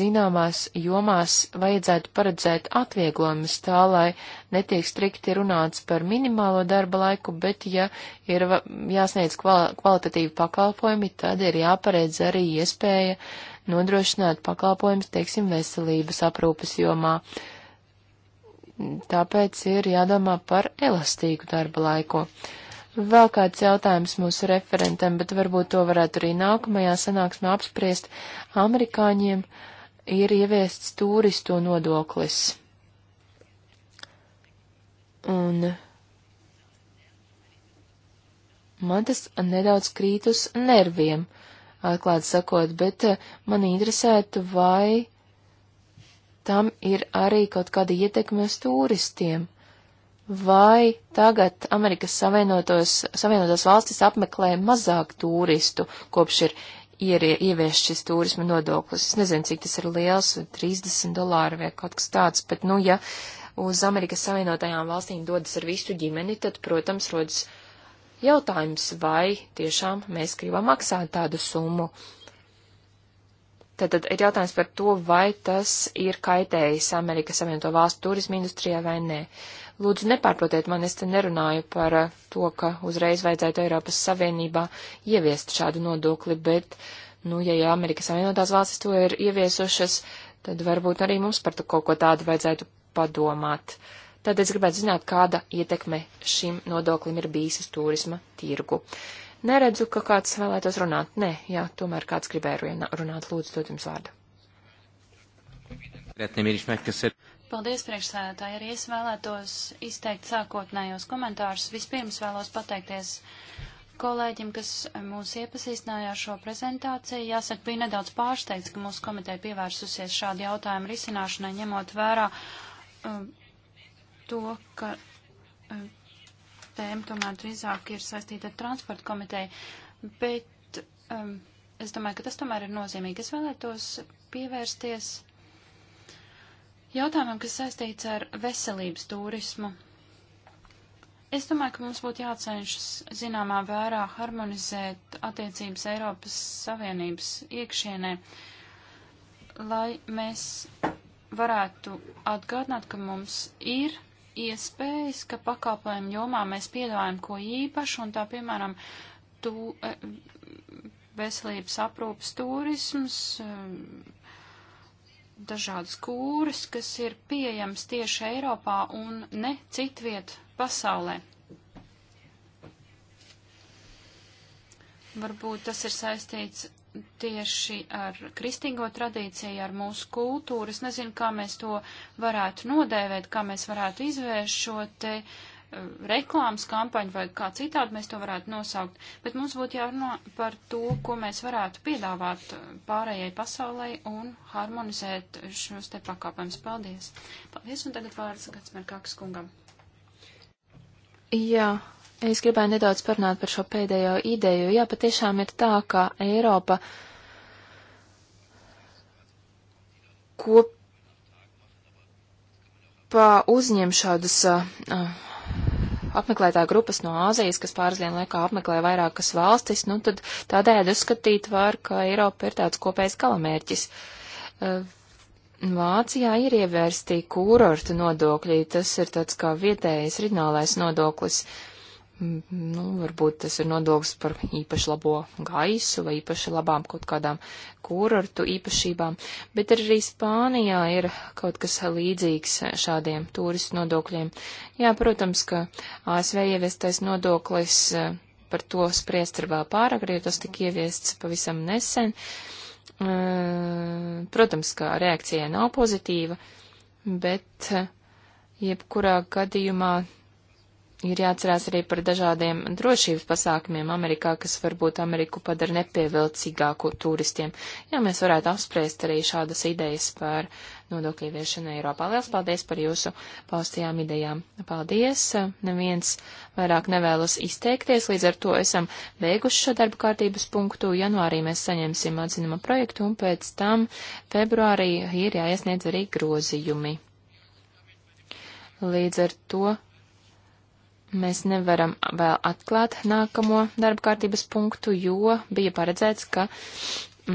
Zināmās jomās vajadzētu paredzēt atvieglojumus tā, lai netiek strikti runāts par minimālo darba laiku, bet ja ir jāsniedz kval kvalitatīvi pakalpojumi, tad ir jāparedz arī iespēja uh, nodrošināt pakalpojumus, teiksim, veselības aprūpes jomā. Tāpēc ir jādomā par elastīgu darba laiku. Vēl kāds jautājums mūsu referentam, bet varbūt to varētu arī nākamajā sanāksmē apspriest. Amerikāņiem ir ieviests turistu nodoklis. Un man tas nedaudz krīt uz nerviem. Uh, atklāt sakot, bet eh, man interesētu, vai tam ir arī kaut kāda ietekme uz turistiem. Vai tagad Amerikas Savienotās valstis apmeklē mazāk turistu, kopš ir ierie, ieviest šis turisma nodoklis? Es nezinu, cik tas ir liels, 30 dolāri vai kaut kas tāds, bet, nu, ja uz Amerikas Savienotajām valstīm dodas ar visu ģimeni, tad, protams, rodas uh, Jautājums, vai tiešām mēs gribam maksāt tādu summu? Tātad ir jautājums par to, vai tas ir kaitējis Amerikas Savienoto Valstu turismu industrijai vai nē. Lūdzu, nepārprotiet man, es te nerunāju par eh, to, ka uzreiz vajadzētu Eiropas Savienībā ieviest šādu nodokli, bet, nu, ja jau Amerikas Savienotās valstis to ir ieviesušas, tad varbūt arī mums par to kaut ko tādu vajadzētu padomāt. Uh, Tad es gribētu zināt, kāda ietekme šim nodoklim ir bijis uz turisma tirgu. Neredzu, ka kāds vēlētos runāt. Nē, jā, tomēr kāds gribēja runāt. Lūdzu, dod jums vārdu. Paldies, priekšsēdētāji. Arī es vēlētos izteikt sākotnējos komentārus. Vispirms vēlos pateikties kolēģim, kas mūs iepazīstināja ar šo prezentāciju. Jāsaka, bija nedaudz pārsteigts, ka mūsu komiteja pievērsusies šādu jautājumu risināšanai, ņemot vērā um, to, ka e, tēma tomēr drīzāk ir saistīta ar transporta komiteju, bet um, es domāju, ka tas tomēr ir nozīmīgi. Es vēlētos pievērsties jautājumam, kas saistīts ar veselības turismu. Es domāju, ka mums būtu jācenšas zināmā vērā harmonizēt attiecības Eiropas Savienības iekšienē, lai mēs varētu atgādināt, ka mums ir iespējas, ka pakalpojumu jomā mēs piedāvājam ko īpašu, un tā, piemēram, tu, e, veselības aprūpas turisms, e, dažādas kūras, kas ir pieejams tieši Eiropā un ne citviet pasaulē. Varbūt tas ir saistīts tieši ar kristīgo tradīciju, ar mūsu kultūru. Es nezinu, kā mēs to varētu nodēvēt, kā mēs varētu izvērst šo te eh, reklāmas kampaņu vai kā citādi mēs to varētu nosaukt, bet mums būtu jārunā par to, ko mēs varētu piedāvāt eh, pārējai pasaulē un harmonizēt šos te pakāpēms. Paldies! Paldies, un tagad vārds Gatsmerkāks kungam. Jā, Es gribēju nedaudz parunāt par šo pēdējo ideju. Jā, patiešām ir tā, ka Eiropa kopā uzņem šādas uh, apmeklētāju grupas no Āzijas, kas pāris dienu laikā apmeklē vairākas valstis, nu tad tādēļ uzskatīt var, ka Eiropa ir tāds kopējs kalamērķis. Uh, Vācijā ir ievērsti kūrorta nodokļi, tas ir tāds kā vietējais reģionālais nodoklis. Uh, nu, varbūt tas ir nodoklis par īpaši labo gaisu vai īpaši labām kaut kādām kurortu īpašībām, bet arī Spānijā ir kaut kas līdzīgs šādiem turistu nodokļiem. Jā, protams, ka ASV ieviestais nodoklis e, par to spriest ir vēl pārāk, jo tas tika ieviests pavisam nesen. E, protams, ka reakcija nav pozitīva, bet e, jebkurā gadījumā ir jāatcerās arī par dažādiem drošības pasākumiem Amerikā, kas varbūt Ameriku padara nepievilcīgāku turistiem. Jā, mēs varētu apspriest arī šādas idejas par nodokļu ieviešanu Eiropā. Liels paldies par jūsu paustajām idejām. Paldies! Neviens vairāk nevēlas izteikties, līdz ar to esam beiguši šo darba kārtības punktu. Janvārī mēs saņemsim atzinuma projektu un pēc tam februārī ir jāiesniedz arī grozījumi. Līdz ar to Mēs nevaram vēl atklāt nākamo darba kārtības punktu, jo bija paredzēts, ka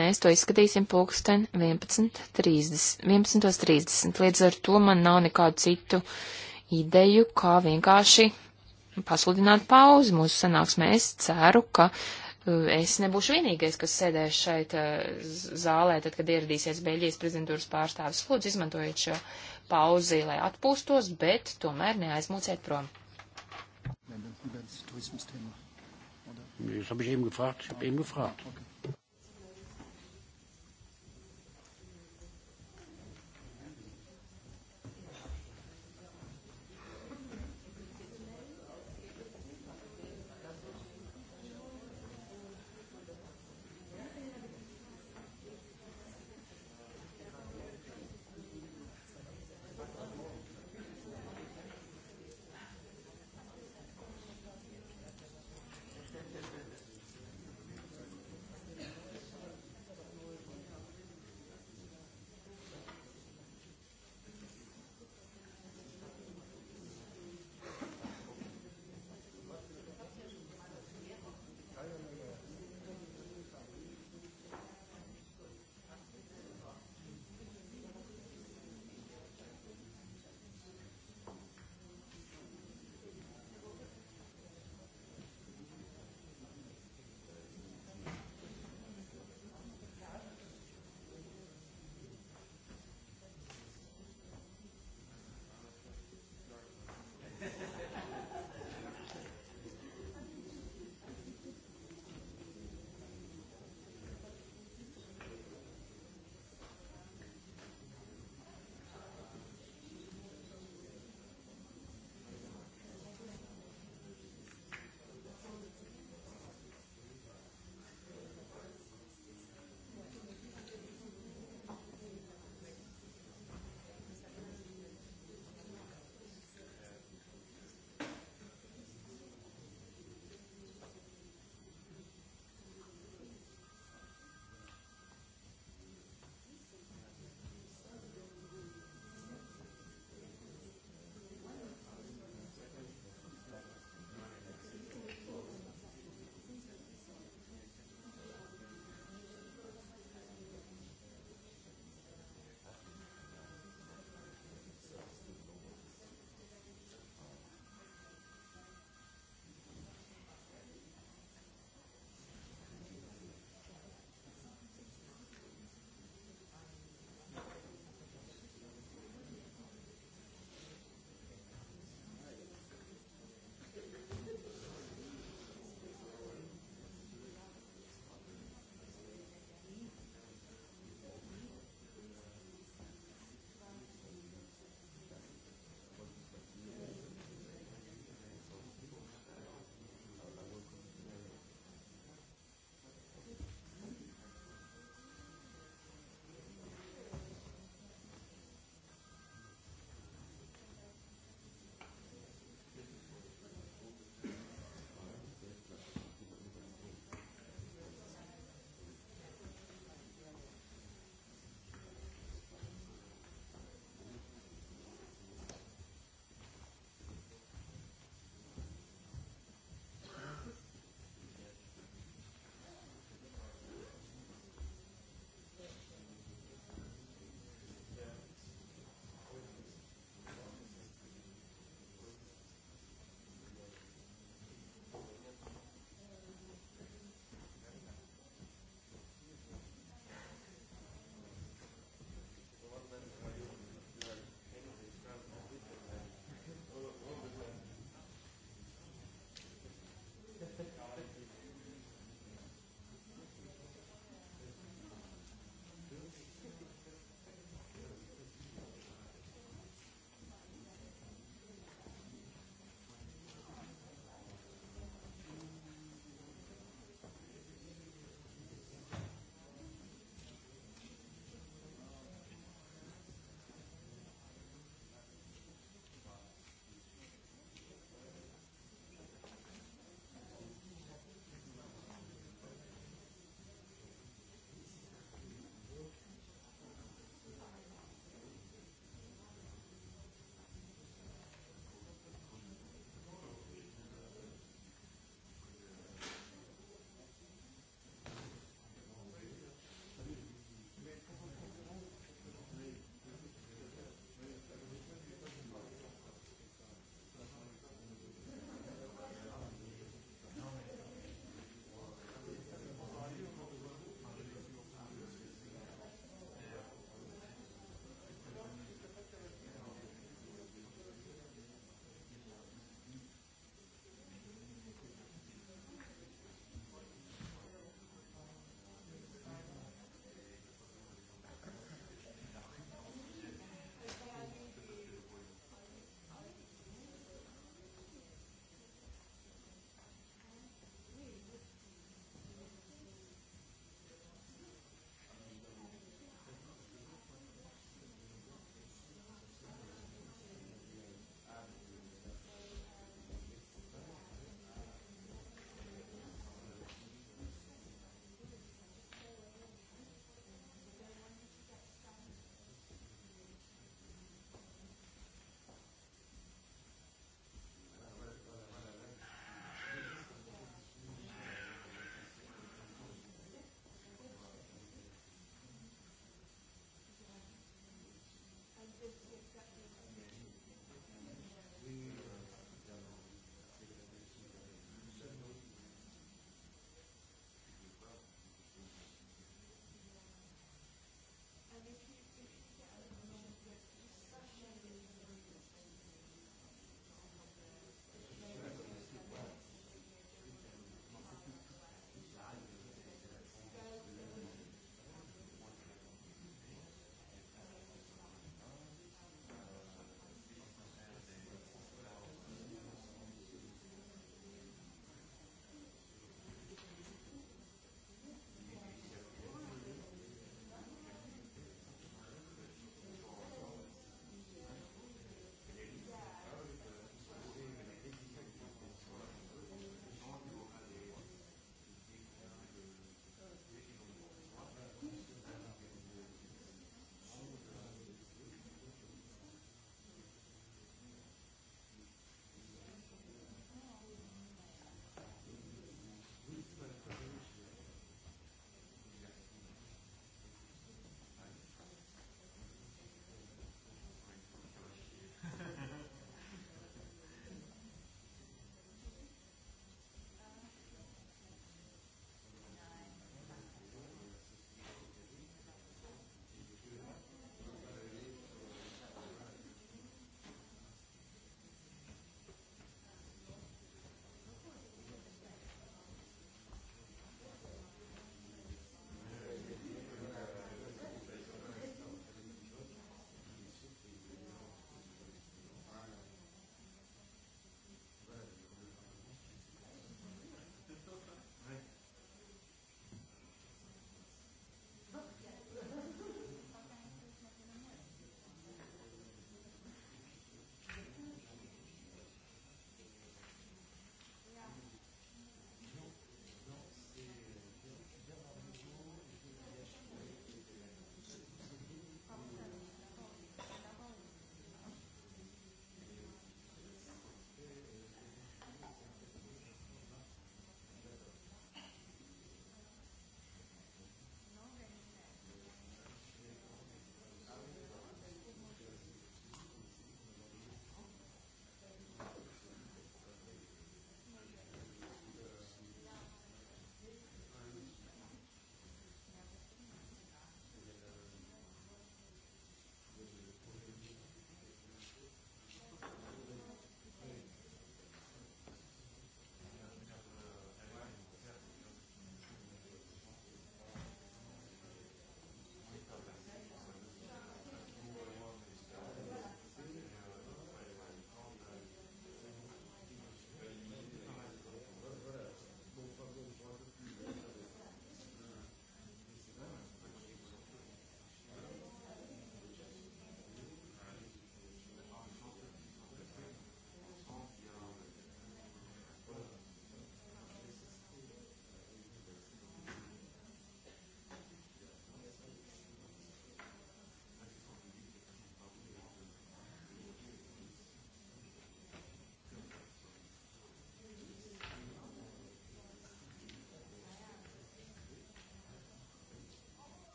mēs to izskatīsim pulksten 11.30. 11.30. Līdz ar to man nav nekādu citu ideju, kā vienkārši pasludināt pauzi mūsu sanāksmē. Es ceru, ka uh, es nebūšu vienīgais, kas sēdēs šeit uh, zālē, tad, kad ieradīsies Beļģijas prezidentūras pārstāvis. Lūdzu, izmantojiet šo pauzi, lai atpūstos, bet tomēr neaizmūciet prom wenn das Tourismusthema. Oder? Das habe ich eben gefragt. Ich habe eben gefragt. Ah, okay.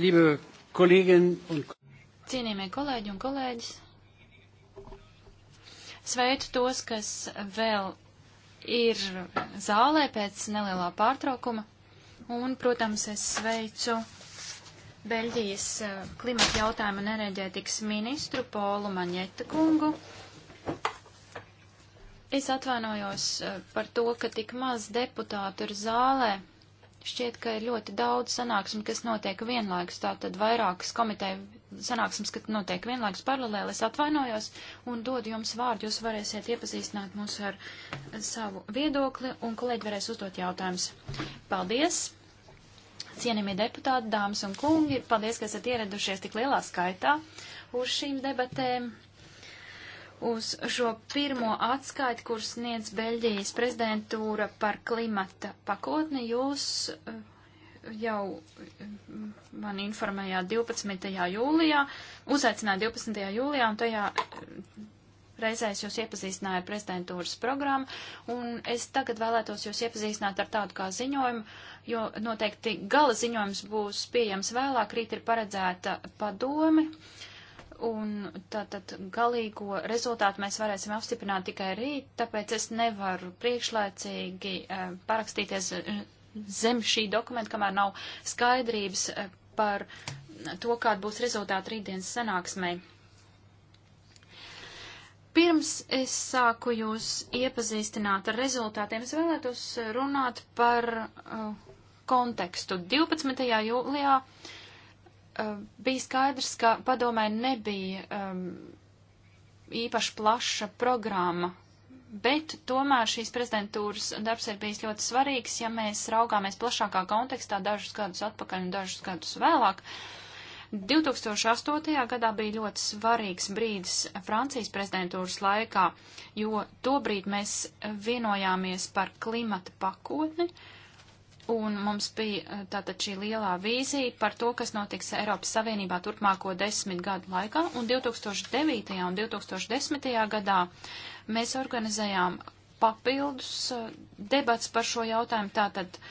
liebe Kolleginnen un Cienījamie kolēģi un kolēģis, sveicu tos, kas vēl ir zālē pēc nelielā pārtraukuma, un, protams, es sveicu Beļģijas eh, klimata jautājuma un enerģētikas ministru Polu Maņeta kungu. Es atvainojos eh, par to, ka tik maz deputātu ir zālē. Šķiet, ka ir ļoti daudz sanāksmi, kas notiek vienlaikus, tātad vairākas komiteja sanāksmes, kas notiek vienlaikus paralēli. Es atvainojos un dodu jums vārdu, jūs varēsiet iepazīstināt mūs ar savu viedokli un kolēģi varēs uzdot jautājumus. Paldies! Cienījamie deputāti, dāmas un kungi, paldies, ka esat ieradušies tik lielā skaitā uz šīm debatēm uz šo pirmo atskaiti, kur sniedz Beļģijas prezidentūra par klimata pakotni. Jūs eh, jau eh, man informējāt 12. jūlijā, uzaicināt 12. jūlijā, un tajā eh, reizē es jūs iepazīstināju ar prezidentūras programmu, un es tagad vēlētos jūs iepazīstināt ar tādu kā ziņojumu, jo noteikti gala ziņojums būs pieejams vēlāk, rīt ir paredzēta padome. Uh, Un tātad galīgo rezultātu mēs varēsim apstiprināt tikai rīt, tāpēc es nevaru priekšlaicīgi eh, parakstīties eh, zem šī dokumenta, kamēr nav skaidrības eh, par to, kāda būs rezultāta rītdienas sanāksmei. Pirms es sāku jūs iepazīstināt ar rezultātiem, es vēlētos runāt par uh, kontekstu. 12. jūlijā uh, Eh, bija skaidrs, ka padomē nebija um, īpaši plaša programma, bet tomēr šīs prezidentūras darbs ir bijis ļoti svarīgs, ja mēs raugāmies plašākā kontekstā dažus gadus atpakaļ un dažus gadus vēlāk. 2008. gadā bija ļoti svarīgs brīdis Francijas prezidentūras laikā, jo tobrīd mēs vienojāmies par klimata pakotni, uh, Un mums bija eh, tātad šī lielā vīzija par to, kas notiks Eiropas Savienībā turpmāko desmit gadu laikā, un 2009. un 2010. gadā mēs organizējām papildus eh, debats par šo jautājumu, tātad uh,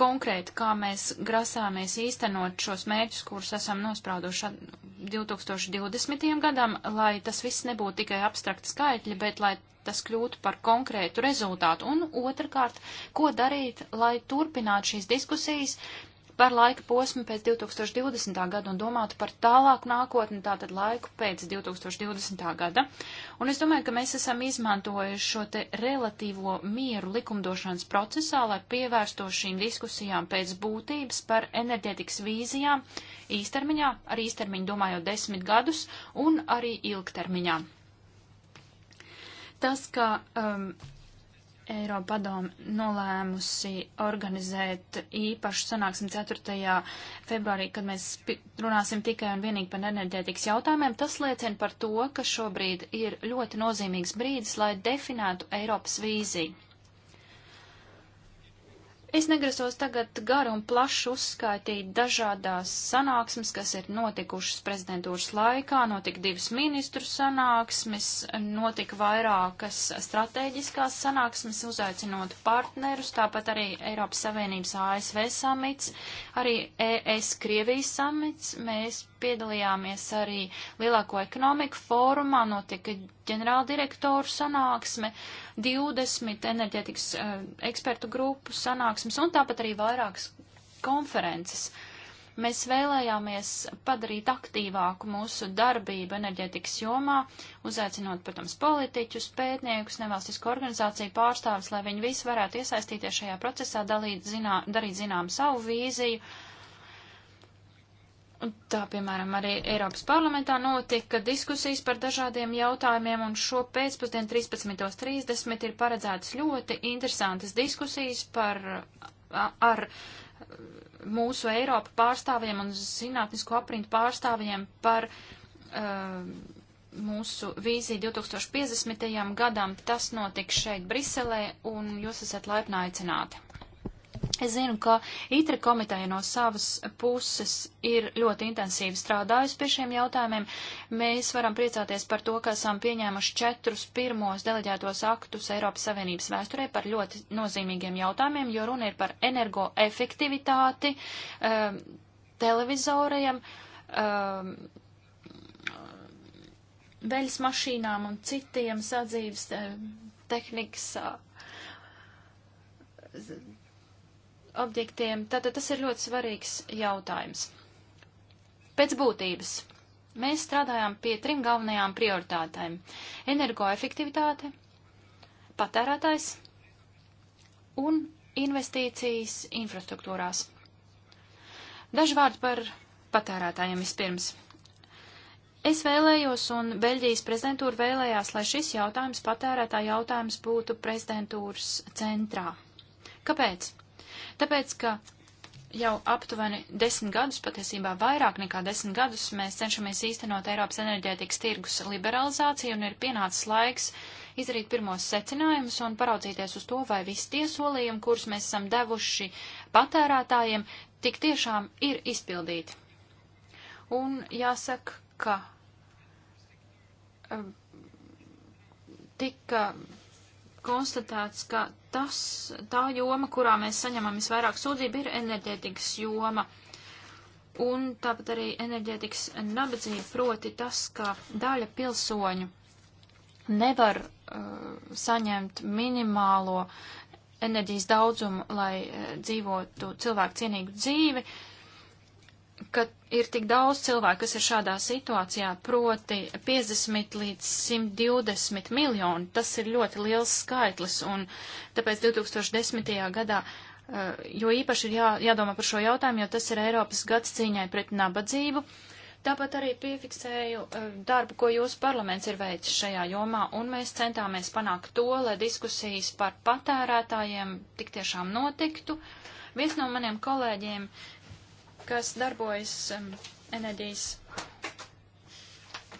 konkrēti, kā mēs grasāmies īstenot šos mērķus, kurus esam nosprauduši 2020. gadam, lai tas viss nebūtu tikai abstrakti skaitļi, bet lai tas kļūtu par konkrētu rezultātu. Un otrkārt, ko darīt, lai turpinātu šīs diskusijas, par laika posmu pēc 2020. gada un domātu par tālāku nākotni, tātad laiku pēc 2020. gada. Un es domāju, ka mēs esam izmantojuši šo te relatīvo mieru likumdošanas procesā, lai pievērsto šīm diskusijām pēc būtības par enerģetikas vīzijām īstermiņā, ar īstermiņu domājot desmit gadus un arī ilgtermiņā. Tas, ka um, Eiropa padome nolēmusi organizēt īpašu sanāksmi 4. februārī, kad mēs runāsim tikai un vienīgi par enerģētikas jautājumiem. Tas liecina par to, ka šobrīd ir ļoti nozīmīgs brīdis, lai definētu Eiropas vīziju. Es negrasos tagad garu un plašu uzskaitīt dažādās sanāksmes, kas ir notikušas prezidentūras laikā, notika divas ministru sanāksmes, notika vairākas strateģiskās sanāksmes, uzaicinot partnerus, tāpat arī Eiropas Savienības ASV samits, arī ES Krievijas samits. Mēs piedalījāmies arī lielāko ekonomiku fórumā, notika ģenerāldirektoru sanāksme, 20 enerģetikas uh, eh, ekspertu grupu sanāksmes un tāpat arī vairākas konferences. Mēs vēlējāmies padarīt aktīvāku mūsu darbību enerģetikas jomā, uzaicinot, protams, politiķus, pētniekus, nevalstisko organizāciju pārstāvis, lai viņi visi varētu iesaistīties šajā procesā, dalīt, zinā, darīt zinām savu vīziju, uh, Tā, piemēram, arī Eiropas parlamentā notika diskusijas par dažādiem jautājumiem, un šo pēcpusdienu 13.30 ir paredzētas ļoti interesantas diskusijas par, ar mūsu Eiropu pārstāvjiem un zinātnisko aprindu pārstāvjiem par uh, mūsu vīziju 2050. gadam. Tas notiks šeit Briselē, un jūs esat laipni aicināti. Es zinu, ka ITRA komiteja no savas puses ir ļoti intensīvi strādājusi pie šiem jautājumiem. Mēs varam priecāties par to, ka esam pieņēmuši četrus pirmos deleģētos aktus Eiropas Savienības vēsturē par ļoti nozīmīgiem jautājumiem, jo runa ir par energoefektivitāti um, televizoriem, um, veļas mašīnām un citiem sadzīves uh, tehnikas. Uh, objektiem. Tātad tas ir ļoti svarīgs jautājums. Pēc būtības mēs strādājām pie trim galvenajām prioritātēm - energoefektivitāte, patērētājs un investīcijas infrastruktūrās. Daži vārdi par patērētājiem vispirms. Es vēlējos un Beļģijas prezidentūra vēlējās, lai šis jautājums, patērētā jautājums, būtu prezidentūras centrā. Kāpēc? Tāpēc, ka jau aptuveni desmit gadus, patiesībā vairāk nekā desmit gadus, mēs cenšamies īstenot Eiropas enerģētikas tirgus liberalizāciju un ir pienācis laiks izdarīt pirmos secinājumus un paraudzīties uz to, vai visi tie solījumi, kurus mēs esam devuši patērētājiem, tik tiešām ir izpildīti. Un jāsaka, ka eh, tika konstatēts, ka tas, tā joma, kurā mēs saņemam visvairāk sūdzību, ir enerģētikas joma. Un tāpat arī enerģētikas nabadzība, proti tas, ka daļa pilsoņu nevar uh, saņemt minimālo enerģijas daudzumu, lai uh, dzīvotu cilvēku cienīgu dzīvi, uh, ka ir tik daudz cilvēku, kas ir šādā situācijā, proti 50 līdz 120 miljoni. Tas ir ļoti liels skaitlis, un tāpēc 2010. gadā, eh, jo īpaši ir jā, jādomā par šo jautājumu, jo tas ir Eiropas gads cīņai pret nabadzību. Tāpat arī piefiksēju eh, darbu, ko jūsu parlaments ir veicis šajā jomā, un mēs centāmies panākt to, lai diskusijas par patērētājiem tik tiešām notiktu. Viens no maniem kolēģiem kas darbojas um, enerģijas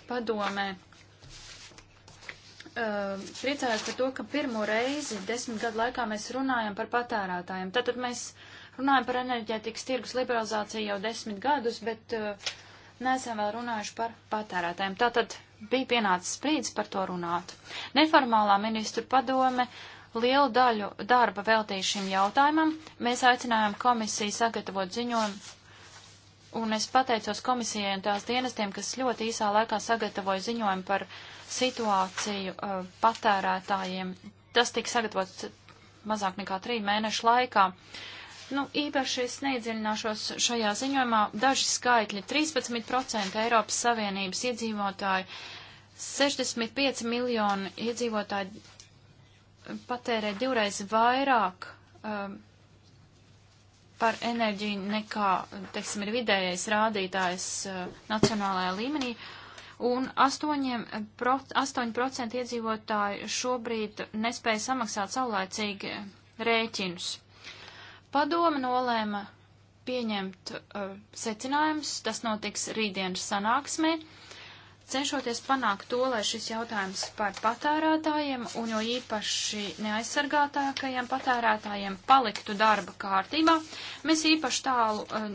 padomē. Uh, priecājos par to, ka pirmo reizi desmit gadu laikā mēs runājam par patērētājiem. Tātad mēs runājam par enerģētikas tirgus liberalizāciju jau desmit gadus, bet uh, neesam vēl runājuši par patērētājiem. Tātad bija pienācis brīdis par to runāt. Neformālā ministru padome lielu daļu darba veltīja šim jautājumam. Mēs aicinājām komisiju sagatavot ziņojumu un es pateicos komisijai un tās dienestiem, kas ļoti īsā laikā sagatavoja ziņojumu par situāciju uh, patērētājiem. Tas tika sagatavots mazāk nekā trīs mēnešu laikā. Nu, īpaši es neiedziļināšos šajā ziņojumā. Daži skaitļi - 13% Eiropas Savienības iedzīvotāji, 65 miljoni iedzīvotāji patērē divreiz vairāk um, par enerģiju nekā, teiksim, ir vidējais rādītājs eh, nacionālajā līmenī. Un 8%, 8 iedzīvotāji šobrīd nespēja samaksāt saulēcīgi rēķinus. Padoma nolēma pieņemt uh, secinājumus, tas notiks rītdienas sanāksmē. Uh, cenšoties panākt to, lai šis jautājums par patērētājiem un jo īpaši neaizsargātākajiem patērētājiem paliktu darba kārtībā. Mēs īpaši tālu eh,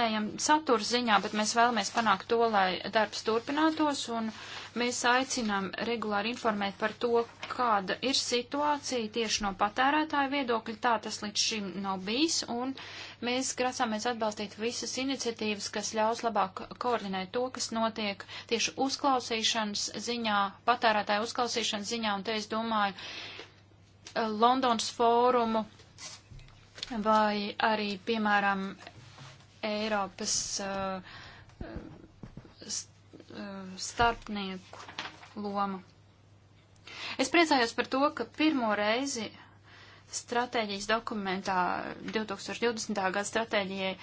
neejam satura ziņā, bet mēs vēlamies panākt to, lai darbs turpinātos un mēs aicinām regulāri informēt par to, kāda ir situācija tieši no patērētāja viedokļa. Tā tas līdz šim nav bijis un Mēs grasāmies atbalstīt visas iniciatīvas, kas ļaus labāk koordinēt to, kas notiek tieši uzklausīšanas ziņā, patērētāju uzklausīšanas ziņā, un te es domāju eh, Londons fórumu vai arī, piemēram, Eiropas uh, starpnieku lomu. Es priecājos par to, ka pirmo reizi stratēģijas dokumentā 2020. gada stratēģijai,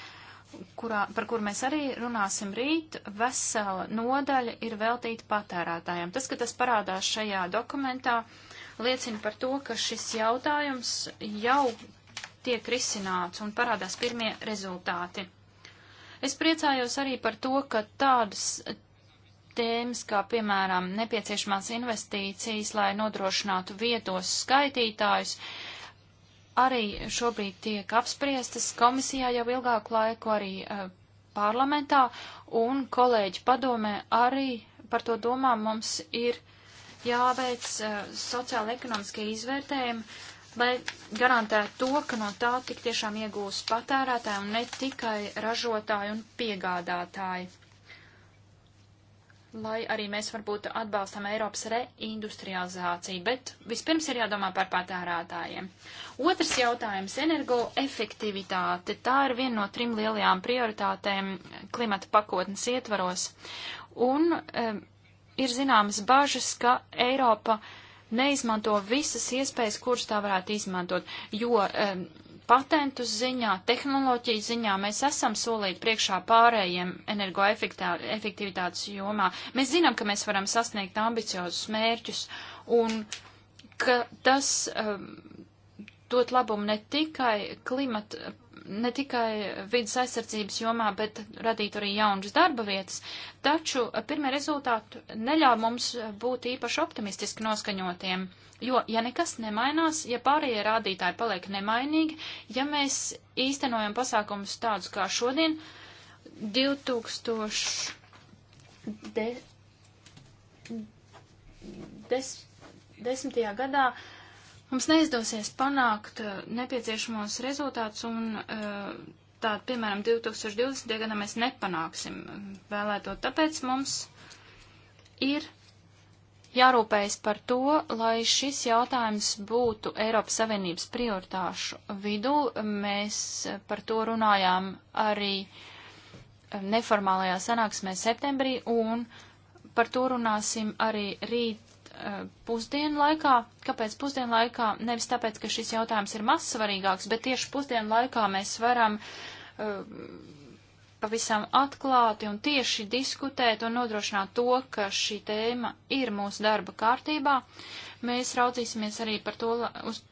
kurā, par kur mēs arī runāsim rīt, vesela nodaļa ir veltīta patērētājiem. Tas, ka tas parādās šajā dokumentā, liecina par to, ka šis jautājums jau tiek risināts un parādās pirmie rezultāti. Es priecājos arī par to, ka tādas tēmas, kā piemēram nepieciešamās investīcijas, lai nodrošinātu vietos skaitītājus, uh, arī šobrīd tiek apspriestas komisijā jau ilgāku laiku, arī uh, parlamentā, un kolēģi padomē arī par to domā mums ir jāveic uh, eh, sociāla-ekonomiskie izvērtējumi, lai garantētu to, ka no tā tik tiešām iegūs patērētāji un ne tikai ražotāji un piegādātāji lai arī mēs varbūt atbalstam Eiropas reindustrializāciju, bet vispirms ir jādomā par patērētājiem. Otrs jautājums - energoefektivitāte. Tā ir viena no trim lielajām prioritātēm klimata pakotnes ietvaros. Un e, ir zināmas bažas, ka Eiropa neizmanto visas iespējas, kuras tā varētu izmantot, jo e, patentu ziņā, tehnoloģiju ziņā mēs esam solīti priekšā pārējiem energoefektivitātes jomā. Mēs zinām, ka mēs varam sasniegt ambiciozus mērķus un ka tas um, dot labumu ne tikai klimata ne tikai vidas aizsardzības jomā, bet radītu arī jaunas darba vietas. Taču pirmie rezultāti neļauj mums būt īpaši optimistiski noskaņotiem, jo, ja nekas nemainās, ja pārējie rādītāji paliek nemainīgi, ja mēs īstenojam pasākumus tādus kā šodien, 2000. De... Des, desmitajā gadā uh, mums neizdosies panākt eh, nepieciešamos rezultātus un eh, tādu, piemēram, 2020. gadā mēs nepanāksim vēlēto. Tāpēc mums ir jārūpējas par to, lai šis jautājums būtu Eiropas Savienības prioritāšu vidū. Mēs par to runājām arī eh, neformālajā sanāksmē septembrī un par to runāsim arī rīt Eh, pusdienu laikā. Kāpēc pusdienu laikā? Nevis tāpēc, ka šis jautājums ir maz svarīgāks, bet tieši pusdienu laikā mēs varam eh, pavisam atklāti un tieši diskutēt un nodrošināt to, ka šī tēma ir mūsu darba kārtībā. Mēs raudzīsimies arī par to, uz,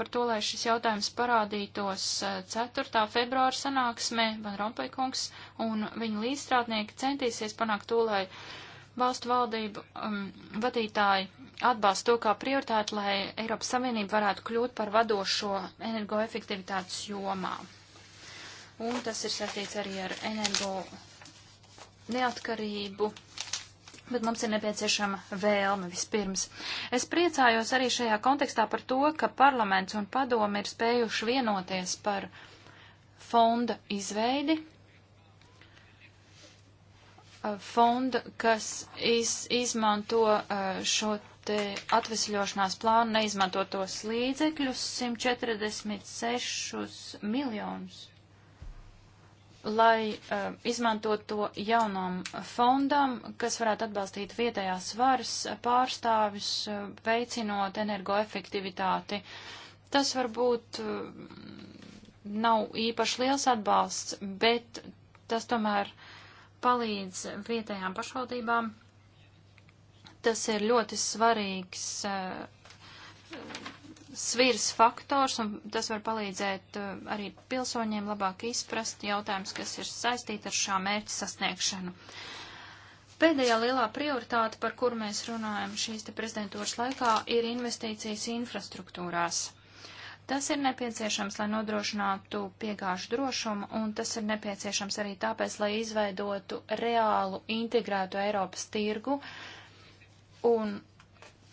par to, lai šis jautājums parādītos 4. Eh, februāra sanāksmē, Van Rompēkungs un viņa līdzstrādnieki centīsies panākt to, lai uh, valstu valdību um, vadītāji atbalsta to kā prioritāti, lai Eiropas Savienība varētu kļūt par vadošo energoefektivitātes jomā. Un tas ir saistīts arī ar energo neatkarību, bet mums ir nepieciešama vēlme vispirms. Es priecājos arī šajā kontekstā par to, ka parlaments un padomi ir spējuši vienoties par fonda izveidi Uh, fonda, kas iz, izmanto uh, šo te atvesļošanās plānu neizmantotos līdzekļus 146 miljonus, lai uh, izmantot to jaunam fondam, kas varētu atbalstīt vietējās varas pārstāvis, uh, veicinot energoefektivitāti. Tas varbūt uh, nav īpaši liels atbalsts, bet tas tomēr uh, palīdz vietējām pašvaldībām. Tas ir ļoti svarīgs uh, svirs faktors, un tas var palīdzēt uh, arī pilsoņiem labāk izprast jautājumus, kas ir saistīti ar šā mērķa sasniegšanu. Pēdējā lielā prioritāte, par kuru mēs runājam šīs te prezidentūras laikā, ir investīcijas infrastruktūrās. Tas ir nepieciešams, lai nodrošinātu piegāžu drošumu, un tas ir nepieciešams arī tāpēc, lai izveidotu reālu integrētu Eiropas tirgu, un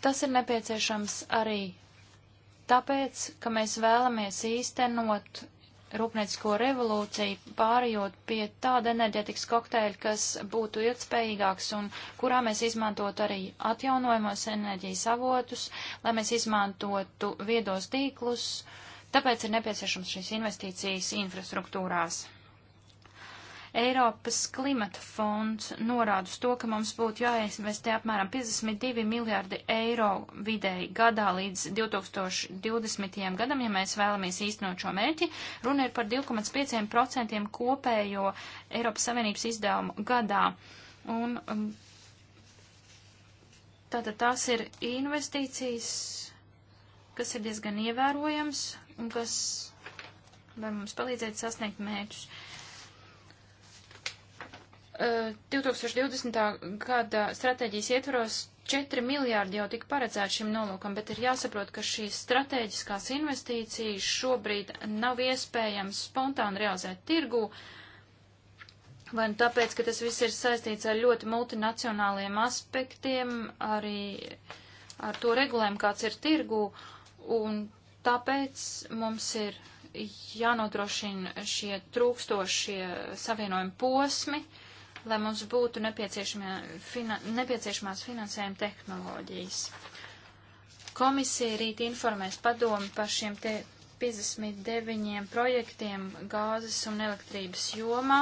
tas ir nepieciešams arī tāpēc, ka mēs vēlamies īstenot rūpniecisko revolūciju, pārējot pie tāda enerģetikas kokteļa, kas būtu ilgspējīgāks un kurā mēs izmantot arī atjaunojamos enerģijas avotus, lai mēs izmantotu viedos tīklus. Tāpēc ir nepieciešams šīs investīcijas infrastruktūrās. Eiropas klimata fonds norāda uz to, ka mums būtu jāinvestē apmēram 52 miljārdi eiro vidēji gadā līdz 2020. gadam, ja mēs vēlamies īstenot šo mērķi. Runa ir par 2,5% kopējo Eiropas Savienības izdevumu gadā. Un, um, tātad tās ir investīcijas, kas ir diezgan ievērojams un kas var mums palīdzēt sasniegt mērķus. 2020. gada stratēģijas ietvaros 4 miljārdi jau tika paredzēti šim nolūkam, bet ir jāsaprot, ka šīs strateģiskās investīcijas šobrīd nav iespējams spontāni realizēt tirgū, vai nu tāpēc, ka tas viss ir saistīts ar ļoti multinacionāliem aspektiem, arī ar to regulējumu, kāds ir tirgū, un tāpēc mums ir jānodrošina šie trūkstošie savienojumi posmi, lai mums būtu fina, nepieciešamās finansējuma tehnoloģijas. Komisija rīt informēs padomu par šiem 59 projektiem gāzes un elektrības jomā.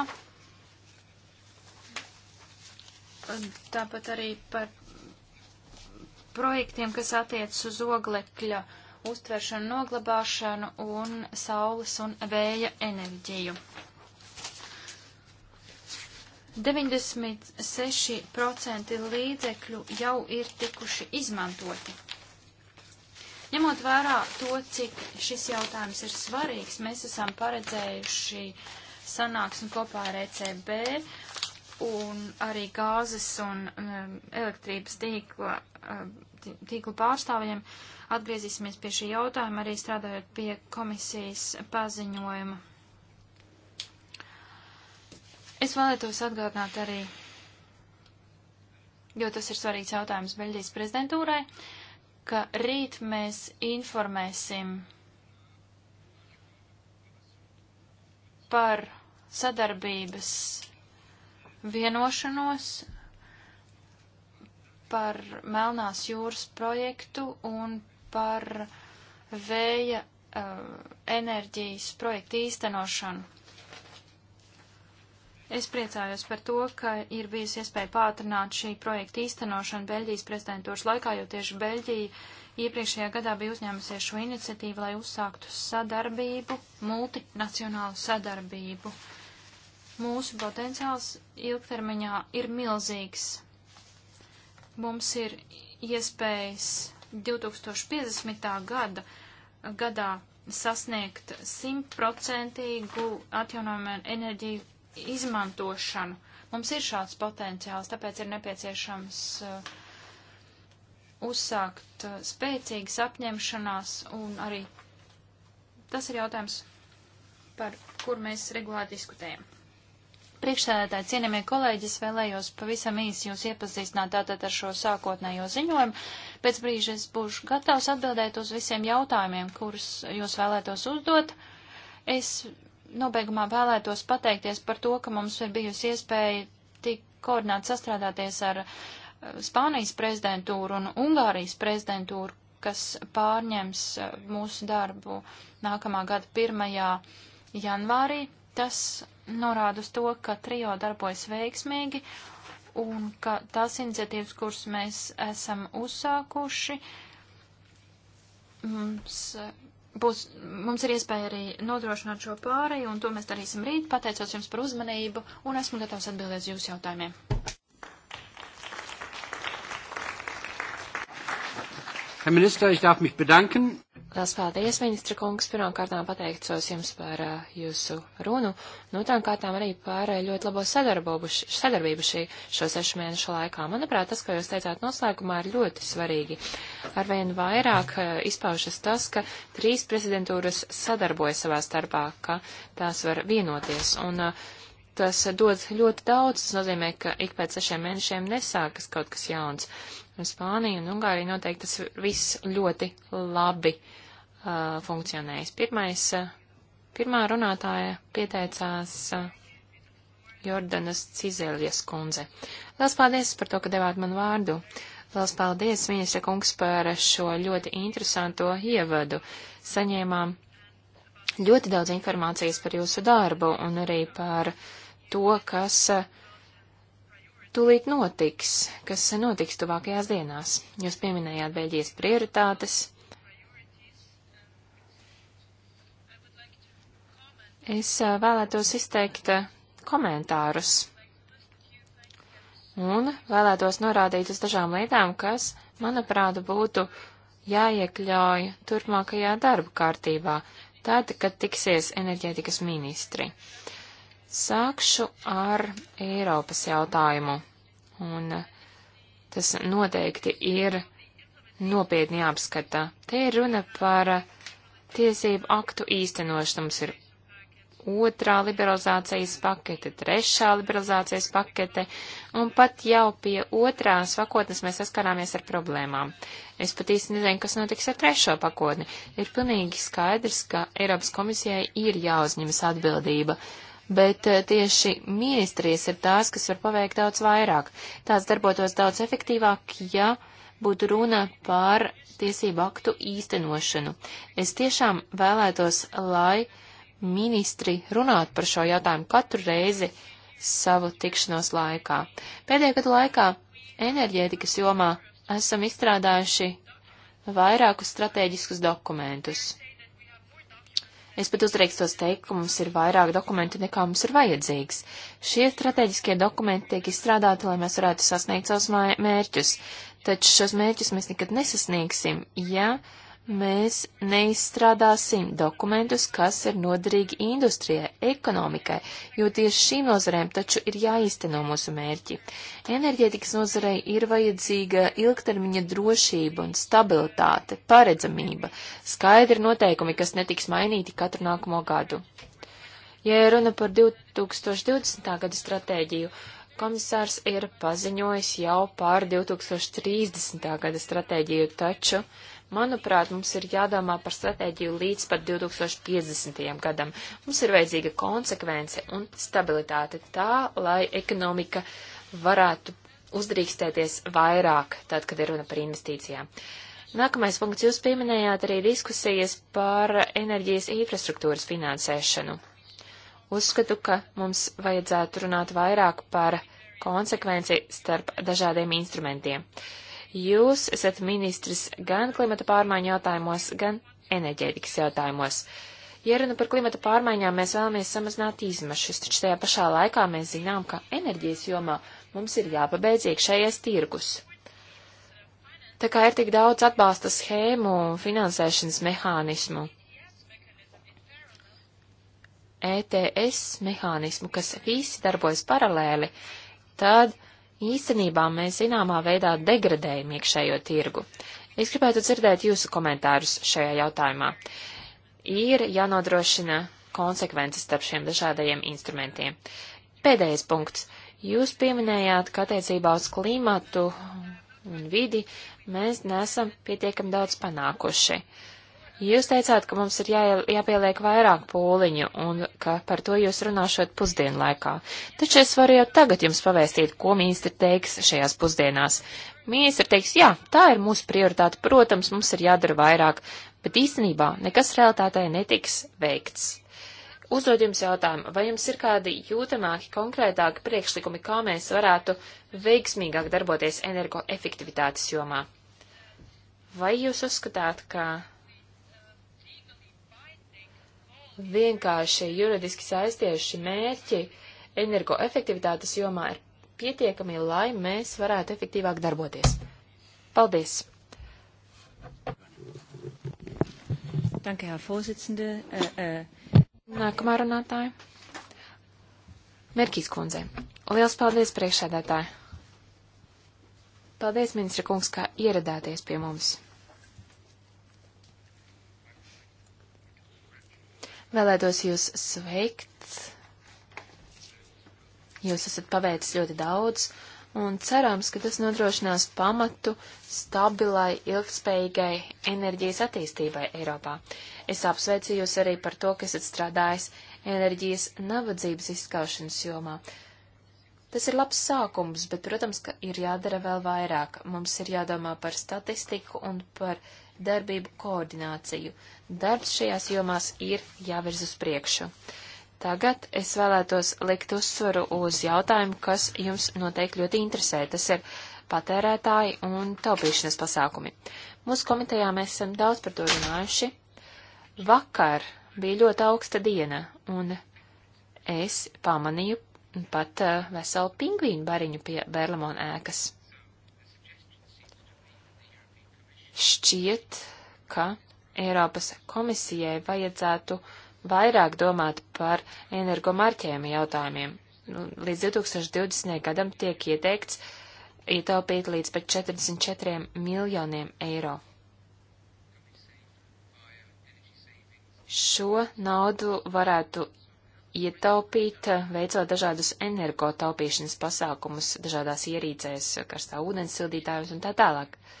Tāpat arī par projektiem, kas attiecas uz oglekļa uztveršanu, noglabāšanu un saules un vēja enerģiju. 96% līdzekļu jau ir tikuši izmantoti. Ņemot vērā to, cik šis jautājums ir svarīgs, mēs esam paredzējuši sanāksmi kopā ar ECB un arī gāzes un um, elektrības tīkla, um, tīkla pārstāvjiem. Atgriezīsimies pie šī jautājuma, arī strādājot pie komisijas paziņojuma Es vēlētos atgādināt arī, jo tas ir svarīgs jautājums Beļģijas prezidentūrai, ka rīt mēs informēsim par sadarbības vienošanos par Melnās jūras projektu un par vēja uh, enerģijas projektu īstenošanu. Es priecājos par to, ka ir bijusi iespēja pātrināt šī projekta īstenošanu Beļģijas prezidentūras laikā, jo tieši Beļģija iepriekšējā gadā bija uzņēmusies šo iniciatīvu, lai uzsāktu sadarbību, multinacionālu sadarbību. Mūsu potenciāls ilgtermiņā ir milzīgs. Mums ir iespējas 2050. gada gadā sasniegt simtprocentīgu atjaunojumu enerģiju izmantošanu. Mums ir šāds potenciāls, tāpēc ir nepieciešams uh, uzsākt uh, spēcīgas apņemšanās un arī tas ir jautājums, par kur mēs regulāri diskutējam. Priekšsēdētāji, cienījamie kolēģi, es vēlējos pavisam īsi jūs iepazīstināt tātad ar šo sākotnējo ziņojumu. Pēc brīža es būšu gatavs atbildēt uz visiem jautājumiem, kurus jūs vēlētos uzdot. Es nobeigumā vēlētos pateikties par to, ka mums ir bijusi iespēja tik koordinēt sastrādāties ar eh, Spānijas prezidentūru un Ungārijas prezidentūru, kas pārņems eh, mūsu darbu nākamā gada 1. janvārī. Tas norāda uz to, ka trijo darbojas veiksmīgi un ka tās iniciatīvas, kuras mēs esam uzsākuši, mums eh, būs, mums ir iespēja arī nodrošināt šo pāreju, un to mēs darīsim rīt. Pateicos jums par uzmanību, un esmu gatavs atbildēt jūsu jautājumiem. Herr Minister, ich darf mich bedanken. Lielas paldies, ministra kungs, pirmām kārtām pateicos jums par uh, jūsu runu, no nu, tām kārtām arī par uh, ļoti labo sadarbību šī, šo sešu mēnešu laikā. Manuprāt, tas, ko jūs teicāt noslēgumā, ir ļoti svarīgi. Arvien vairāk uh, izpaušas tas, ka trīs prezidentūras sadarbojas savā starpā, ka tās var vienoties. Un, uh, tas dod ļoti daudz. Tas nozīmē, ka ik pēc sešiem mēnešiem nesākas kaut kas jauns. Spāniju un Ungāriju noteikti tas viss ļoti labi uh, funkcionējis. Pirmais, uh, pirmā runātāja pieteicās uh, Jordanas Cizeljas kundze. Lielas paldies par to, ka devāt man vārdu. Lielas paldies, ministra kungs, par šo ļoti interesanto ievadu. Saņēmām ļoti daudz informācijas par jūsu darbu un arī par to, kas uh, tūlīt notiks, kas notiks tuvākajās dienās. Jūs pieminējāt Beļģijas prioritātes. Es vēlētos izteikt komentārus un vēlētos norādīt uz dažām lietām, kas, manuprāt, būtu jāiekļauj turpmākajā darba kārtībā, tad, kad tiksies enerģētikas ministri. Uh, Sākšu ar Eiropas jautājumu, un tas noteikti ir nopietni jāapskata. Te ir runa par tiesību aktu īstenošanu. Mums ir otrā liberalizācijas pakete, trešā liberalizācijas pakete, un pat jau pie otrās pakotnes mēs saskarāmies ar problēmām. Es pat īsti nezinu, kas notiks ar trešo pakotni. Ir pilnīgi skaidrs, ka Eiropas komisijai ir jāuzņemas atbildība bet eh, tieši ministrijas ir tās, kas var paveikt daudz vairāk. Tās darbotos daudz efektīvāk, ja būtu runa par tiesību aktu īstenošanu. Es tiešām vēlētos, lai ministri runātu par šo jautājumu katru reizi savu tikšanos laikā. Pēdējā gadu laikā enerģētikas jomā esam izstrādājuši vairākus strateģiskus dokumentus. Es pat uzreikstos teikt, ka mums ir vairāk dokumentu nekā mums ir vajadzīgs. Šie strateģiskie dokumenti tiek izstrādāti, lai mēs varētu sasniegt savus mērķus, taču šos mērķus mēs nekad nesasniegsim, ja uh, mēs neizstrādāsim dokumentus, kas ir noderīgi industrijai, ekonomikai, jo tieši šīm nozarēm taču ir jāīsteno mūsu mērķi. Enerģētikas nozarei ir vajadzīga ilgtermiņa drošība un stabilitāte, paredzamība, skaidri noteikumi, kas netiks mainīti katru nākamo gadu. Ja runa par 2020. gada stratēģiju, komisārs ir paziņojis jau par 2030. gada stratēģiju, taču Manuprāt, mums ir jādomā par stratēģiju līdz pat 2050. gadam. Mums ir vajadzīga konsekvence un stabilitāte tā, lai ekonomika varētu uzdrīkstēties vairāk, tad, kad ir runa par investīcijām. Nākamais punkts jūs pieminējāt arī diskusijas par enerģijas infrastruktūras finansēšanu. Uzskatu, ka mums vajadzētu runāt vairāk par konsekvenci starp dažādiem instrumentiem. Uh, Jūs esat ministrs gan klimata pārmaiņu jautājumos, gan enerģētikas jautājumos. Ja runa par klimata pārmaiņām, mēs vēlamies samazināt izmešus, taču tajā pašā laikā mēs zinām, ka enerģijas jomā mums ir jāpabeidz iekšējais tirgus. Tā kā ir tik daudz atbalsta schēmu un finansēšanas mehānismu, ETS mehānismu, kas visi darbojas paralēli, tad īstenībā mēs zināmā veidā degradējam iekšējo tirgu. Es gribētu dzirdēt jūsu komentārus šajā jautājumā. Ir jānodrošina konsekvences starp šiem dažādajiem instrumentiem. Pēdējais punkts. Jūs pieminējāt, ka attiecībā uz klimatu un vidi mēs nesam pietiekami daudz panākuši. Uh, Jūs teicāt, ka mums ir jā, jāpieliek vairāk pūliņu un ka par to jūs runāšot pusdienu laikā. Taču es varu jau tagad jums pavēstīt, ko ministri teiks šajās pusdienās. Ministri teiks, jā, tā ir mūsu prioritāte, protams, mums ir jādara vairāk, bet īstenībā nekas realitātei netiks veikts. Uzdod jums jautājumu, vai jums ir kādi jūtamāki, konkrētāki priekšlikumi, kā mēs varētu veiksmīgāk darboties energoefektivitātes jomā? Vai jūs uzskatāt, ka vienkārši juridiski saistieši mērķi energoefektivitātes jomā ir pietiekami, lai mēs varētu efektīvāk darboties. Paldies! Danke, Herr Vorsitzende. Ä, äh, ä. Äh. Nākamā runātāja. Merkīs kundze. Liels paldies, priekšsēdētāji. Paldies, ministra kungs, kā ieradāties pie mums. Vēlētos jūs sveikt. Jūs esat paveicis ļoti daudz, un cerams, ka tas nodrošinās pamatu stabilai, ilgspējīgai enerģijas attīstībai Eiropā. Es apsveicu jūs arī par to, ka esat strādājis enerģijas navadzības izskaušanas jomā. Tas ir labs sākums, bet, protams, ka ir jādara vēl vairāk. Mums ir jādomā par statistiku un par darbību koordināciju. Darbs šajās jomās ir jāvirz uz priekšu. Tagad es vēlētos likt uzsvaru uz jautājumu, kas jums noteikti ļoti interesē. Tas ir patērētāji un taupīšanas pasākumi. Mūsu komitejā mēs esam daudz par to runājuši. Vakar bija ļoti augsta diena, un es pamanīju pat eh, veselu pingvīnu bariņu pie Berlamona ēkas. Šķiet, ka Eiropas komisijai vajadzētu vairāk domāt par energomarķējuma jautājumiem. Nu, līdz 2020. gadam tiek ieteikts ietaupīt līdz pat 44 miljoniem eiro. Šo naudu varētu ietaupīt, veicot dažādus energotaupīšanas pasākumus dažādās ierīcēs, karstā ūdens sildītājus un tā tālāk. Uh,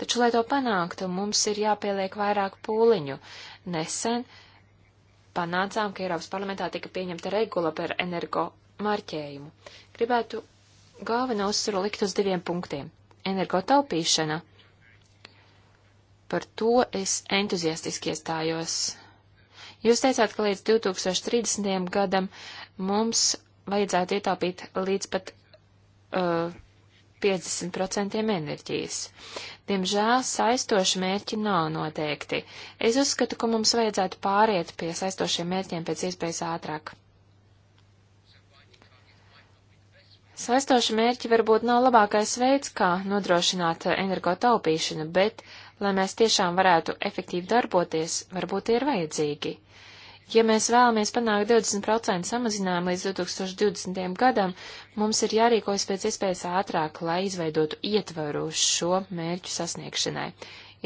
Taču, lai to panāktu, mums ir jāpieliek vairāk pūliņu. Nesen panācām, ka Eiropas parlamentā tika pieņemta regula par energo marķējumu. Gribētu galveno uzsvaru likt uz diviem punktiem. Energo taupīšana. Par to es entuziastiski iestājos. Jūs teicāt, ka līdz 2030. gadam mums vajadzētu ietaupīt līdz pat uh, 50% enerģijas. Diemžēl saistoši mērķi nav noteikti. Es uzskatu, ka mums vajadzētu pāriet pie saistošiem mērķiem pēc iespējas ātrāk. Saistoši mērķi varbūt nav labākais veids, kā nodrošināt energotaupīšanu, bet, lai mēs tiešām varētu efektīvi darboties, varbūt ir vajadzīgi. Ja mēs vēlamies panākt 20% samazinājumu līdz 2020. gadam, mums ir jārīkojas pēc iespējas ātrāk, lai izveidotu ietvaru šo mērķu sasniegšanai.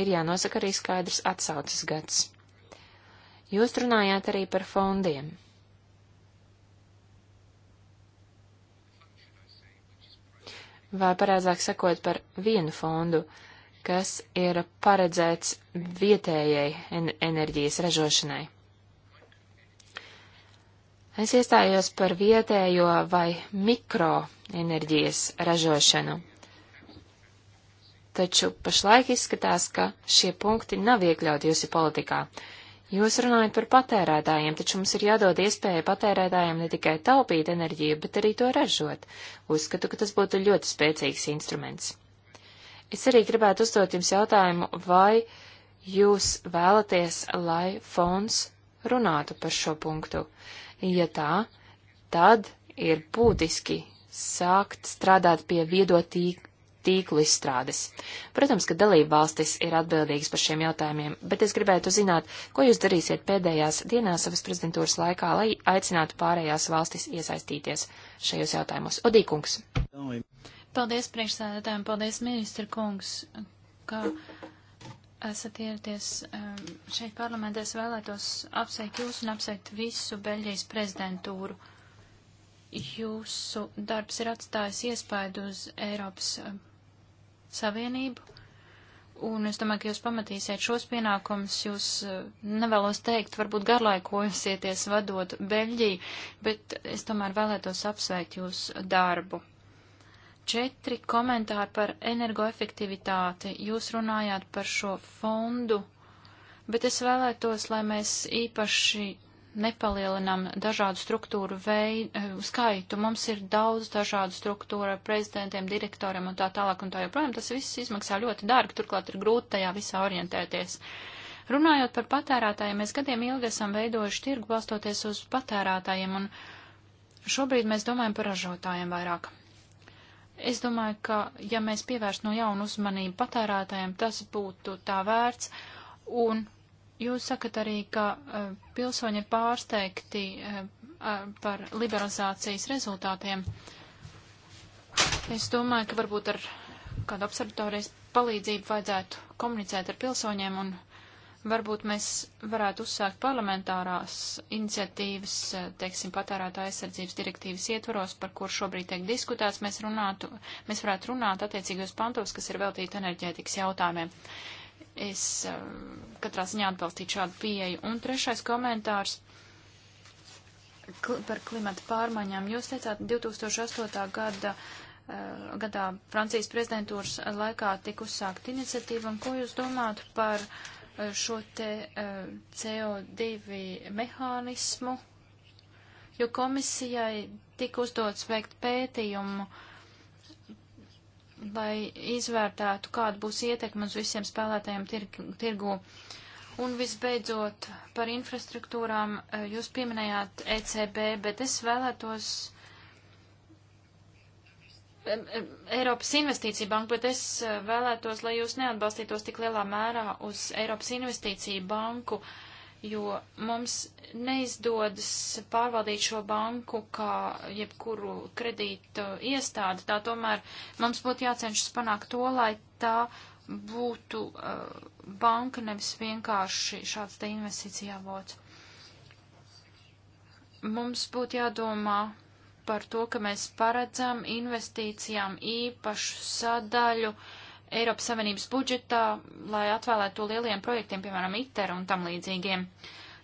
Ir jānosaka arī skaidrs atsaucas gads. Jūs runājāt arī par fondiem. Vai pareizāk sakot par vienu fondu, kas ir paredzēts vietējai en enerģijas ražošanai. Es iestājos par vietējo vai mikroenerģijas ražošanu. Taču pašlaik izskatās, ka šie punkti nav iekļauti jūsu politikā. Jūs runājat par patērētājiem, taču mums ir jādod iespēja patērētājiem ne tikai taupīt enerģiju, bet arī to ražot. Uzskatu, ka tas būtu ļoti spēcīgs instruments. Es arī gribētu uzdot jums jautājumu, vai jūs vēlaties, lai fonds runātu par šo punktu. Ja tā, tad ir būtiski sākt strādāt pie viedotīk tīklu izstrādes. Protams, ka dalība valstis ir atbildīgas par šiem jautājumiem, bet es gribētu zināt, ko jūs darīsiet pēdējās dienās savas prezidentūras laikā, lai aicinātu pārējās valstis iesaistīties šajos jautājumos. Odīkungs. Paldies priekšsēdētājiem, paldies ministra kungs, ka esat ieradies um, šeit parlamentā. Es vēlētos apsveikt jūs un apsveikt visu Beļģijas prezidentūru. Jūsu darbs ir atstājis iespaidu uz Eiropas um, Savienību. Un es domāju, ka jūs pamatīsiet šos pienākumus. Jūs uh, nevēlos teikt, varbūt garlaikojusieties vadot Beļģiju, bet es tomēr vēlētos apsveikt jūsu darbu četri komentāri par energoefektivitāti. Jūs runājāt par šo fondu, bet es vēlētos, lai mēs īpaši nepalielinam dažādu struktūru veidu, eh, skaitu. Mums ir daudz dažādu struktūru ar prezidentiem, direktoriem un tā tālāk un tā joprojām. Tas viss izmaksā ļoti dārgi, turklāt ir grūti tajā visā orientēties. Runājot par patērētājiem, mēs gadiem ilgi esam veidojuši tirgu balstoties uz patērētājiem un šobrīd mēs domājam par ražotājiem vairāk. Es domāju, ka ja mēs pievērst no jaunu uzmanību patērētājiem, tas būtu tā vērts. Un jūs sakat arī, ka uh, pilsoņi ir pārsteigti uh, par liberalizācijas rezultātiem. Es domāju, ka varbūt ar kādu observatorijas palīdzību vajadzētu komunicēt ar pilsoņiem un Varbūt mēs varētu uzsākt parlamentārās iniciatīvas, eh, teiksim, patērētā aizsardzības direktīvas ietvaros, par kur šobrīd tiek diskutēts, mēs, runātu, mēs varētu runāt attiecīgos pantos, kas ir veltīti enerģētikas jautājumiem. Es eh, katrā ziņā atbalstītu šādu pieeju. Un trešais komentārs kl par klimata pārmaiņām. Jūs teicāt, 2008. gada eh, gadā Francijas prezidentūras laikā tika uzsākt iniciatīva, un ko jūs domātu par uh, šo te e, CO2 mehānismu, jo komisijai tika uzdots veikt pētījumu, lai izvērtētu, kāda būs ietekme uz visiem spēlētajiem tirgu. Un visbeidzot, par infrastruktūrām e, jūs pieminējāt ECB, bet es vēlētos Eiropas Investīcija Banka, bet es eh, vēlētos, lai jūs neatbalstītos tik lielā mērā uz Eiropas Investīcija Banku, jo mums neizdodas pārvaldīt šo banku kā jebkuru kredītu eh, iestādi. Tā tomēr mums būtu jācenšas panākt to, lai tā būtu uh, banka, nevis vienkārši šāds te investīcija avots. Mums būtu jādomā par to, ka mēs paredzam investīcijām īpašu sadaļu Eiropas Savienības budžetā, lai atvēlētu to lieliem projektiem, piemēram, ITER un tam līdzīgiem.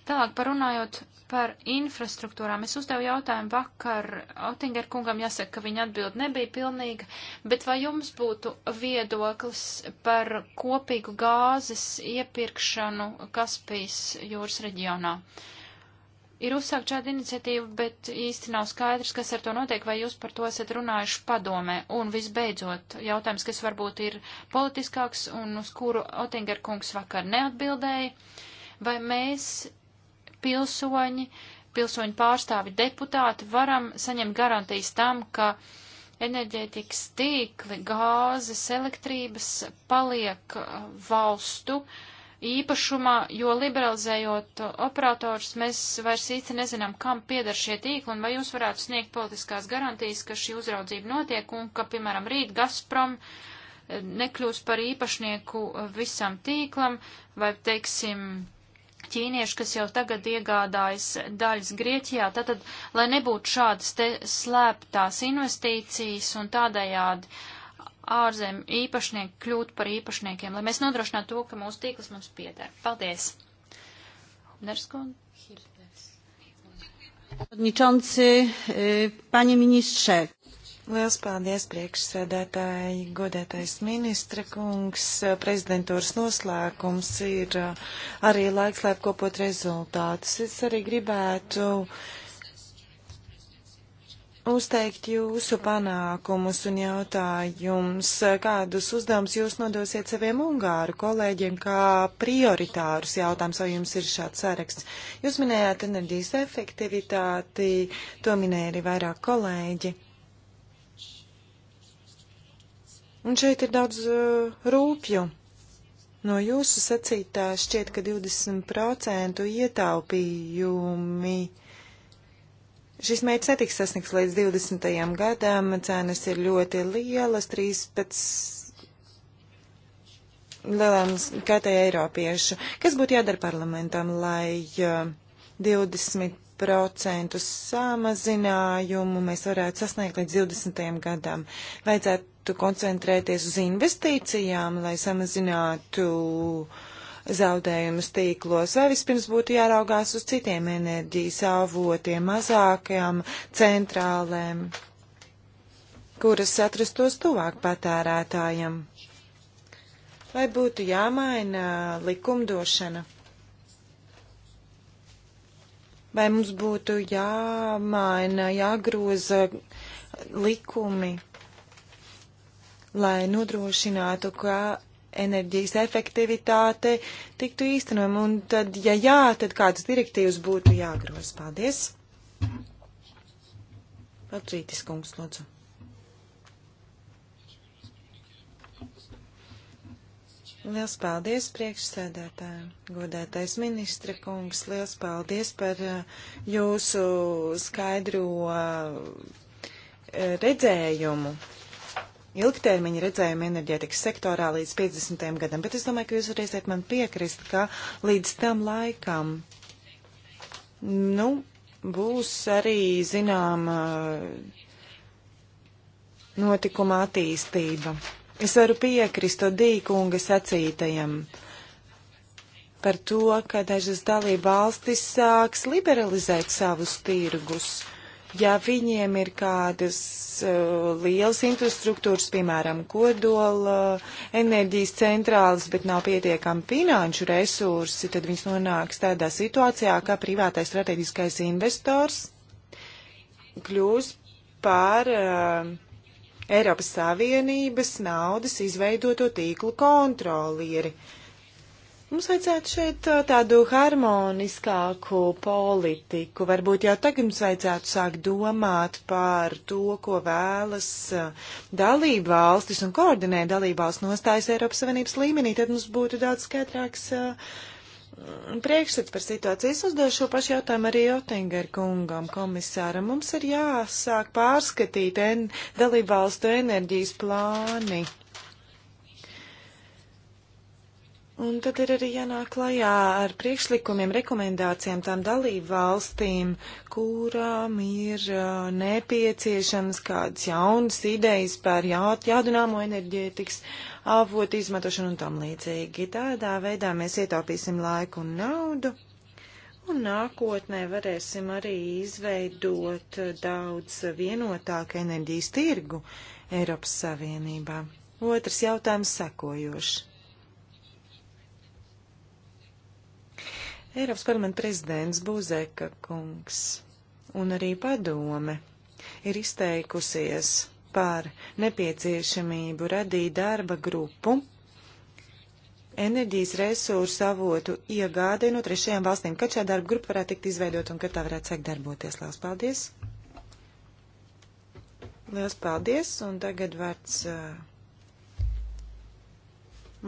Tālāk parunājot par infrastruktūrām, es uzdevu jautājumu vakar Otinger kungam, jāsaka, ka viņa atbild nebija pilnīga, bet vai jums būtu viedoklis par kopīgu gāzes iepirkšanu Kaspijas jūras reģionā? Uh, ir uzsākt šādu iniciatīvu, bet īsti nav skaidrs, kas ar to notiek, vai jūs par to esat runājuši padomē. Un visbeidzot, jautājums, kas varbūt ir politiskāks un uz kuru Otinger kungs vakar neatbildēja, vai mēs pilsoņi, pilsoņu pārstāvi deputāti varam saņemt garantijas tam, ka enerģētikas tīkli, gāzes, elektrības paliek valstu uh, īpašumā, jo liberalizējot operators, mēs vairs īsti nezinām, kam pieder šie tīkli, un vai jūs varētu sniegt politiskās garantijas, ka šī uzraudzība notiek, un ka, piemēram, rīt Gazprom eh, nekļūs par īpašnieku eh, visam tīklam, vai, teiksim, ķīnieši, kas jau tagad iegādājas daļas Grieķijā, tātad, lai nebūtu šādas te slēptās investīcijas un tādējādi uh, ārzem īpašnieki kļūt par īpašniekiem, lai mēs nodrošinātu to, ka mūsu tīkls mums pieder. Paldies! Podničonci, e, paņi ministrē. Liels paldies, priekšsēdētāji, godētais ministra kungs. Prezidentūras noslēgums ir e, arī laiks, lai apkopot rezultātus. Es arī gribētu uh, uzteikt jūsu panākumus un jautājums, kādus uzdevums jūs nodosiet saviem ungāru kolēģiem kā prioritārus jautājums, vai jums ir šāds saraksts. Jūs minējāt enerģijas efektivitāti, to minēja arī vairāk kolēģi. Un šeit ir daudz uh, rūpju. No jūsu sacītā šķiet, ka 20% ietaupījumi Šis mērķis netiks sasniegts līdz 20. gadam. Cenas ir ļoti lielas, 13 lielām skaitai eiropiešu. Kas būtu jādara parlamentam, lai 20% samazinājumu mēs varētu sasniegt līdz 20. gadam? Vajadzētu koncentrēties uz investīcijām, lai samazinātu uh, zaudējumus tīklos, vai vispirms būtu jāraugās uz citiem enerģijas avotiem, mazākajām centrālēm, kuras atrastos tuvāk patērētājam? Vai būtu jāmaina likumdošana? Vai mums būtu jāmaina, jāgroza likumi, lai nodrošinātu, ka enerģijas efektivitāte tiktu īstenojama. Un tad, ja jā, tad kādas direktīvas būtu jāgroza? Paldies! Patrītis kungs, lūdzu. Liels paldies priekšsēdētājiem, godētais ministra kungs, liels paldies par uh, jūsu skaidro uh, redzējumu ilgtermiņa redzējumu enerģētikas sektorā līdz 50. gadam, bet es domāju, ka jūs varēsiet man piekrist, ka līdz tam laikam, nu, būs arī, zinām, notikuma attīstība. Es varu piekrist to dīkunga sacītajam par to, ka dažas dalība valstis sāks liberalizēt savus tirgus ja viņiem ir kādas uh, lielas infrastruktūras, piemēram, kodola uh, enerģijas centrālas, bet nav pietiekami finanšu resursi, tad viņas nonāks tādā situācijā, ka privātais strateģiskais investors kļūs par uh, Eiropas Savienības naudas izveidoto tīklu kontrolieri. Uh, Mums vajadzētu šeit tādu harmoniskāku politiku. Varbūt jau tagad mums vajadzētu sākt domāt par to, ko vēlas dalību valstis un koordinē dalību valsts nostājas Eiropas Savienības līmenī. Tad mums būtu daudz skaidrāks priekšstats par situāciju. Es uzdošu šo pašu jautājumu arī Otingar kungam, komisāram. Mums ir jāsāk pārskatīt en, dalību valstu enerģijas plāni Un tad ir arī jānāk klajā ar priekšlikumiem, rekomendācijām tām dalību valstīm, kurām ir uh, nepieciešams kādas jaunas idejas par jā, jādunāmo enerģētikas avotu izmantošanu un tam līdzīgi. Tādā veidā mēs ietaupīsim laiku un naudu. Un nākotnē varēsim arī izveidot daudz vienotāku enerģijas tirgu Eiropas Savienībā. Otrs jautājums sekojošs Eiropas parlamenta prezidents Buzeka kungs un arī padome ir izteikusies par nepieciešamību radīt darba grupu enerģijas resursu avotu iegādē no trešajām valstīm. Kad šā darba grupa varētu tikt izveidot un kad tā varētu sākt darboties? Lielas paldies! Lielas paldies! Un tagad vārds uh,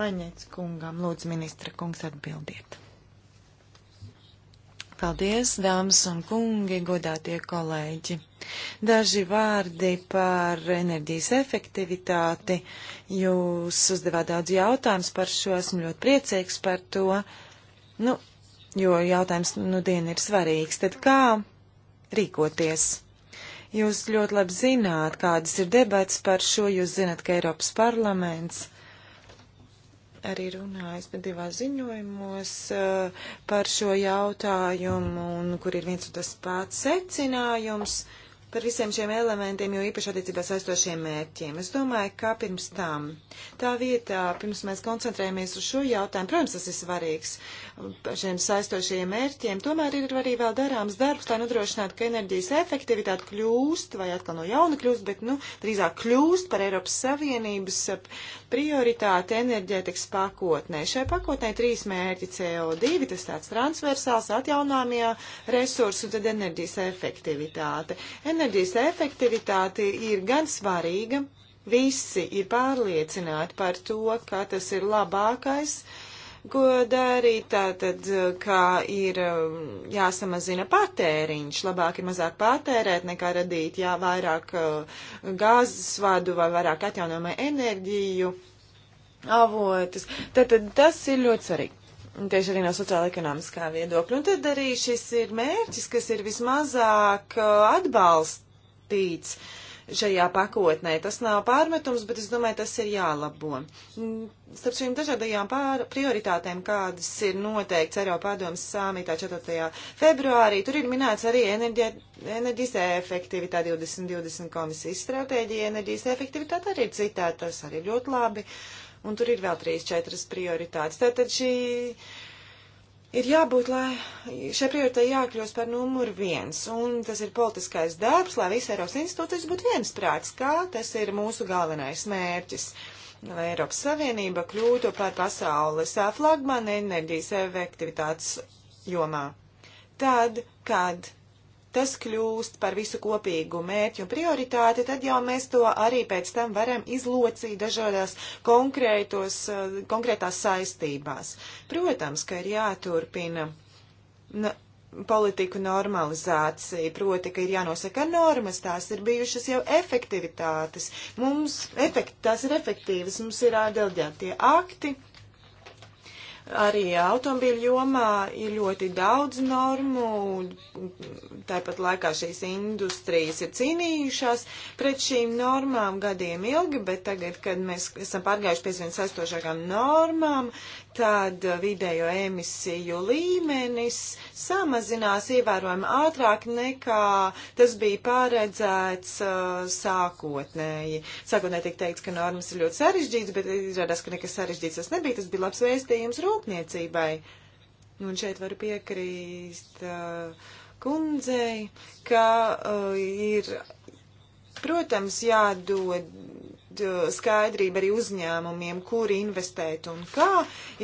Maņēts kungam. Lūdzu, ministra kungs, atbildiet! Paldies, dāmas un kungi, godātie kolēģi. Daži vārdi par enerģijas efektivitāti. Jūs uzdevāt daudz jautājums par šo, esmu ļoti priecīgs par to, nu, jo jautājums nu dien ir svarīgs. Tad kā rīkoties? Jūs ļoti labi zināt, kādas ir debats par šo, jūs zināt, ka Eiropas parlaments arī runājis divās ziņojumos eh, par šo jautājumu, un kur ir viens un tas pats secinājums. Uh, par visiem šiem elementiem, jo īpaši attiecībā saistošiem mērķiem. Es domāju, ka pirms tam tā vietā, pirms mēs koncentrējamies uz šo jautājumu, protams, tas ir svarīgs um, par šiem saistošiem mērķiem, tomēr ir arī vēl darāms darbs, lai nodrošinātu, ka enerģijas efektivitāte kļūst, vai atkal no jauna kļūst, bet, nu, drīzāk kļūst par Eiropas Savienības prioritāti enerģētikas pakotnē. Šai pakotnē trīs mērķi CO2, tas tāds transversāls, atjaunāmie resursi un tad enerģijas efektivitāte. Ener enerģijas efektivitāte ir gan svarīga, visi ir pārliecināti par to, ka tas ir labākais, ko darīt, tātad, kā ir um, jāsamazina patēriņš, labāk ir mazāk patērēt, nekā radīt, jā, vairāk uh, gāzes vadu vai vairāk atjaunojamai enerģiju avotus. Tātad tas ir ļoti svarīgi. Tieši arī no sociāla-ekonomiskā viedokļa. Un tad arī šis ir mērķis, kas ir vismazāk uh, atbalstīts šajā pakotnē. Tas nav pārmetums, bet es domāju, tas ir jālabo. Starp šīm dažādajām pār, prioritātēm, kādas ir noteikts Eiropā padomas samitā 4. februārī, tur ir minēts arī enerģē, enerģijas efektivitāte 2020 komisijas stratēģija, enerģijas efektivitāte arī ir citāta, tas arī ļoti labi. Uh, Un tur ir vēl trīs, četras prioritātes. Tātad šī ir jābūt, lai šai prioritai jākļūst par numuru viens. Un tas ir politiskais darbs, lai visi Eiropas institūcijas būtu viensprāts, kā tas ir mūsu galvenais mērķis. Lai Eiropas Savienība kļūtu par pasaules flagmanu enerģijas efektivitātes jomā. Tad, kad tas kļūst par visu kopīgu mērķu un prioritāti, tad jau mēs to arī pēc tam varam izlocīt dažādās konkrētos, eh, konkrētās saistībās. Protams, ka ir jāturpina politiku normalizācija, proti, ka ir jānosaka normas, tās ir bijušas jau efektivitātes, mums efekt, tās ir efektīvas, mums ir ādelģētie akti Arī automobīļu jomā ir ļoti daudz normu, tāpat laikā šīs industrijas ir cīnījušās pret šīm normām gadiem ilgi, bet tagad, kad mēs esam pārgājuši pie 108. normām, tad vidējo emisiju līmenis samazinās ievērojami ātrāk nekā tas bija paredzēts uh, sākotnēji. Sākotnēji tiek teikts, ka normas ir ļoti sarežģītas, bet izrādās, ka nekas sarežģīts tas nebija. Tas bija labs vēstījums rūpniecībai. Un šeit varu piekrīst uh, kundzei, ka uh, ir, protams, jādod dod uh, skaidrību arī uzņēmumiem, kur investēt un kā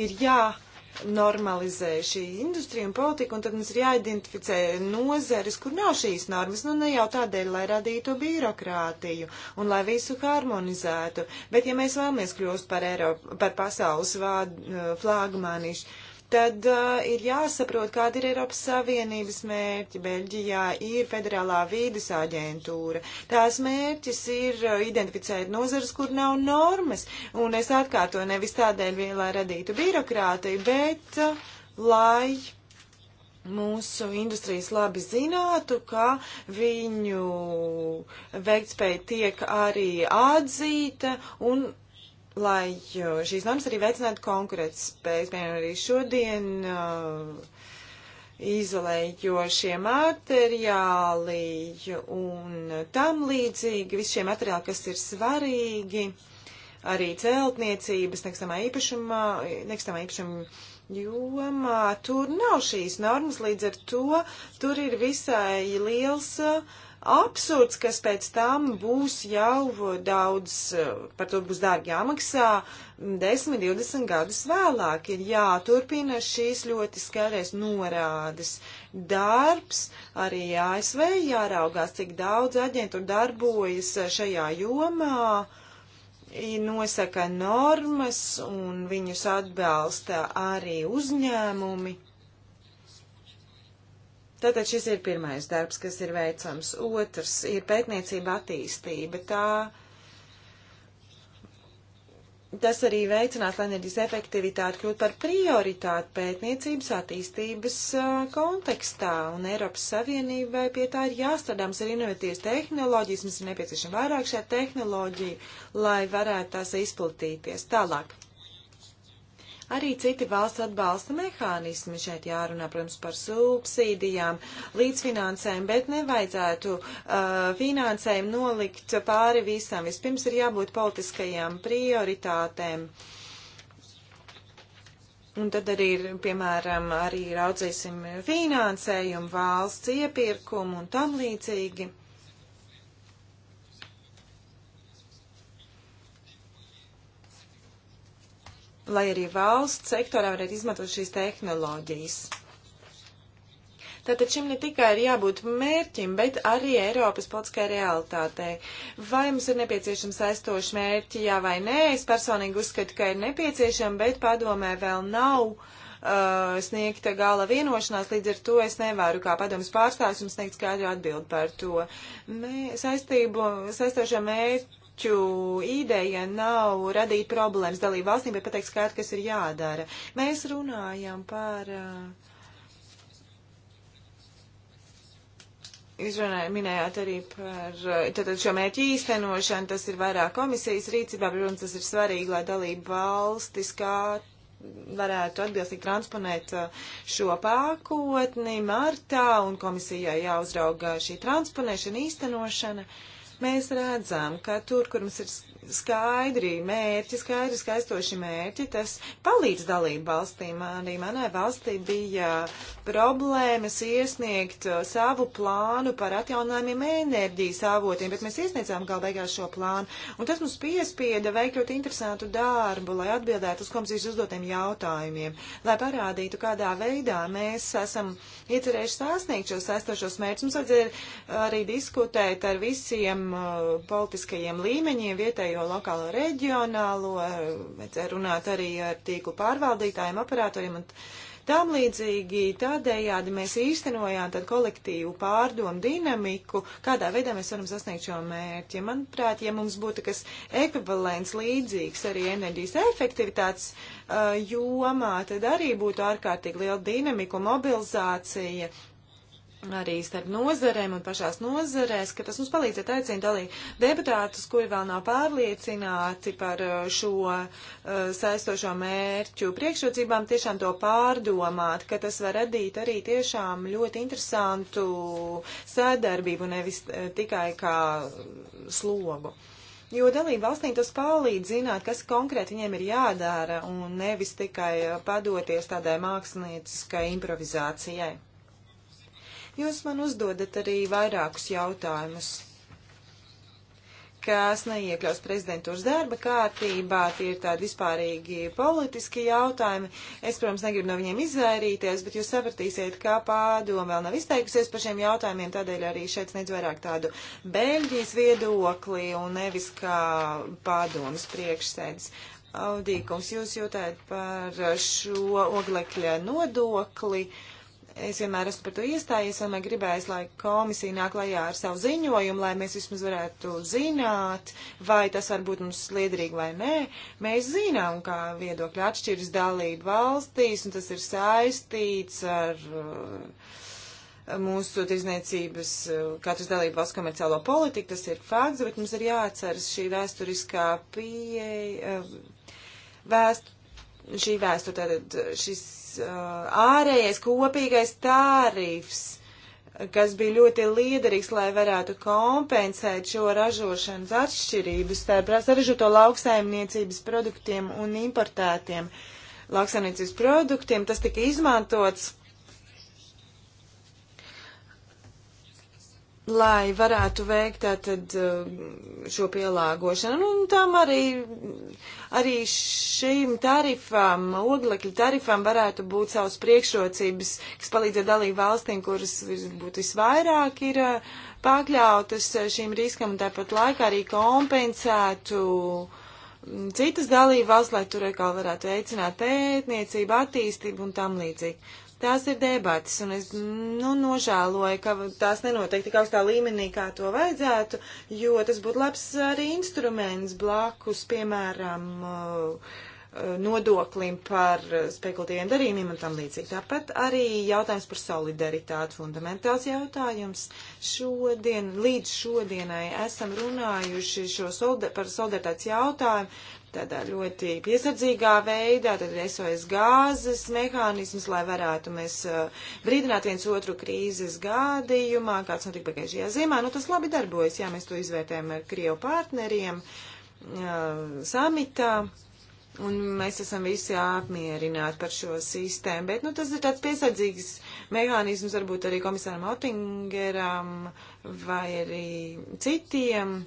ir jānormalizē šī industrija un politika, un tad mums ir jāidentificē nozeres, kur nav šīs normas, nu ne jau tādēļ, lai radītu birokrātiju un lai visu harmonizētu, bet ja mēs vēlamies kļūst par, Eiropa, par pasaules vād, uh, flāgmanīšu, tad uh, ir jāsaprot, kāda ir Eiropas Savienības mērķi. Beļģijā ir federālā vīdes aģentūra. Tās mērķis ir eh, identificēt nozares, kur nav normas. Un es atkārtoju nevis tādēļ, lai radītu birokrātiju, bet uh, lai mūsu industrijas labi zinātu, ka viņu veiktspēja tiek arī atzīta un lai šīs normas arī veicinātu konkurētas spējas. Piemēram, arī šodien uh, izolējošie materiāli un tam līdzīgi, visi šie materiāli, kas ir svarīgi, arī celtniecības, nekustamā īpašumā, nekustamā īpašumā jomā, tur nav šīs normas, līdz ar to tur ir visai liels uh, absurds, kas pēc tam būs jau daudz, eh, par to būs dārgi jāmaksā 10, 20 gadus vēlāk. Ir jāturpina šīs ļoti skaļais norādes darbs, arī ASV jāraugās, cik daudz aģentu darbojas šajā jomā nosaka normas un viņus atbalsta arī uzņēmumi. Tātad šis ir pirmais darbs, kas ir veicams. Otrs ir pētniecība attīstība. Tā, tas arī veicinās enerģijas efektivitāti kļūt par prioritāti pētniecības attīstības kontekstā, un Eiropas Savienībai pie tā ir jāstrādā. Mums ir inovatīvas tehnoloģijas, mums ir nepieciešama vairāk šā tehnoloģija, lai varētu tās izplatīties tālāk. Arī citi valsts atbalsta mehānismi šeit jārunā, protams, par subsīdijām, līdzfinansēm, bet nevajadzētu uh, finansējumu nolikt pāri visam. Vispirms ir jābūt politiskajām prioritātēm. Un tad arī, ir, piemēram, arī raudzēsim finansējumu, valsts iepirkumu un tam līdzīgi. lai arī valsts sektorā varētu izmantot šīs tehnoloģijas. Tātad šim ne tikai ir jābūt mērķim, bet arī Eiropas politiskai realitātei. Vai mums ir nepieciešams aizstoši mērķi, jā vai nē, es personīgi uzskatu, ka ir nepieciešama, bet padomē vēl nav uh, sniegta gala vienošanās, līdz ar to es nevaru kā padomas pārstāvis jums sniegt skaidru atbildi par to. Mē, saistību, saistošo mērķi mērķu ideja nav radīt problēmas dalību valstīm, bet pateikt skaidri, kas ir jādara. Mēs runājam par. Izrunāju, uh, minējāt arī par tātad uh, šo mērķu īstenošanu, tas ir vairāk komisijas rīcībā, protams, tas ir svarīgi, lai dalību valstis kā varētu atbilstīgi transponēt uh, šo pakotni martā, un komisijai jāuzrauga šī transponēšana, īstenošana. Uh, Mēs redzam, ka tur, kur mums ir skaidri mērķi, skaidri skaistoši mērķi, tas palīdz dalību valstīm. Arī manai valstī bija problēmas iesniegt uh, savu plānu par atjaunājumiem enerģijas avotiem, bet mēs iesniedzām gal beigās šo plānu. Un tas mums piespieda veikt ļoti interesantu darbu, lai atbildētu uz komisijas uzdotiem jautājumiem, lai parādītu, kādā veidā mēs esam iecerējuši sasniegt šos saistošos mērķus. Mums vajadzēja arī diskutēt ar visiem visiem uh, politiskajiem līmeņiem, vietējo, lokālo, reģionālo, runāt arī ar tīklu pārvaldītājiem, operatoriem un Tam līdzīgi tādējādi mēs īstenojām tad kolektīvu pārdomu dinamiku, kādā veidā mēs varam sasniegt šo mērķi. Manuprāt, ja mums būtu kas ekvivalents līdzīgs arī enerģijas efektivitātes uh, jomā, tad arī būtu ārkārtīgi liela dinamika un mobilizācija arī starp nozarēm un pašās nozarēs, ka tas mums palīdzētu aicināt arī deputātus, kuri vēl nav pārliecināti par uh, šo uh, saistošo mērķu priekšrocībām, tiešām to pārdomāt, ka tas var radīt arī tiešām ļoti interesantu sadarbību, nevis uh, tikai kā slogu. Jo dalību valstīm tas palīdz zināt, kas konkrēti viņiem ir jādara, un nevis tikai uh, padoties tādai mākslinieckai improvizācijai. Jūs man uzdodat arī vairākus jautājumus, kas neiekļaus prezidentūras darba kārtībā, tie ir tādi vispārīgi politiski jautājumi. Es, protams, negribu no viņiem izvairīties, bet jūs sapratīsiet, kā pārdoma vēl nav izteikusies par šiem jautājumiem, tādēļ arī šeit sniedz vairāk tādu Beļģijas viedokli un nevis kā pārdomas priekšsēdis. Audīkums, jūs jūtājat par šo oglekļa nodokli. Uh, Es vienmēr esmu par to iestājies, vienmēr gribējis, lai komisija nāk lajā ar savu ziņojumu, lai mēs vismaz varētu zināt, vai tas var būt mums liederīgi vai nē. Mēs zinām, kā viedokļi atšķiras dalību valstīs, un tas ir saistīts ar uh, mūsu tirzniecības, uh, katras dalību valsts komerciālo politiku, tas ir fakts, bet mums ir jāatceras šī vēsturiskā pieeja, uh, vēstu, šī vēsture, tātad šis Uh, ārējais kopīgais tārifs, kas bija ļoti liederīgs, lai varētu kompensēt šo ražošanas atšķirības starp ražoto lauksaimniecības produktiem un importētiem lauksaimniecības produktiem. Tas tika izmantots lai varētu veikt tātad um, šo pielāgošanu. Nu, un tam arī, arī šīm tarifām, oglekļu tarifām varētu būt savas priekšrocības, kas palīdzētu dalību valstīm, kuras būtu visvairāk ir uh, pakļautas uh, šīm riskam un tāpat laikā arī kompensētu mm, citas dalību valsts, lai tur atkal varētu veicināt pētniecību, attīstību un tam līdzīgi. Tās ir debatas, un es nu, nožēloju, ka tās nenotiek tik augstā līmenī, kā to vajadzētu, jo tas būtu labs arī instruments blakus, piemēram, uh, uh, nodoklim par spekulatīviem darījumiem un tam līdzīgi. Tāpat arī jautājums par solidaritāti, fundamentāls jautājums. Šodien, līdz šodienai esam runājuši šo solda, par solidaritātes jautājumu tādā ļoti piesardzīgā veidā, tad ir SOS gāzes mehānisms, lai varētu mēs uh, brīdināt viens otru krīzes gadījumā, kāds notika pagājušajā ziemā. Nu, tas labi darbojas, jā, mēs to izvērtējam ar Krievu partneriem uh, samitā. Un mēs esam visi apmierināti par šo sistēmu, bet nu, tas ir tāds piesardzīgs mehānisms varbūt arī komisāram Otingeram vai arī citiem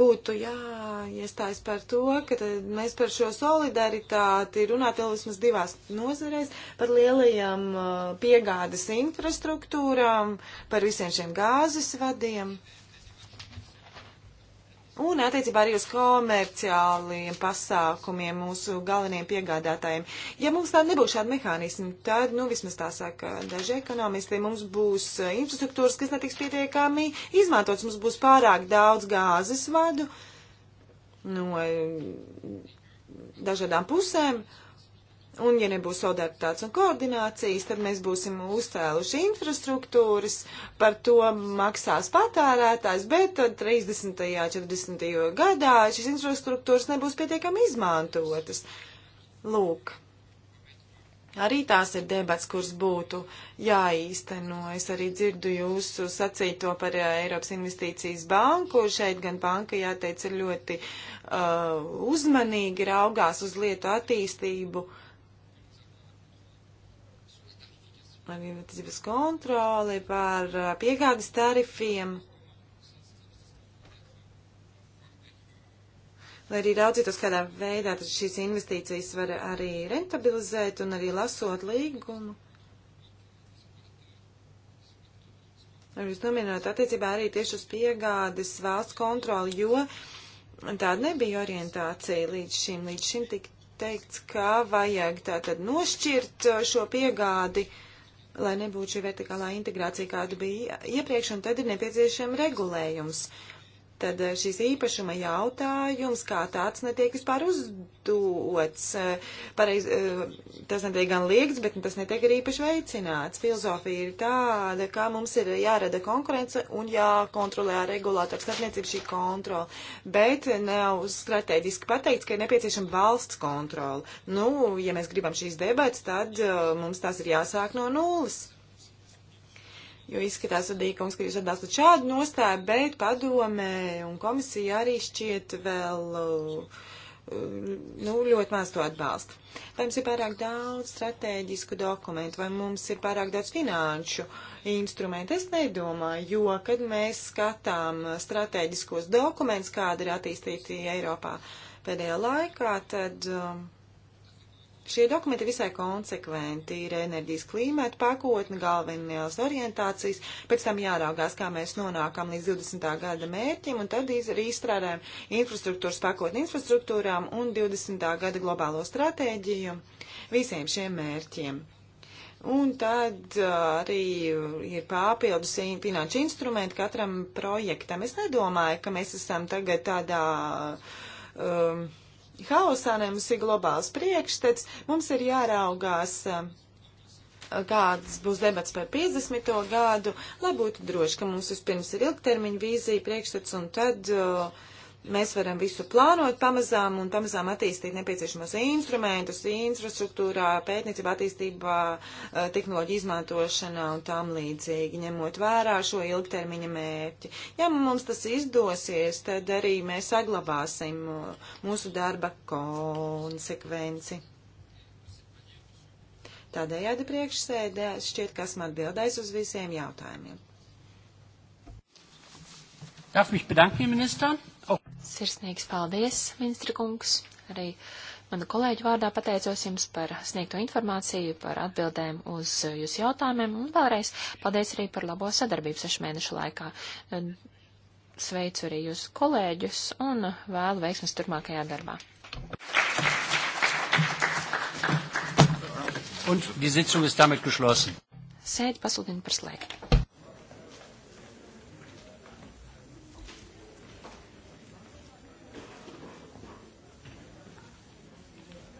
būtu jāiestājas par to, ka mēs par šo solidaritāti runātu vēl vismaz divās nozareis, par lielajām uh, piegādes infrastruktūrām, par visiem šiem gāzes vadiem. Uh, Un attiecībā arī uz komerciāliem pasākumiem mūsu galvenajiem piegādātājiem. Ja mums tāda nebūs šāda mehānisma, tad, nu, vismaz tā saka daži ekonomisti, mums būs eh, infrastruktūras, kas netiks pietiekami izmantots, mums būs pārāk daudz gāzes vadu no nu, dažādām pusēm. Uh, Un, ja nebūs solidaritātes un koordinācijas, tad mēs būsim uzcēluši infrastruktūras, par to maksās patērētājs, bet 30. un 40. gadā šīs infrastruktūras nebūs pietiekami izmantotas. Lūk. Arī tās ir debats, kuras būtu jāīsteno. Es arī dzirdu jūsu sacīto par Eiropas investīcijas banku. Šeit gan banka, jāteic, ir ļoti uh, uzmanīgi raugās uz lietu attīstību. Uh, administratīvas kontroli par piegādes tarifiem. Lai arī raudzītos, kādā veidā šīs investīcijas var arī rentabilizēt un arī lasot līgumu. Ar jūs nominot attiecībā arī tieši uz piegādes valsts kontroli, jo tāda nebija orientācija līdz šim. Līdz šim tik teikts, ka vajag tātad nošķirt šo piegādi uh, lai nebūtu šī vertikālā integrācija, kāda bija iepriekš, un tad ir nepieciešama regulējums. Uh, tad eh, šis īpašuma jautājums kā tāds netiek vispār uzdots. Eh, pareiz, eh, tas netiek gan liegts, bet tas netiek arī īpaši veicināts. Filozofija ir tāda, kā mums ir jārada konkurence un jākontrolē regulātors starpniecība šī kontrola, bet nav strateģiski pateikts, ka ir nepieciešama valsts kontrola. Nu, ja mēs gribam šīs debats, tad mums tās ir jāsāk no nulles. Jo izskatās, Adīkungs, ka jūs atbalstat šādu nostāju, bet padomē un komisija arī šķiet vēl, nu, ļoti maz to atbalsta. Vai mums ir pārāk daudz strateģisku dokumentu, vai mums ir pārāk daudz finanšu instrumentu? Es nedomāju, jo, kad mēs skatām strateģiskos dokumentus, kāda ir attīstīta Eiropā pēdējā laikā, tad. Um, Šie dokumenti visai konsekventi ir enerģijas klīmēta pakotne, galvenās orientācijas, pēc tam jāraugās, kā mēs nonākam līdz 20. gada mērķim, un tad arī izstrādājam infrastruktūras pakotni infrastruktūrām un 20. gada globālo stratēģiju visiem šiem mērķiem. Un tad uh, arī ir papildus finanšu instrumenti katram projektam. Es nedomāju, ka mēs esam tagad tādā. Um, haosā, ne mums ir globāls priekšstats, mums ir jāraugās, um, kādas būs debats par 50. gadu, lai būtu droši, ka mums vispirms ir ilgtermiņa vīzija, priekšstats un tad uh, mēs varam visu plānot pamazām un pamazām attīstīt nepieciešamos instrumentus infrastruktūrā, pētniecībā, attīstībā, eh, tehnoloģiju izmantošanā un tam līdzīgi, ņemot vērā šo ilgtermiņa mērķi. Ja mums tas izdosies, tad arī mēs saglabāsim eh, mūsu darba konsekvenci. Tādējādi priekšsēdē šķiet, ka esmu atbildējis uz visiem jautājumiem. Darf mich bedanken, Minister. Sirsnīgs paldies, ministra kungs. Arī manu kolēģu vārdā pateicos jums par sniegto informāciju, par atbildēm uz jūsu jautājumiem un vēlreiz paldies arī par labo sadarbību sešu mēnešu laikā. Sveicu arī jūsu kolēģus un vēlu veiksmes turpmākajā darbā. Un die Sitzung ist damit geschlossen. Sēdi pasludina par slēgtu.